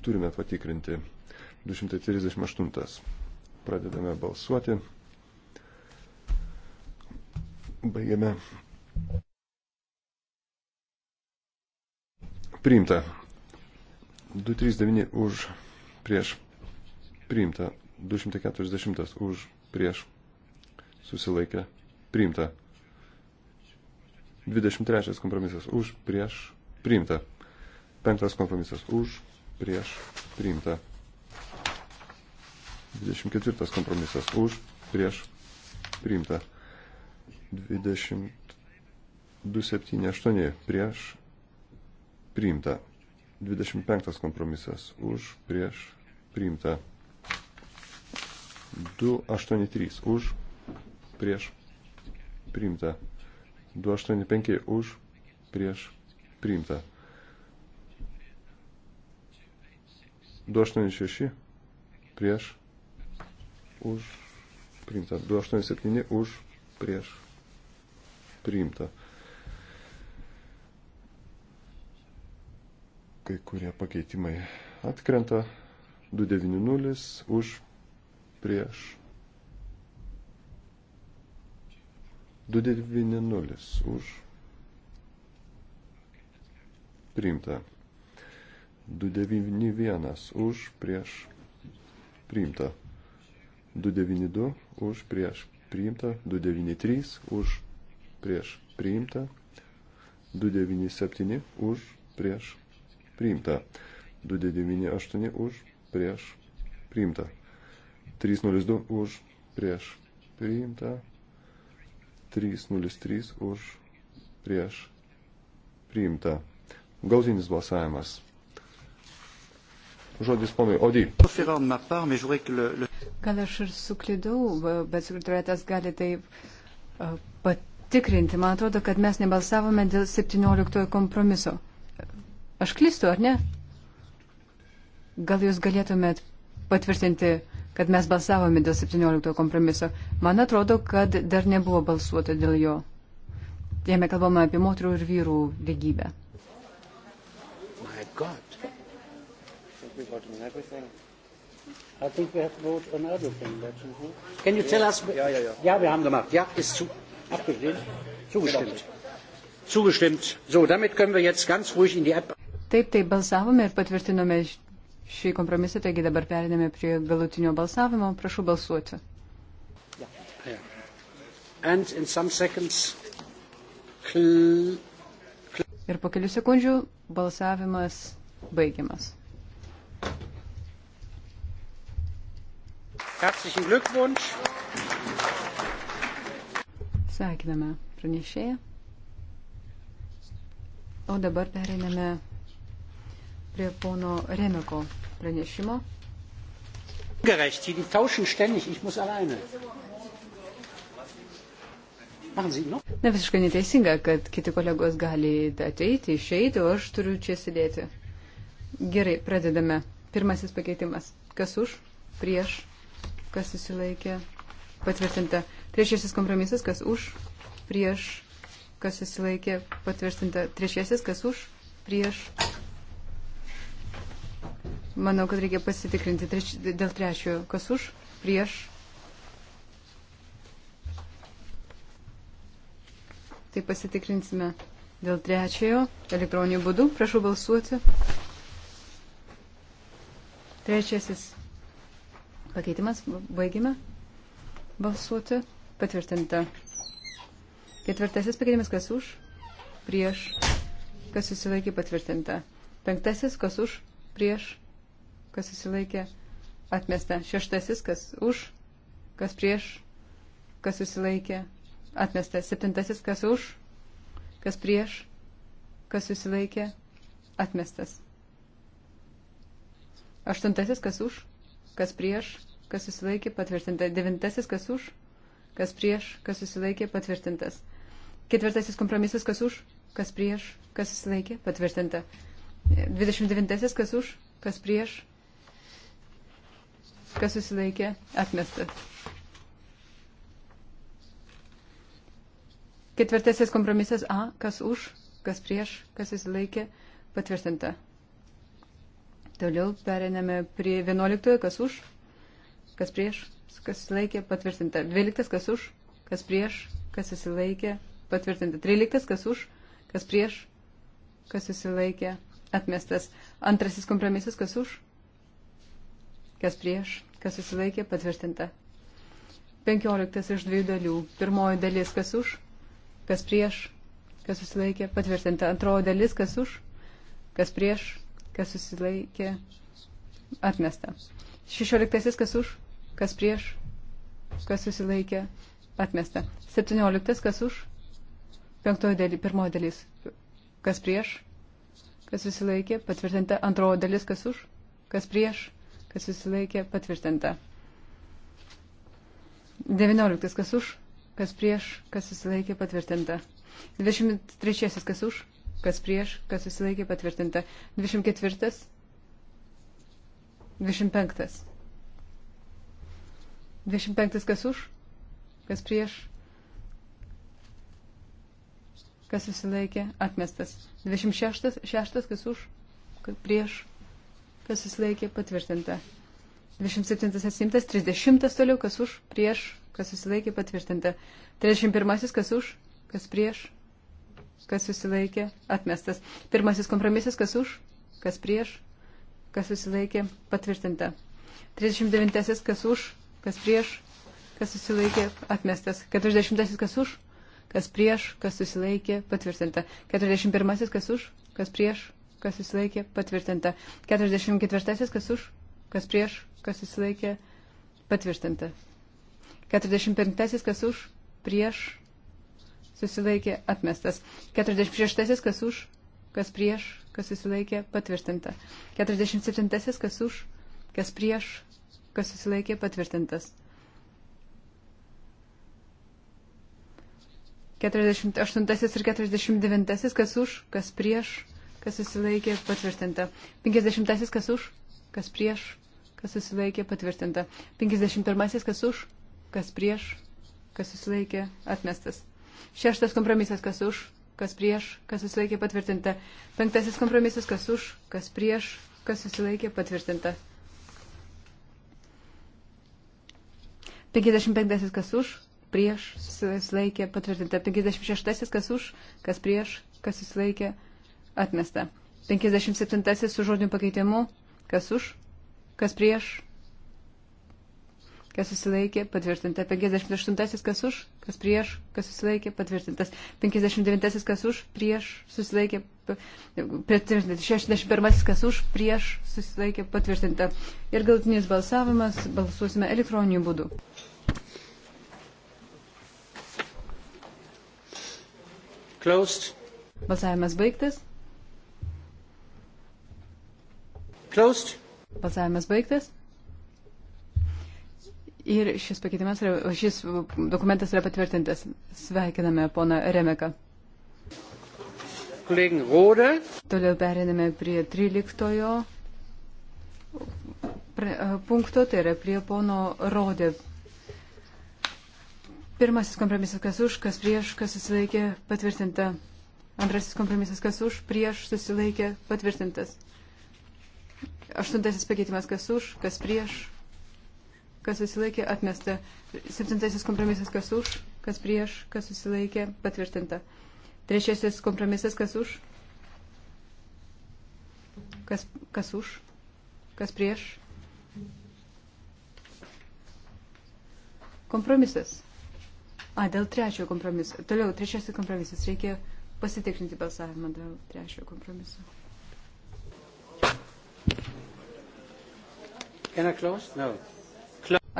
Turime patikrinti. 238. Pradedame balsuoti. Baigiame. Priimta. 239 už prieš priimta. 240 už prieš susilaikę priimta. 23 kompromisas už prieš priimta. 5 kompromisas už prieš priimta. 24 kompromisas už prieš priimta. 2278 prieš priimta. 25 kompromisas už prieš priimta. 283 už prieš priimta. 285 už prieš priimta. 286 prieš už priimta. 287 už prieš priimta. kai kurie pakeitimai atkrenta. 290 už prieš. 290 už priimta. 291 už prieš priimta. 292 už prieš priimta. 293 už prieš priimta. 297 už prieš priimta. 298 už, prieš, priimta. 302 už, prieš, priimta. 303 už, prieš, priimta. Galtinis balsavimas. Žodis ponui Odi. Gal aš ir suklydau, bet sekretorėtas gali taip patikrinti. Man atrodo, kad mes nebalsavome dėl 17 kompromiso. Aš klystu, ar ne? Gal jūs galėtumėt patvirtinti, kad mes balsavome dėl 17 kompromiso. Man atrodo, kad dar nebuvo balsuota dėl jo. Jame kalbama apie moterų ir vyrų lygybę. I think we have voted on other thing. That, mm -hmm. Can you tell us? Ja, ja, ja. Ja, wir haben gemacht. Ja, ist zu, abgestimmt. Zugestimmt. Zugestimmt. So, damit können wir jetzt ganz ruhig in die App. Taip, tai balsavome ir patvirtinome šį kompromisą, taigi dabar periname prie galutinio balsavimo. Prašau balsuoti. Ir po kelių sekundžių balsavimas baigiamas. Herzlichen Glückwunsch. Sveikiname pranešėją. O dabar pereiname prie pono Remeko pranešimo. Gerecht, die tauschen ständig, ich muss alleine. Na visiškai neteisinga, kad kiti kolegos gali ateiti, išeiti, o aš turiu čia sėdėti. Gerai, pradedame. Pirmasis pakeitimas. Kas už? Prieš? Kas susilaikė? Patvirtinta. Trečiasis kompromisas. Kas už? Prieš? Kas susilaikė? Patvirtinta. Trečiasis. Kas už? Prieš? Manau, kad reikia pasitikrinti treč, dėl trečiojo. Kas už? Prieš? Tai pasitikrinsime dėl trečiojo elektroniniu būdu. Prašau balsuoti. Trečiasis pakeitimas. Baigime balsuoti. Patvirtinta. Ketvirtasis pakeitimas. Kas už? Prieš? Kas susilaikė patvirtinta. Penktasis. Kas už? Prieš? kas susilaikė, atmesta. Šeštasis, kas už, kas prieš, kas susilaikė, atmesta. Septintasis, kas už, kas prieš, kas susilaikė, atmestas. Aštuntasis, kas už, kas prieš, kas susilaikė, patvirtinta. Devintasis, kas už, kas prieš, kas susilaikė, patvirtintas. Ketvirtasis kompromisas, kas už, kas prieš, kas susilaikė, patvirtinta. 29. kas už, kas prieš, Kas susilaikė? Atmestas. Ketvirtasis kompromisas A. Kas už, kas prieš, kas susilaikė? Patvirtinta. Toliau periname prie 11. Kas už, kas prieš, kas susilaikė? Patvirtinta. 12. Kas už, kas prieš, kas susilaikė? Patvirtinta. 13. Kas už, kas prieš, kas susilaikė? Atmestas. Antrasis kompromisas. Kas už, kas prieš, kas susilaikė, patvirtinta. 15 iš dviejų dalių. Pirmoji dalis, kas už, kas prieš, kas susilaikė, patvirtinta. Antroji dalis, kas už, kas prieš, kas susilaikė, atmesta. 16 kas už, kas prieš, kas susilaikė, atmesta. 17 kas už, penktoji dalis, pirmoji dalis, kas prieš, kas susilaikė, patvirtinta. Antroji dalis, kas už, kas prieš, kas susilaikė, patvirtinta. 19. Kas už, kas prieš, kas susilaikė, patvirtinta. 23. Kas už, kas prieš, kas susilaikė, patvirtinta. 24. 25. 25 kas už, kas prieš, kas susilaikė, atmestas. 26 6, kas už, kas prieš, kas susilaikė patvirtinta. 27 atsimtas, 30 toliau, kas už, prieš, kas susilaikė patvirtinta. 31 kas už, kas prieš, kas susilaikė atmestas. Pirmasis kompromisas, kas už, kas prieš, kas susilaikė patvirtinta. 39 kas už, kas prieš, kas susilaikė atmestas. 40 kas už, kas prieš, kas susilaikė patvirtinta. 41 kas už, kas prieš, kas susilaikė, patvirtinta. 44, kas už, kas prieš, kas susilaikė, patvirtinta. 45, kas už, prieš, susilaikė, atmestas. 46, kas už, kas prieš, kas susilaikė, patvirtinta. 47, kas už, kas prieš, kas susilaikė, patvirtintas. 48 ir 49, kas už, kas prieš, kas susilaikė, patvirtinta. 50 kas už, kas prieš, kas susilaikė, patvirtinta. 51 kas už, kas prieš, kas susilaikė, atmestas. Šeštas kompromisas kas už, kas prieš, kas susilaikė, patvirtinta. Penktasis kompromisas kas už, kas prieš, kas susilaikė, patvirtinta. 55 kas už, prieš, susilaikė, patvirtinta. 56 kas už, kas prieš, kas susilaikė, patvirtinta Atmesta. 57 su žodiniu pakeitimu. Kas už? Kas prieš? Kas susilaikė? Patvirtinta. 58 kas už? Kas prieš? Kas susilaikė? Patvirtintas. 59 kas už? Prieš? Susilaikė? Patvirtintas. 61 kas už? Prieš? Susilaikė? Patvirtinta. Ir galtinis balsavimas. Balsuosime elektroniniu būdu. Closed. Balsavimas baigtas. Closed. Balsavimas baigtas. Ir šis pakeitimas, šis dokumentas yra patvirtintas. Sveikiname poną Remeką. Kolegin Rode. Toliau periname prie 13 punkto, tai yra prie pono Rode. Pirmasis kompromisas, kas už, kas prieš, kas susilaikė, patvirtinta. Antrasis kompromisas, kas už, prieš, susilaikė, patvirtintas. Aštuntasis pakeitimas kas už, kas prieš, kas susilaikė, atmesta. Septintasis kompromisas kas už, kas prieš, kas susilaikė, patvirtinta. Trečiasis kompromisas kas už, kas, kas už, kas prieš. Kompromisas. A, dėl trečiojo kompromiso. Toliau, trečiasis kompromisas. Reikia pasitikrinti balsavimą dėl trečiojo kompromiso. No.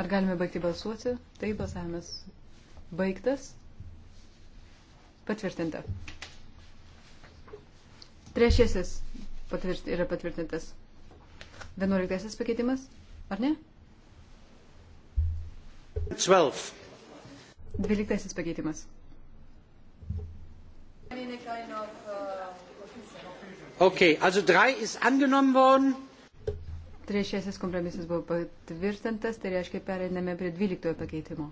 Ar galime baigti balsuoti? Taip, balsavimas baigtas. Patvirtinta. Trečiasis patvirt, yra patvirtintas. Vienuoliktasis pakeitimas, ar ne? Dvyliktasis pakeitimas. Okay, also 3 ist angenommen worden. Trečiasis kompromisas buvo patvirtintas, tai reiškia pereiname prie dvyliktojo pakeitimo.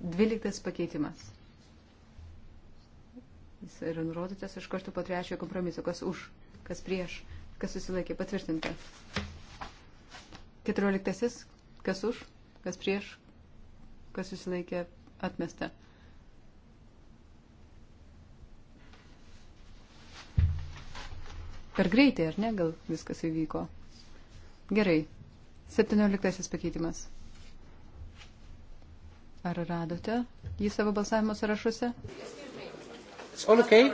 Dvyliktas pakeitimas. Jis yra nurodytas iš karto po trečiojo kompromiso, kas už, kas prieš, kas susilaikė patvirtinta. Keturioliktasis, kas už, kas prieš, kas susilaikė atmesta. Per greitai, ar ne, gal viskas įvyko? Gerai. 17 pakeitimas. Ar radote jį savo balsavimo sąrašuose? Okay.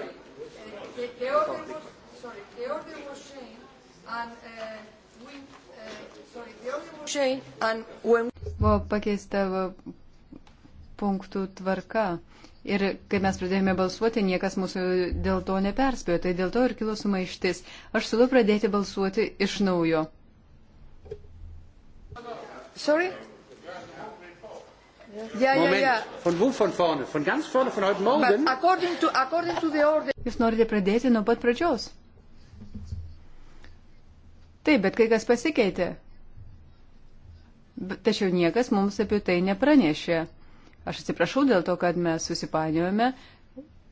Buvo pakeista punktų tvarka. Ir kai mes pradėjome balsuoti, niekas mūsų dėl to neperspėjo, tai dėl to ir kilo sumaištis. Aš siūlau pradėti balsuoti iš naujo. Sorry? Ja, ja, ja. Von wo von vorne? Von ganz vorne, von heute Morgen? According to, according to the order... Jūs norite pradėti nuo pat pradžios? Taip, bet kai kas pasikeitė. Tačiau niekas mums apie tai nepranešė. Aš atsiprašau dėl to, kad mes susipainiojame,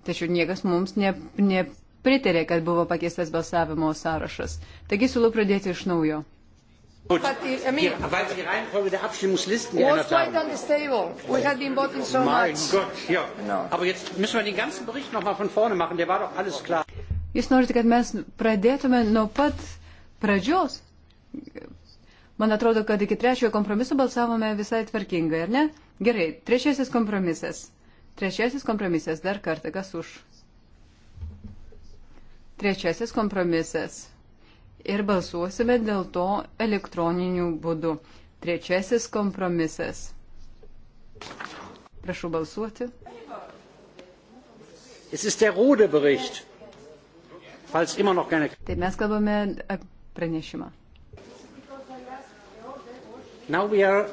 tačiau niekas mums ne, nepritarė, kad buvo pakeistas balsavimo sąrašas. Taigi siūlau pradėti iš naujo. Gut. I mean, weil Sie die Reihenfolge der Abstimmungslisten geändert haben. So mein Gott, ja. No. Aber jetzt müssen wir den ganzen Bericht nochmal von vorne machen. Der war doch alles klar. Jūs norite, kad mes pradėtume nuo pat pradžios? Man atrodo, kad iki trečiojo kompromiso balsavome visai tvarkingai, ar ne? Gerai, trečiasis kompromisas. Trečiasis kompromisas, dar kartą, kas už? Trečiasis kompromisas. Ir balsuosime dėl to elektroniniu būdu. Trečiasis kompromisas. Prašau balsuoti. Tai mes kalbame apie pranešimą. Now we are...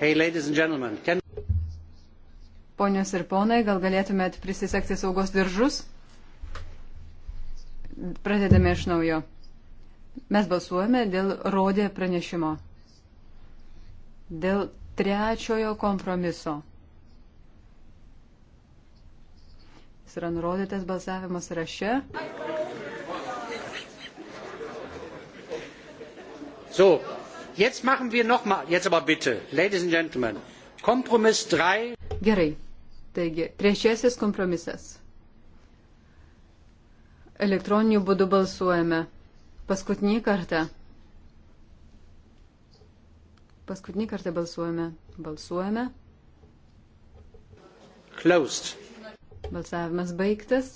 Hey, ladies and gentlemen, can... Ponios ir ponai, gal galėtumėt prisisegti saugos diržus? Pradedame iš naujo. Mes balsuojame dėl rodė pranešimo. Dėl trečiojo kompromiso. Jis yra nurodytas balsavimo sąraše. So, Jetzt machen wir nochmal, jetzt aber bitte, ladies and gentlemen, kompromis 3. Gerai, taigi trečiasis kompromisas. Elektroniniu būdu balsuojame. Paskutinį kartą. Paskutinį kartą balsuojame. Balsuojame. Closed. Balsavimas baigtas.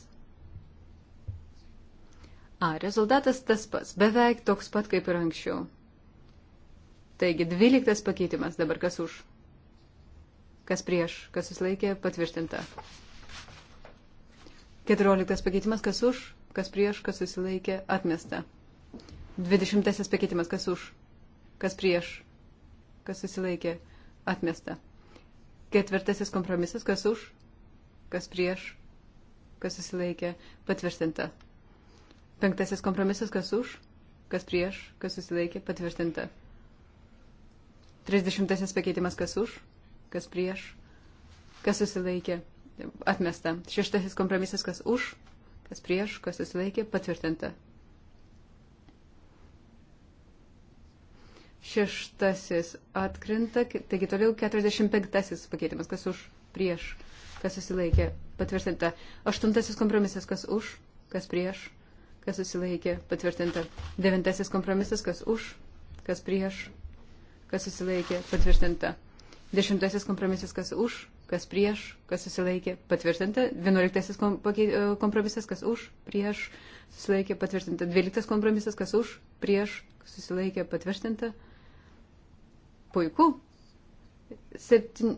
A, rezultatas tas pats, beveik toks pat kaip ir anksčiau. Taigi, dvyliktas pakeitimas dabar kas už. Kas prieš, kas susilaikė, patvirtinta. Keturioliktas pakeitimas kas už, kas prieš, kas susilaikė, atmesta. Dvidešimtasis pakeitimas kas už, kas prieš, kas susilaikė, atmesta. Ketvirtasis kompromisas kas už, kas prieš, kas susilaikė, patvirtinta. Penktasis kompromisas kas už, kas prieš, kas susilaikė, patvirtinta. 30 pakeitimas kas už, kas prieš, kas susilaikė, atmesta. Šeštasis kompromisas kas už, kas prieš, kas susilaikė, patvirtinta. Šeštasis atkrinta, taigi toliau 45 pakeitimas kas už, prieš, kas susilaikė, patvirtinta. Aštuntasis kompromisas kas už, kas prieš, kas susilaikė, patvirtinta. Devintasis kompromisas kas už, kas prieš, kas susilaikė, patvirtinta. Dešimtasis kompromisas, kas už, kas prieš, kas susilaikė, patvirtinta. Vienuoliktasis e, kompromisas, kas už, prieš, susilaikė, patvirtinta. Dvyliktas kompromisas, kas už, prieš, susilaikė, patvirtinta. Puiku. Septin...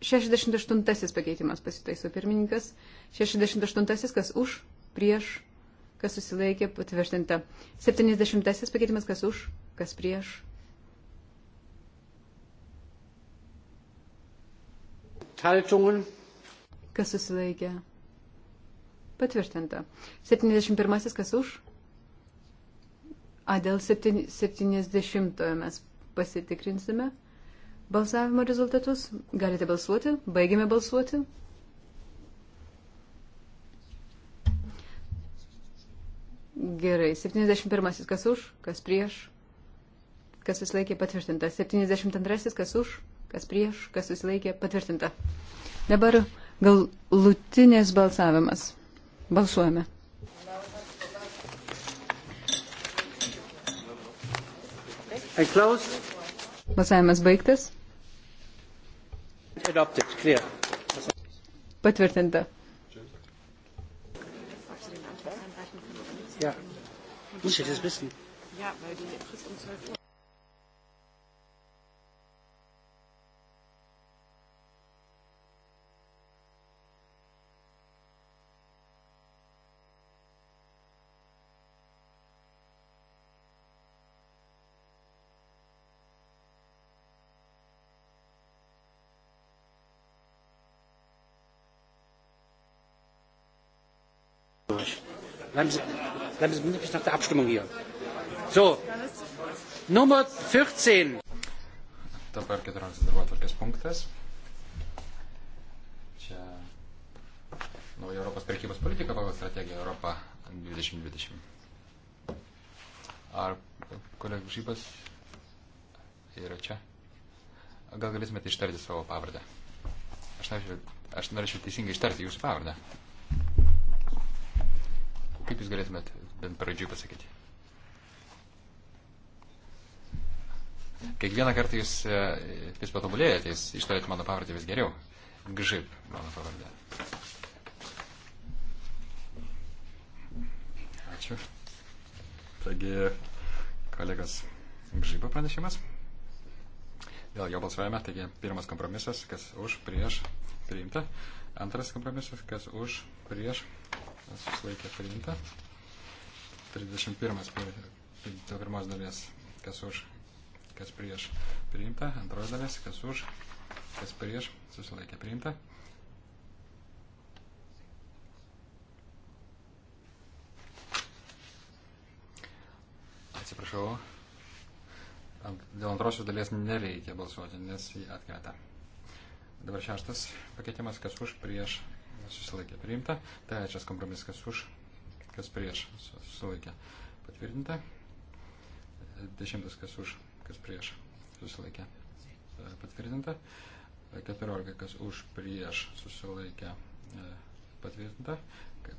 68 pakeitimas pasitaiso pirmininkas. 68 kas už, prieš, kas susilaikė, patvirtinta. 70 pakeitimas kas už, kas prieš, Enthaltungen. Kas susilaikė? Patvirtinta. 71. Kas už? A, dėl 70 mes pasitikrinsime balsavimo rezultatus. Galite balsuoti. Baigėme balsuoti. Gerai. 71. Kas už? Kas prieš? Kas susilaikė patvirtinta? 72. Kas už? kas prieš, kas susilaikė, patvirtinta. Dabar galutinės balsavimas. Balsuojame. Balsavimas baigtas. Adopted, Patvirtinta. Ja, muss ich das wissen? Ja, weil die Frist um 12 Uhr. Bleiben Sie, bleiben Sie bis nach der Abstimmung hier. So, Nummer 14. Dabar 14 darbotvarkės punktas. Čia nauja Europos prekybos politika pagal strategiją Europa 2020. Ar kolegų Žybas yra čia? Gal galėtumėte ištarti savo pavardę? Aš norėčiau, aš norėčiau teisingai ištarti jūsų pavardę. Kaip Jūs galėtumėt bent pradžiui pasakyti? Kiekvieną kartą Jūs e, vis patobulėjate, Jūs ištarėte mano pavardę vis geriau. Gžib mano pavardė. Ačiū. Taigi, kolegas Gžibo pranešimas. Dėl jo balsuojame, taigi pirmas kompromisas, kas už, prieš, priimta. Antras kompromisas, kas už, prieš, susilaikė priimta. 31 dėl pirmos dalies, kas už, kas prieš priimta. Antros dalies, kas už, kas prieš susilaikė priimta. Atsiprašau, dėl antrosios dalies nereikia balsuoti, nes jį atkreta. Dabar šeštas pakeitimas, kas už prieš susilaikė priimta. Trečias kompromisas, kas už, kas prieš susilaikė patvirtinta. Dešimtas, kas už, kas prieš susilaikė e, patvirtinta. Keturiolika, kas už, prieš susilaikė e, patvirtinta.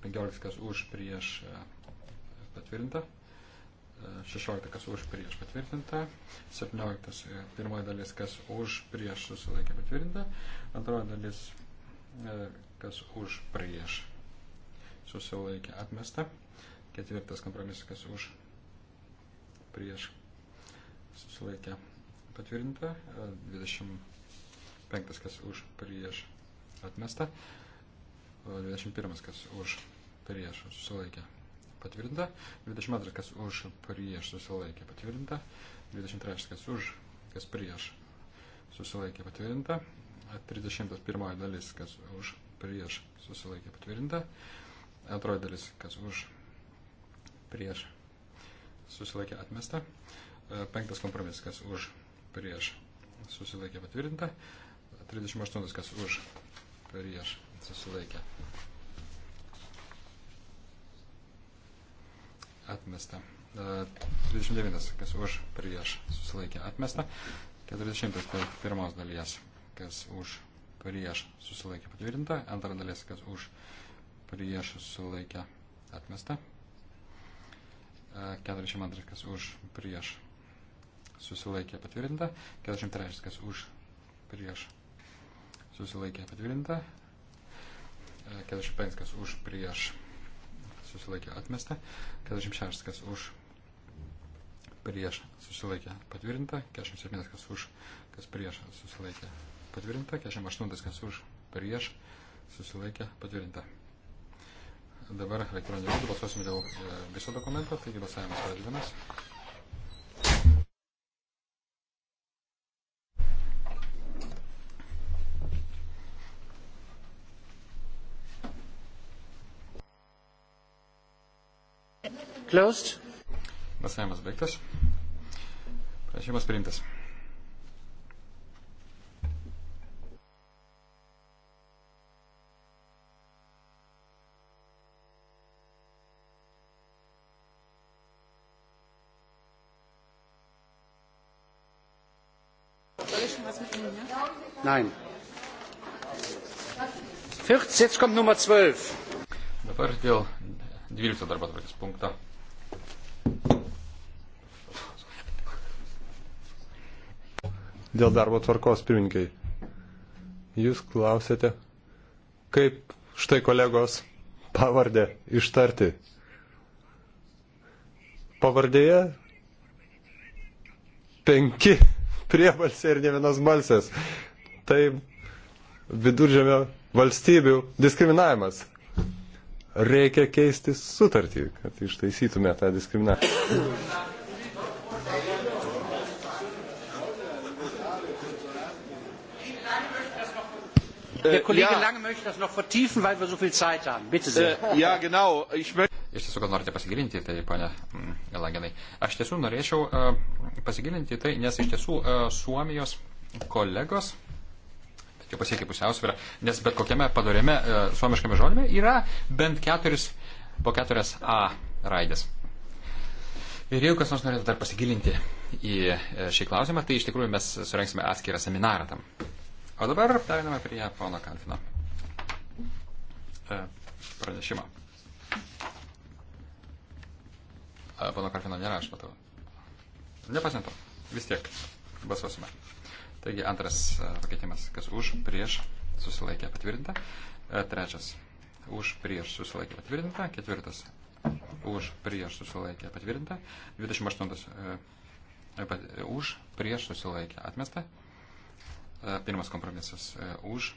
Penkiolika, e, kas už, prieš patvirtinta. 16 kas už prieš patvirtinta, 17 pirmoji dalis kas už prieš susilaikė patvirtinta, antroji dalis kas už prieš susilaikė atmesta. Ketvirtas kompromisas, kas už prieš susilaikė patvirtinta. 25, kas už prieš atmesta. 21, kas už prieš susilaikė patvirtinta. 22, kas už prieš susilaikė patvirtinta. 23, kas už, kas prieš susilaikė patvirtinta. 31 dalis, kas už prieš susilaikė patvirtinta. Antroji dalis, kas už prieš susilaikė atmesta. E, penktas kompromisas, kas už prieš susilaikė patvirtinta. 38, kas už prieš susilaikė atmesta. 39, e, kas už prieš susilaikė atmesta. 40, tai pirmos dalies, kas už prieš susilaikė patvirtinta, antra dalis, kas už prieš susilaikė atmesta, 42 e, kas už prieš susilaikė patvirtinta, 43 kas už prieš susilaikė patvirtinta, 45 e, kas už prieš susilaikė atmesta, 46 kas už prieš susilaikė patvirtinta, 47 kas už, kas prieš susilaikė patvirtinta, 48 kas už, prieš, susilaikė, patvirtinta. Dabar elektroniniu būdu balsuosim dėl e, viso dokumento, taigi balsavimas pradedamas. Closed. Balsavimas baigtas. Prašymas priimtas. Nein. 14, jetzt kommt Nummer 12. Dabar dėl 12 darbo atvarkės punkto. Dėl darbo tvarkos pirmininkai. Jūs klausėte, kaip štai kolegos pavardę ištarti. Pavardėje penki priebalsiai ir ne vienas balsas tai viduržėmio valstybių diskriminavimas. Reikia keisti sutartį, kad ištaisytume tą diskriminaciją. Der Kollege ja. Lange möchte das noch vertiefen, weil wir so viel Zeit haben. Bitte sehr. Äh, ja, genau. Ich möchte Iš tiesų, kad norite pasigilinti į tai, ponė mm, Langenai. Aš tiesų norėčiau uh, pasigilinti į tai, nes iš tiesų uh, Suomijos kolegos pasiekia pusiausvyrą, nes bet kokiame padarėme e, suomiškame žodime yra bent keturis, po keturias A raidės. Ir jeigu kas nors norėtų dar pasigilinti į e, šį klausimą, tai iš tikrųjų mes surenksime atskirą seminarą tam. O dabar periname prie pono Kanfino e, pranešimo. Pono Kanfino nėra, aš matau. Nepasintau. Vis tiek. Balsuosime. Taigi antras e, pakeitimas, kas už, prieš, susilaikė patvirtinta. E, trečias, už, prieš, susilaikė patvirtinta. Ketvirtas, už, prieš, susilaikė patvirtinta. 28, e, už, prieš, susilaikė atmesta. Pirmas kompromisas, už,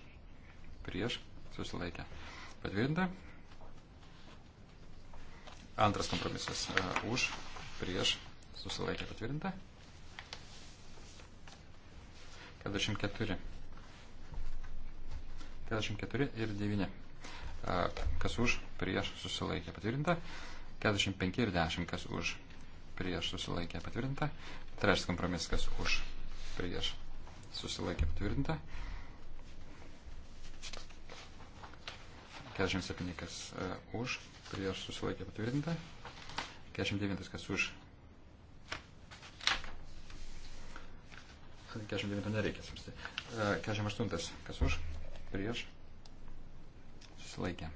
prieš, susilaikė patvirtinta. Antras kompromisas, už, prieš, susilaikė patvirtinta. 44. 44 ir 9. Kas už, prieš susilaikė patvirtinta. 45 ir 10, kas už, prieš susilaikė patvirtinta. Trečias kompromisas, kas už, prieš susilaikė patvirtinta. 47, kas uh, už, prieš susilaikė patvirtinta. 49, kas už, 49 nereikia svarstyti. 48. Kas už? Prieš. Susilaikė.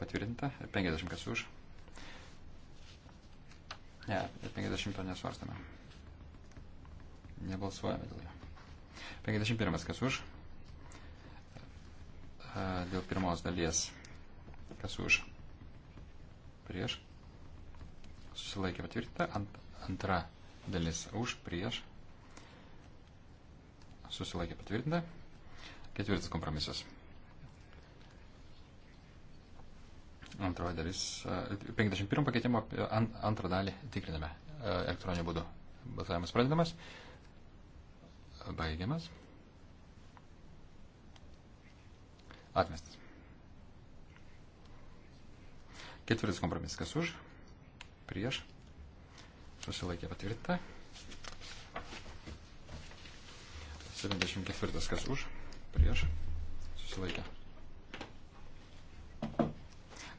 Patvirtinta. 50 e, kas už. Ne, 50 e, nesvarstame. Nebalsuojame dėl jo. 51 kas už. E, dėl pirmos dalies. Kas už. Prieš. Susilaikė patvirtinta. Ant, antra dalis už. Prieš susilaikė patvirtinta. Ketvirtas kompromisas. Antroji dalis. 51 pakeitimo antrą dalį tikriname elektroniniu būdu. Balsavimas pradedamas. Baigiamas. Atmestas. Ketvirtas kompromisas. Kas už? Prieš. Susilaikė patvirtinta. 74. Kas už? Prieš? Susilaikė.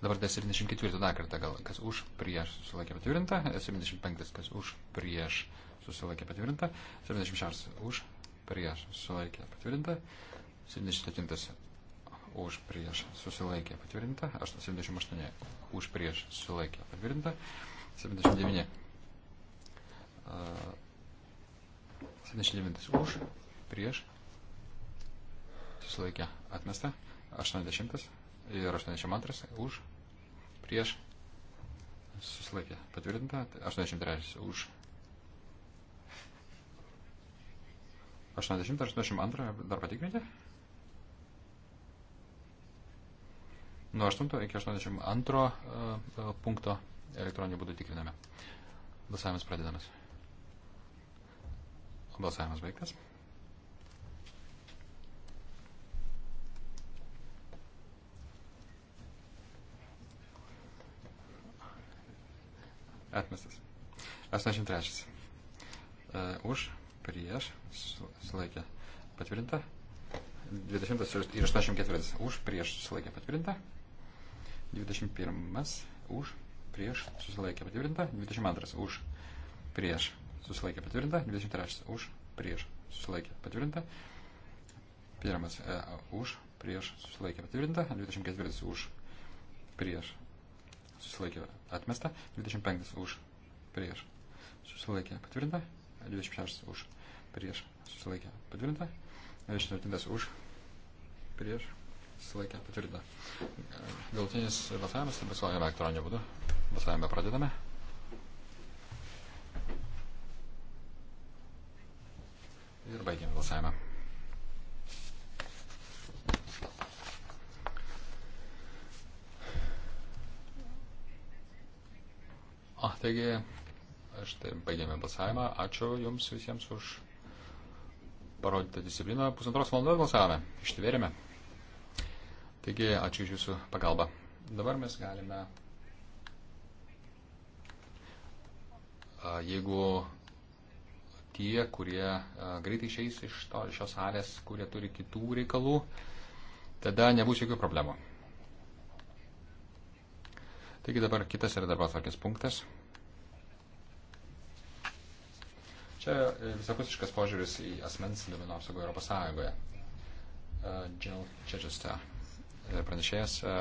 Dabar dėl 74 dar kartą gal. Kas už? Prieš? Susilaikė patvirtinta. 75. Kas už? Prieš? Susilaikė patvirtinta. 76. Už? Prieš? Susilaikė patvirtinta. 77. Už? Prieš? Susilaikė patvirtinta. 78. Už? Prieš? Susilaikė patvirtinta. 79. 79 už, prieš, susilaikė atmesta, 80 ir 82 už, prieš, susilaikė patvirtinta, 83 už. 80 ar 82 dar patikrinti? Nuo 8 iki 82 uh, e, e, punkto elektroniniu būdu tikriname. Balsavimas pradedamas. Balsavimas baigtas. Atmestas. 83. E, už, prieš, sulaikė patvirtinta. 20 ir 84. Už, prieš, sulaikė patvirtinta. 21. Už, prieš, susilaikė patvirtinta. 22. Už, prieš, susilaikė patvirtinta. 23. Už, prieš, susilaikė patvirtinta. 1. E, už, prieš, susilaikė patvirtinta. 24. Už, prieš, susilaikė atmesta, 25 už prieš susilaikė patvirtinta, 26 už prieš susilaikė patvirtinta, 27 už prieš susilaikė patvirtinta. Galutinis balsavimas balsuojame elektroniniu būdu. Balsavimą pradedame. Ir baigėme balsavimą. Taigi, štai baigėme balsavimą. Ačiū Jums visiems už parodytą discipliną. Pusantros valandos balsavome. Ištvėrėme. Taigi, ačiū iš Jūsų pagalbą. Dabar mes galime. Jeigu tie, kurie greitai išeis iš to, šios salės, kurie turi kitų reikalų, tada nebus jokių problemų. Taigi dabar kitas yra darbos varkės punktas. čia visapusiškas požiūris į asmens duomenų apsaugą Europos Sąjungoje. Jill e, Chichester, e, pranešėjas. E,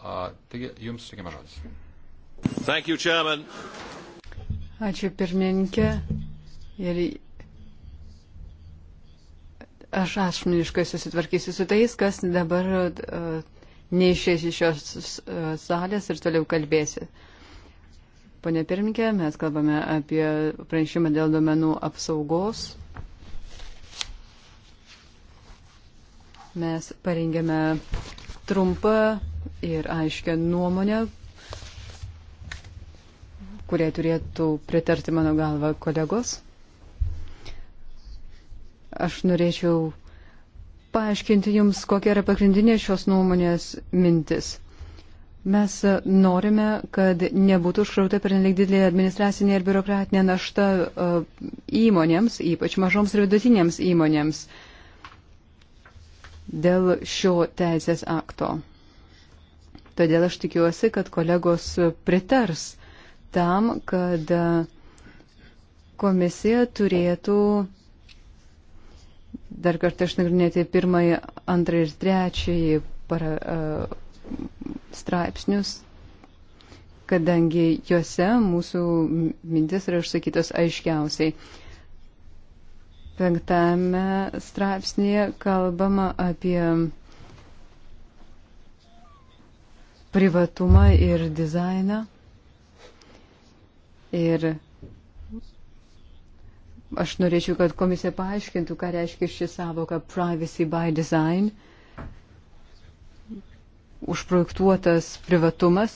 taigi, jums sutikimas žodis. Thank you, Chairman. Ačiū pirmininkė. Ir aš asmeniškai susitvarkysiu su tais, kas dabar uh, neišės iš šios uh, salės ir toliau kalbėsiu. Uh, Pone pirmininkė, mes kalbame apie pranešimą dėl duomenų apsaugos. Mes parengėme trumpą ir aiškę nuomonę, kurie turėtų pritarti mano galva kolegos. Aš norėčiau paaiškinti Jums, kokia yra pagrindinė šios nuomonės mintis. Mes e, norime, kad nebūtų užkrauta per nelik didelė administracinė ir biurokratinė našta e, įmonėms, ypač mažoms ir vidutinėms įmonėms, dėl šio teisės akto. Todėl aš tikiuosi, kad kolegos pritars tam, kad e, komisija turėtų dar kartą išnagrinėti pirmąjį, antrąjį ir trečiąjį para, uh, straipsnius, kadangi juose mūsų mintis yra išsakytos aiškiausiai. Penktame straipsnėje kalbama apie privatumą ir dizainą. Ir aš norėčiau, kad komisija paaiškintų, ką reiškia ši savoka privacy by design. Uh, užprojektuotas privatumas.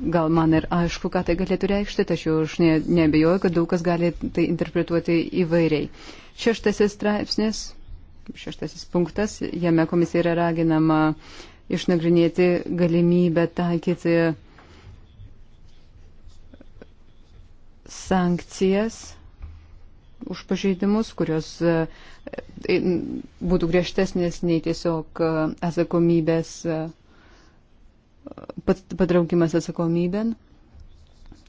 Gal man ir aišku, ką tai galėtų reikšti, tačiau aš ne, nebejoju, kad daug kas gali tai interpretuoti įvairiai. Šeštasis straipsnis, šeštasis punktas, jame komisija yra raginama išnagrinėti galimybę taikyti sankcijas už pažeidimus, kurios e, e, būtų griežtesnės nei tiesiog e, atsakomybės patraukimas atsakomybėn.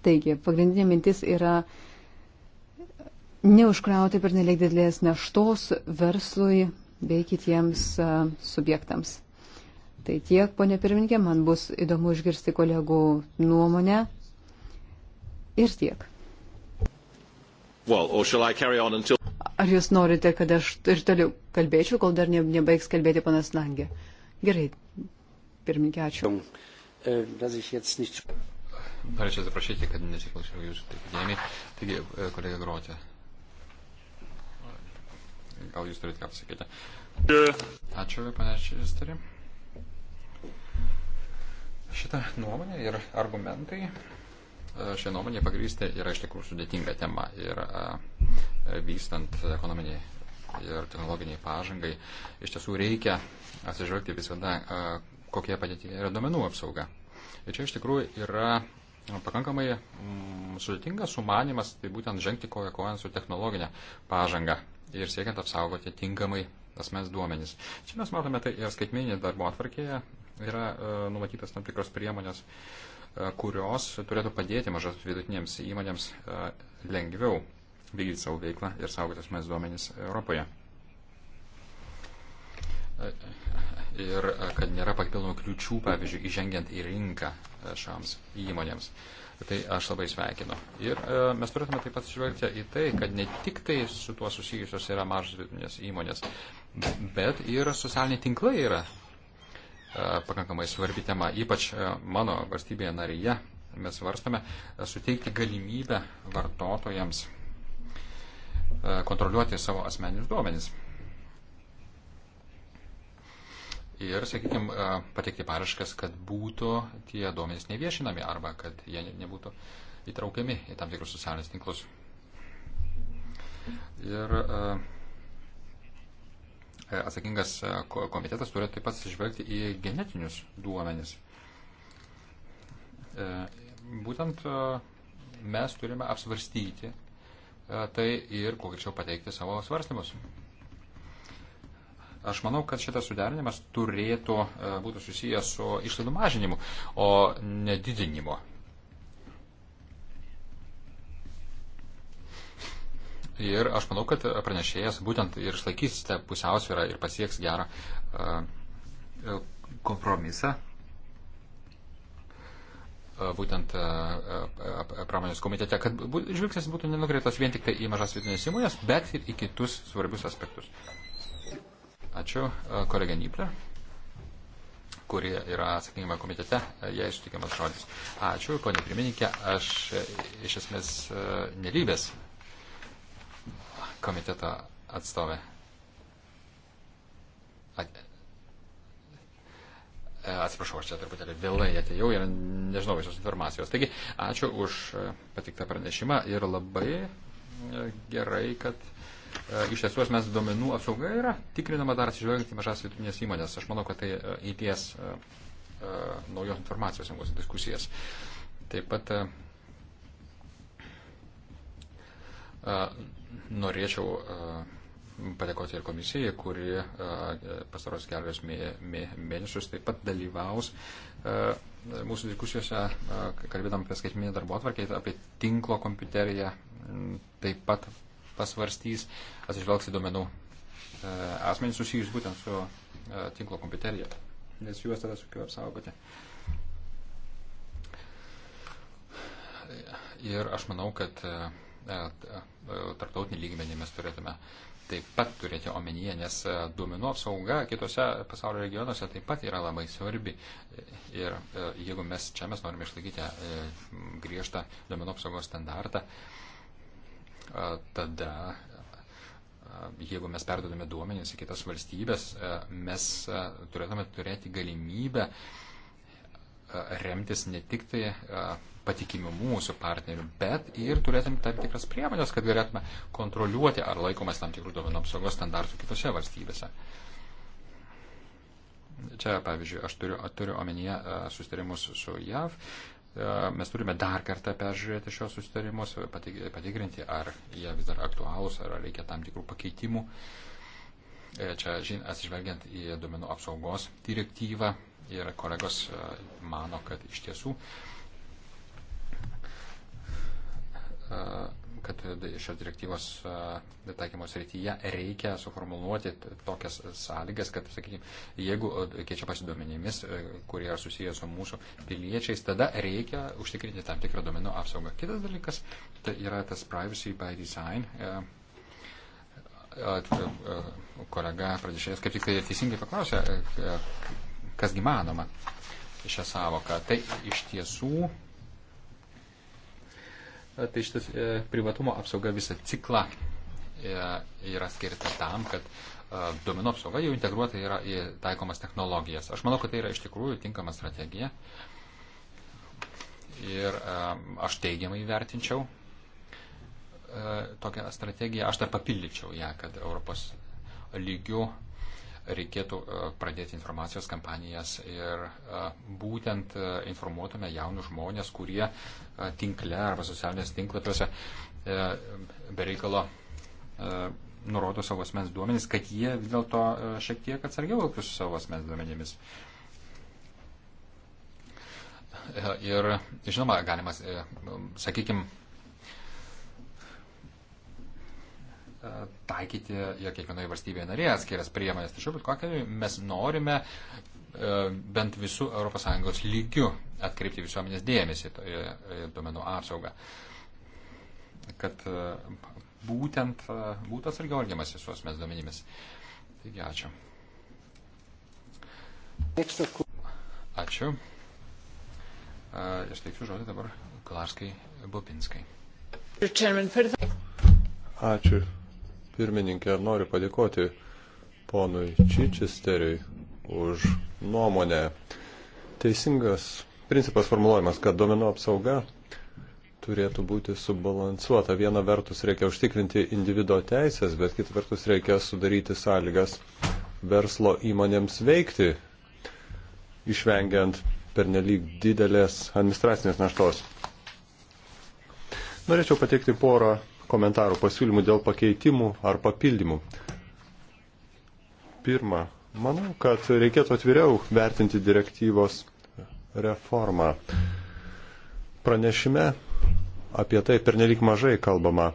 Taigi, pagrindinė mintis yra neužkrauti per nelik didelės naštos verslui bei kitiems subjektams. Tai tiek, ponė pirmininkė, man bus įdomu išgirsti kolegų nuomonę. Ir tiek. Well, until... Ar jūs norite, kad aš ir toliau kalbėčiau, kol dar nebaigs kalbėti panas Langė? Gerai, Pirmininkė, ačiū. E, Norėčiau atsiprašyti, kad nesiklausiau jūsų taip dėmiai. Taigi, e, kolega Grotė, gal jūs turite ką pasakyti? Ačiū, panašiai, jūs turi. Šitą nuomonę ir argumentai e, šią nuomonę pagrysti yra iš tikrųjų sudėtinga tema ir vykstant ekonominiai ir technologiniai pažangai iš tiesų reikia atsižvelgti visada kokie padėtyje yra domenų apsauga. Ir čia iš tikrųjų yra pakankamai mm, sudėtingas sumanimas, tai būtent žengti koja kojant su technologinė pažanga ir siekiant apsaugoti tinkamai asmens duomenys. Čia mes matome, tai ir skaitmeninė darbo atvarkėje yra e, numatytas tam tikros priemonės, e, kurios turėtų padėti mažos vidutinėms įmonėms e, lengviau vykdyti savo veiklą ir saugoti asmens duomenys Europoje ir e, kad nėra papildomų kliučių, pavyzdžiui, įžengiant į rinką e, šioms įmonėms. Tai aš labai sveikinu. Ir e, mes turėtume taip pat žvelgti į tai, kad ne tik tai su tuo susijusios yra mažos vidutinės įmonės, bet ir socialiniai tinklai yra e, pakankamai svarbi tema. Ypač e, mano valstybėje narėje mes varstame e, suteikti galimybę vartotojams e, kontroliuoti savo asmeninius duomenis. ir, sakykime, pateikti paraškas, kad būtų tie duomenys neviešinami arba kad jie nebūtų įtraukiami į tam tikrus socialinius tinklus. Ir atsakingas komitetas turi taip pat atsižvelgti į genetinius duomenis. E, būtent mes turime apsvarstyti tai ir kuo greičiau pateikti savo svarstymus. Aš manau, kad šitas suderinimas turėtų e, būti susijęs su išlaidų mažinimu, o nedidinimu. Ir aš manau, kad pranešėjas būtent ir išlaikys tą pusiausvyrą ir pasieks gerą e, kompromisą. E, būtent pramonės komitete, kad žvilgsnis būtų nenukreiptas vien tik tai į mažas vidinės įmonės, bet ir į kitus svarbius aspektus. Ačiū. E, kolegė Nyplė, kuri yra atsakinga komitete, e, jai ištikimas žodis. Ačiū, ponė pirmininkė, aš e, iš esmės nelybės komiteto atstovė. Atsiprašau, aš čia truputėlį vėlai atėjau ir nežinau visos informacijos. Taigi, ačiū už patiktą pranešimą ir labai gerai, kad E, iš tiesų asmens duomenų apsauga yra tikrinama dar atsižvelgiant į mažas vidutinės įmonės. Aš manau, kad tai įties e, e naujos informacijos mūsų diskusijas. Taip pat norėčiau padėkoti ir komisijai, kuri pastaros kelios mėnesius taip pat dalyvaus mūsų diskusijose, kalbėdam apie skaitminį darbo atvarkį, apie tinklo kompiuteriją, taip pat pasvarstys, atsižvelgs į duomenų e, asmenys susijus būtent su e, tinklo kompiuterija, nes juos tada sunkiau apsaugoti. Ir aš manau, kad e, tarptautinį lygmenį mes turėtume taip pat turėti omenyje, nes duomenų apsauga kitose pasaulio regionuose taip pat yra labai svarbi. Ir jeigu mes čia mes norime išlaikyti griežtą duomenų apsaugos standartą, tada, jeigu mes perdodame duomenys į kitas valstybės, mes turėtume turėti galimybę remtis ne tik tai patikimu mūsų partnerių, bet ir turėtume tam tikras priemonės, kad galėtume kontroliuoti, ar laikomas tam tikrų duomenų apsaugos standartų kitose valstybėse. Čia, pavyzdžiui, aš turiu, turiu omenyje susitarimus su JAV, E, mes turime dar kartą peržiūrėti šios susitarimus, patikrinti, ar jie vis dar aktualūs, ar reikia tam tikrų pakeitimų. E, čia atsižvelgiant į duomenų apsaugos direktyvą ir kolegos e, mano, kad iš tiesų kad šios direktyvos taikymos rytyje reikia suformuluoti tokias sąlygas, kad, sakykime, jeigu keičiamasi duomenimis, kurie yra susijęs su mūsų piliečiais, tada reikia užtikrinti tam tikrą duomenų apsaugą. Kitas dalykas tai yra tas privacy by design. Kolega pradėšėjas kaip tik tai teisingai paklausė, kasgi manoma šią savoką. Tai iš tiesų E, tai šitas e, privatumo apsauga visą ciklą e, yra skirta tam, kad e, duomenų apsauga jau integruota yra į taikomas technologijas. Aš manau, kad tai yra iš tikrųjų tinkama strategija. Ir e, aš teigiamai vertinčiau e, tokią strategiją. Aš dar papildyčiau ją, kad Europos lygių reikėtų e, pradėti informacijos kampanijas ir e, būtent e, informuotume jaunus žmonės, kurie tinkle arba socialinės tinklapiuose bereikalo nurodo savo asmens duomenys, kad jie vis dėlto šiek tiek atsargiau elgtųsi su savo asmens duomenimis. Ir, žinoma, galima, sakykime, taikyti ir kiekvienoje valstybėje narėje atskiras priemonės. Tačiau bet kokią mes norime e, bent visų ES lygių atkreipti visuomenės dėmesį į e, duomenų apsaugą. Kad e, būtent būtų atsargiau elgiamasi su asmens duomenimis. Taigi ačiū. Ačiū. Aš teiksiu žodį dabar Klarskai Bobinskai. Ačiū pirmininkė, noriu padėkoti ponui Čičisteriui už nuomonę. Teisingas principas formuluojamas, kad domino apsauga turėtų būti subalansuota. Viena vertus reikia užtikrinti individuo teisės, bet kita vertus reikia sudaryti sąlygas verslo įmonėms veikti, išvengiant pernelyg didelės administracinės naštos. Norėčiau pateikti porą komentarų, pasiūlymų dėl pakeitimų ar papildymų. Pirma, manau, kad reikėtų atviriau vertinti direktyvos reformą. Pranešime apie tai pernelik mažai kalbama.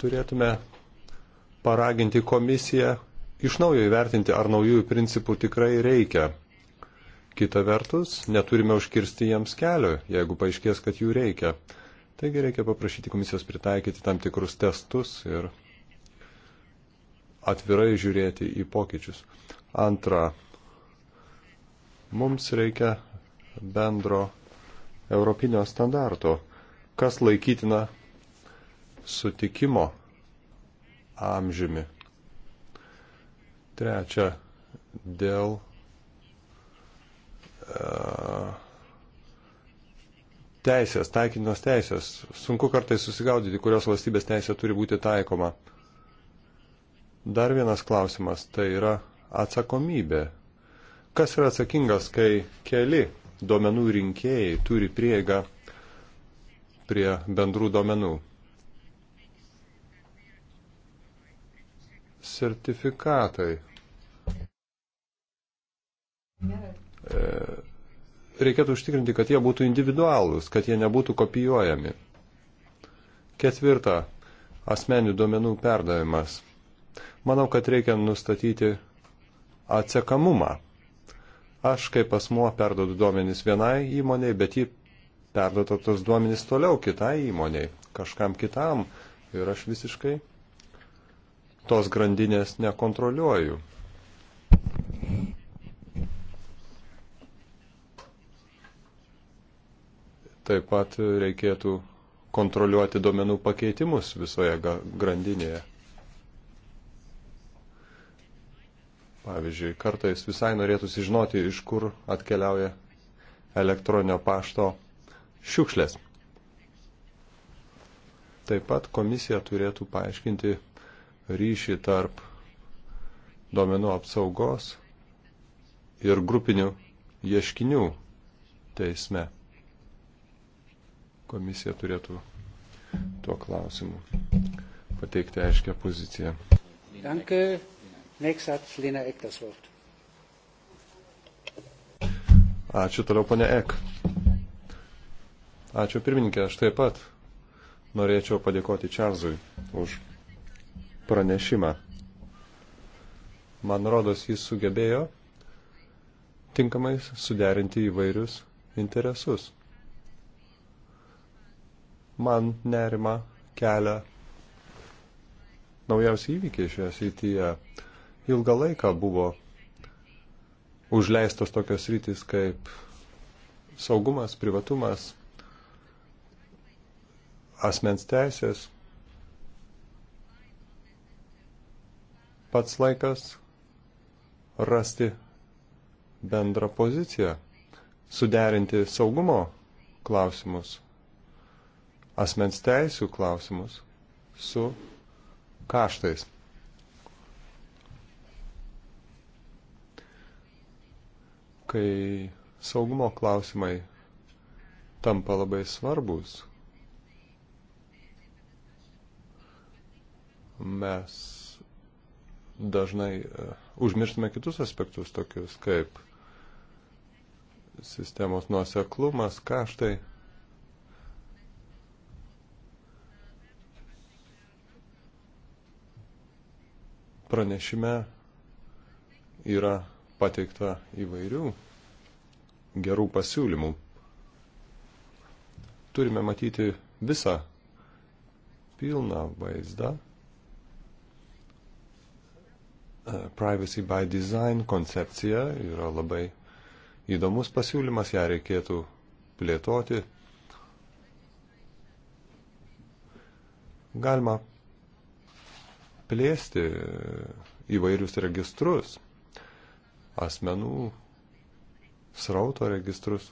Turėtume paraginti komisiją iš naujo įvertinti, ar naujųjų principų tikrai reikia. Kita vertus, neturime užkirsti jiems kelio, jeigu paaiškės, kad jų reikia. Taigi reikia paprašyti komisijos pritaikyti tam tikrus testus ir atvirai žiūrėti į pokyčius. Antra, mums reikia bendro europinio standarto, kas laikytina sutikimo amžiumi. Trečia, dėl uh, teisės, taikinos teisės. Sunku kartais susigaudyti, kurios valstybės teisė turi būti taikoma. Dar vienas klausimas - tai yra atsakomybė. Kas yra atsakingas, kai keli duomenų rinkėjai turi prieigą prie bendrų duomenų? Sertifikatai. E, reikėtų užtikrinti, kad jie būtų individualūs, kad jie nebūtų kopijuojami. Ketvirta. Asmenių duomenų perdavimas. Manau, kad reikia nustatyti atsekamumą. Aš kaip asmuo perdodu duomenys vienai įmoniai, bet ji perdoda tos duomenys toliau kitai įmoniai, kažkam kitam ir aš visiškai tos grandinės nekontroliuoju. Taip pat reikėtų kontroliuoti duomenų pakeitimus visoje grandinėje. Pavyzdžiui, kartais visai norėtųsi žinoti, iš kur atkeliauja elektroninio pašto šiukšlės. Taip pat komisija turėtų paaiškinti ryšį tarp duomenų apsaugos ir grupinių ieškinių teisme komisija turėtų tuo klausimu pateikti aiškę poziciją. Danke. Nächster hat Lena Eck das Wort. Ačiū toliau, ponė Ek. Ačiū pirmininkė, aš taip pat norėčiau padėkoti Čarzui už pranešimą. Man rodos, jis sugebėjo tinkamai suderinti įvairius interesus man nerima kelia naujausi įvykiai šioje srityje. Ilgą laiką buvo užleistos tokios rytis kaip saugumas, privatumas, asmens teisės. Pats laikas rasti bendrą poziciją, suderinti saugumo klausimus asmens teisų klausimus su kaštais. Kai saugumo klausimai tampa labai svarbus, mes dažnai e, užmirštame kitus aspektus tokius kaip sistemos nuoseklumas, kaštai. Pranešime yra pateikta įvairių gerų pasiūlymų. Turime matyti visą pilną vaizdą. E, privacy by Design koncepcija yra labai įdomus pasiūlymas, ją reikėtų plėtoti. Galima plėsti įvairius registrus, asmenų srauto registrus.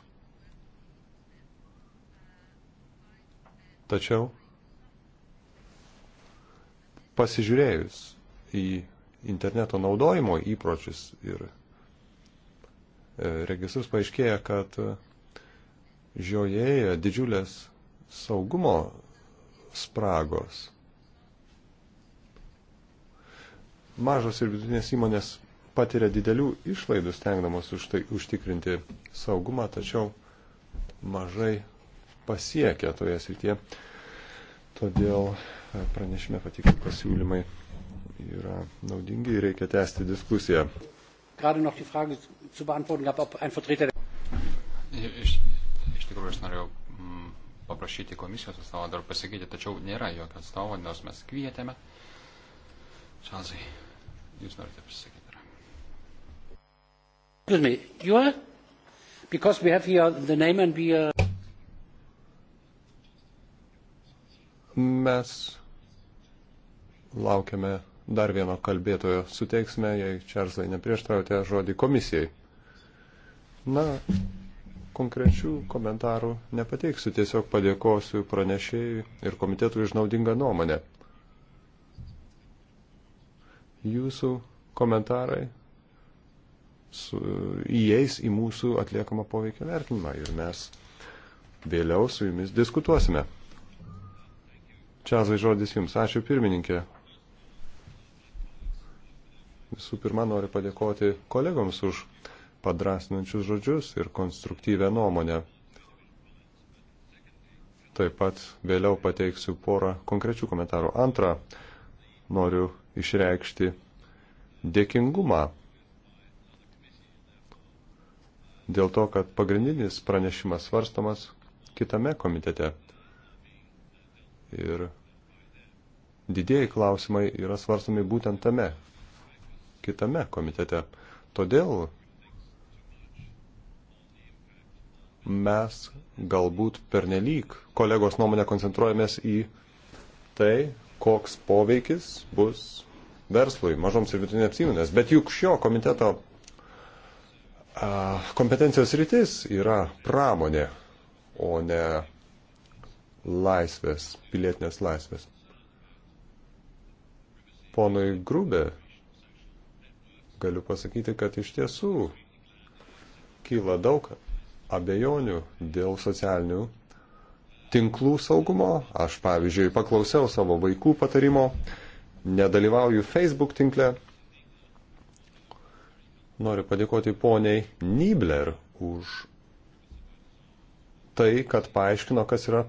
Tačiau pasižiūrėjus į interneto naudojimo įpročius ir e, registrus paaiškėja, kad žiojėja didžiulės saugumo spragos. mažos ir vidutinės įmonės patiria didelių išlaidų stengdamos už tai užtikrinti saugumą, tačiau mažai pasiekia toje srityje. Todėl pranešime patikti pasiūlymai yra naudingi ir reikia tęsti diskusiją. Iš, iš tikrųjų, aš norėjau mm, paprašyti komisijos atstovą dar pasakyti, tačiau nėra jokio atstovo, nors mes kvietėme. Čazai. Jūs norite pasisakyti. Excuse me, you are? Because we have here the name and we are... Uh, Mes laukiame dar vieno kalbėtojo. Suteiksime, jei Čarlzai neprieštraujate, žodį komisijai. Na, konkrečių komentarų nepateiksiu, tiesiog padėkosiu pranešėjui ir komitetui išnaudingą nuomonę. Jūsų komentarai su, įeis į mūsų atliekamą poveikio vertinimą ir mes vėliau su jumis diskutuosime. Čiazai žodis jums. Ačiū pirmininkė. Visų pirma, noriu padėkoti kolegoms už padrasinančius žodžius ir konstruktyvę nuomonę. Taip pat vėliau pateiksiu porą konkrečių komentarų. Antra, noriu išreikšti dėkingumą dėl to, kad pagrindinis pranešimas svarstamas kitame komitete. Ir didėjai klausimai yra svarstami būtent tame, kitame komitete. Todėl mes galbūt pernelyg kolegos nuomonę koncentruojamės į tai, koks poveikis bus verslui, mažoms ir vidutinėms įmonės. Bet juk šio komiteto a, kompetencijos rytis yra pramonė, o ne laisvės, pilietinės laisvės. Ponui Grubė galiu pasakyti, kad iš tiesų kyla daug abejonių dėl socialinių tinklų saugumo. Aš, pavyzdžiui, paklausiau savo vaikų patarimo, nedalyvauju Facebook tinkle. Noriu padėkoti poniai Nibler už tai, kad paaiškino, kas yra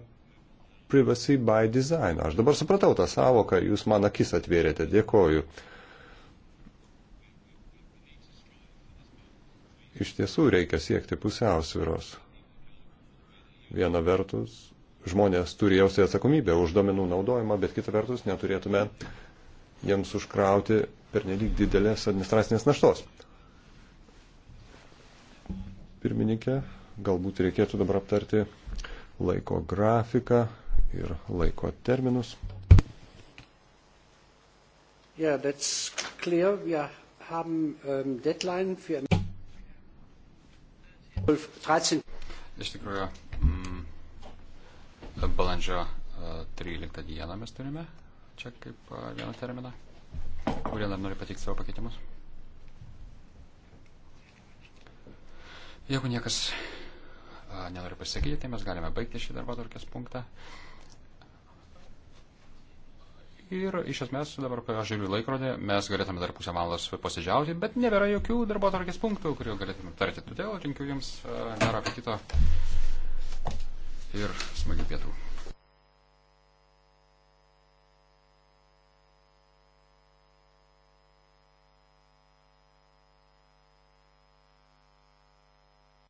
privacy by design. Aš dabar supratau tą savoką, jūs man akis atvėrėte, dėkoju. Iš tiesų reikia siekti pusiausviros. Viena vertus, žmonės turi jausti atsakomybę už domenų naudojimą, bet kita vertus neturėtume jiems užkrauti per nelik didelės administracinės naštos. Pirmininkė, galbūt reikėtų dabar aptarti laiko grafiką ir laiko terminus. Ja, that's clear. Wir haben ähm, Deadline für 13. Iš tikrųjų, mm, Balandžio 13 e, dieną mes turime čia kaip e, vieną terminą. Kurie dar nori pateikti savo pakeitimus? Jeigu niekas e, nenori pasakyti, tai mes galime baigti šį darbo tvarkės punktą. Ir iš esmės dabar, kai aš žiūriu laikrodį, mes galėtume dar pusę valandos posėdžiauti, bet nebėra jokių darbo tvarkės punktų, kurių galėtume aptarti. Todėl linkiu Jums gero apetito ir smagių pietų.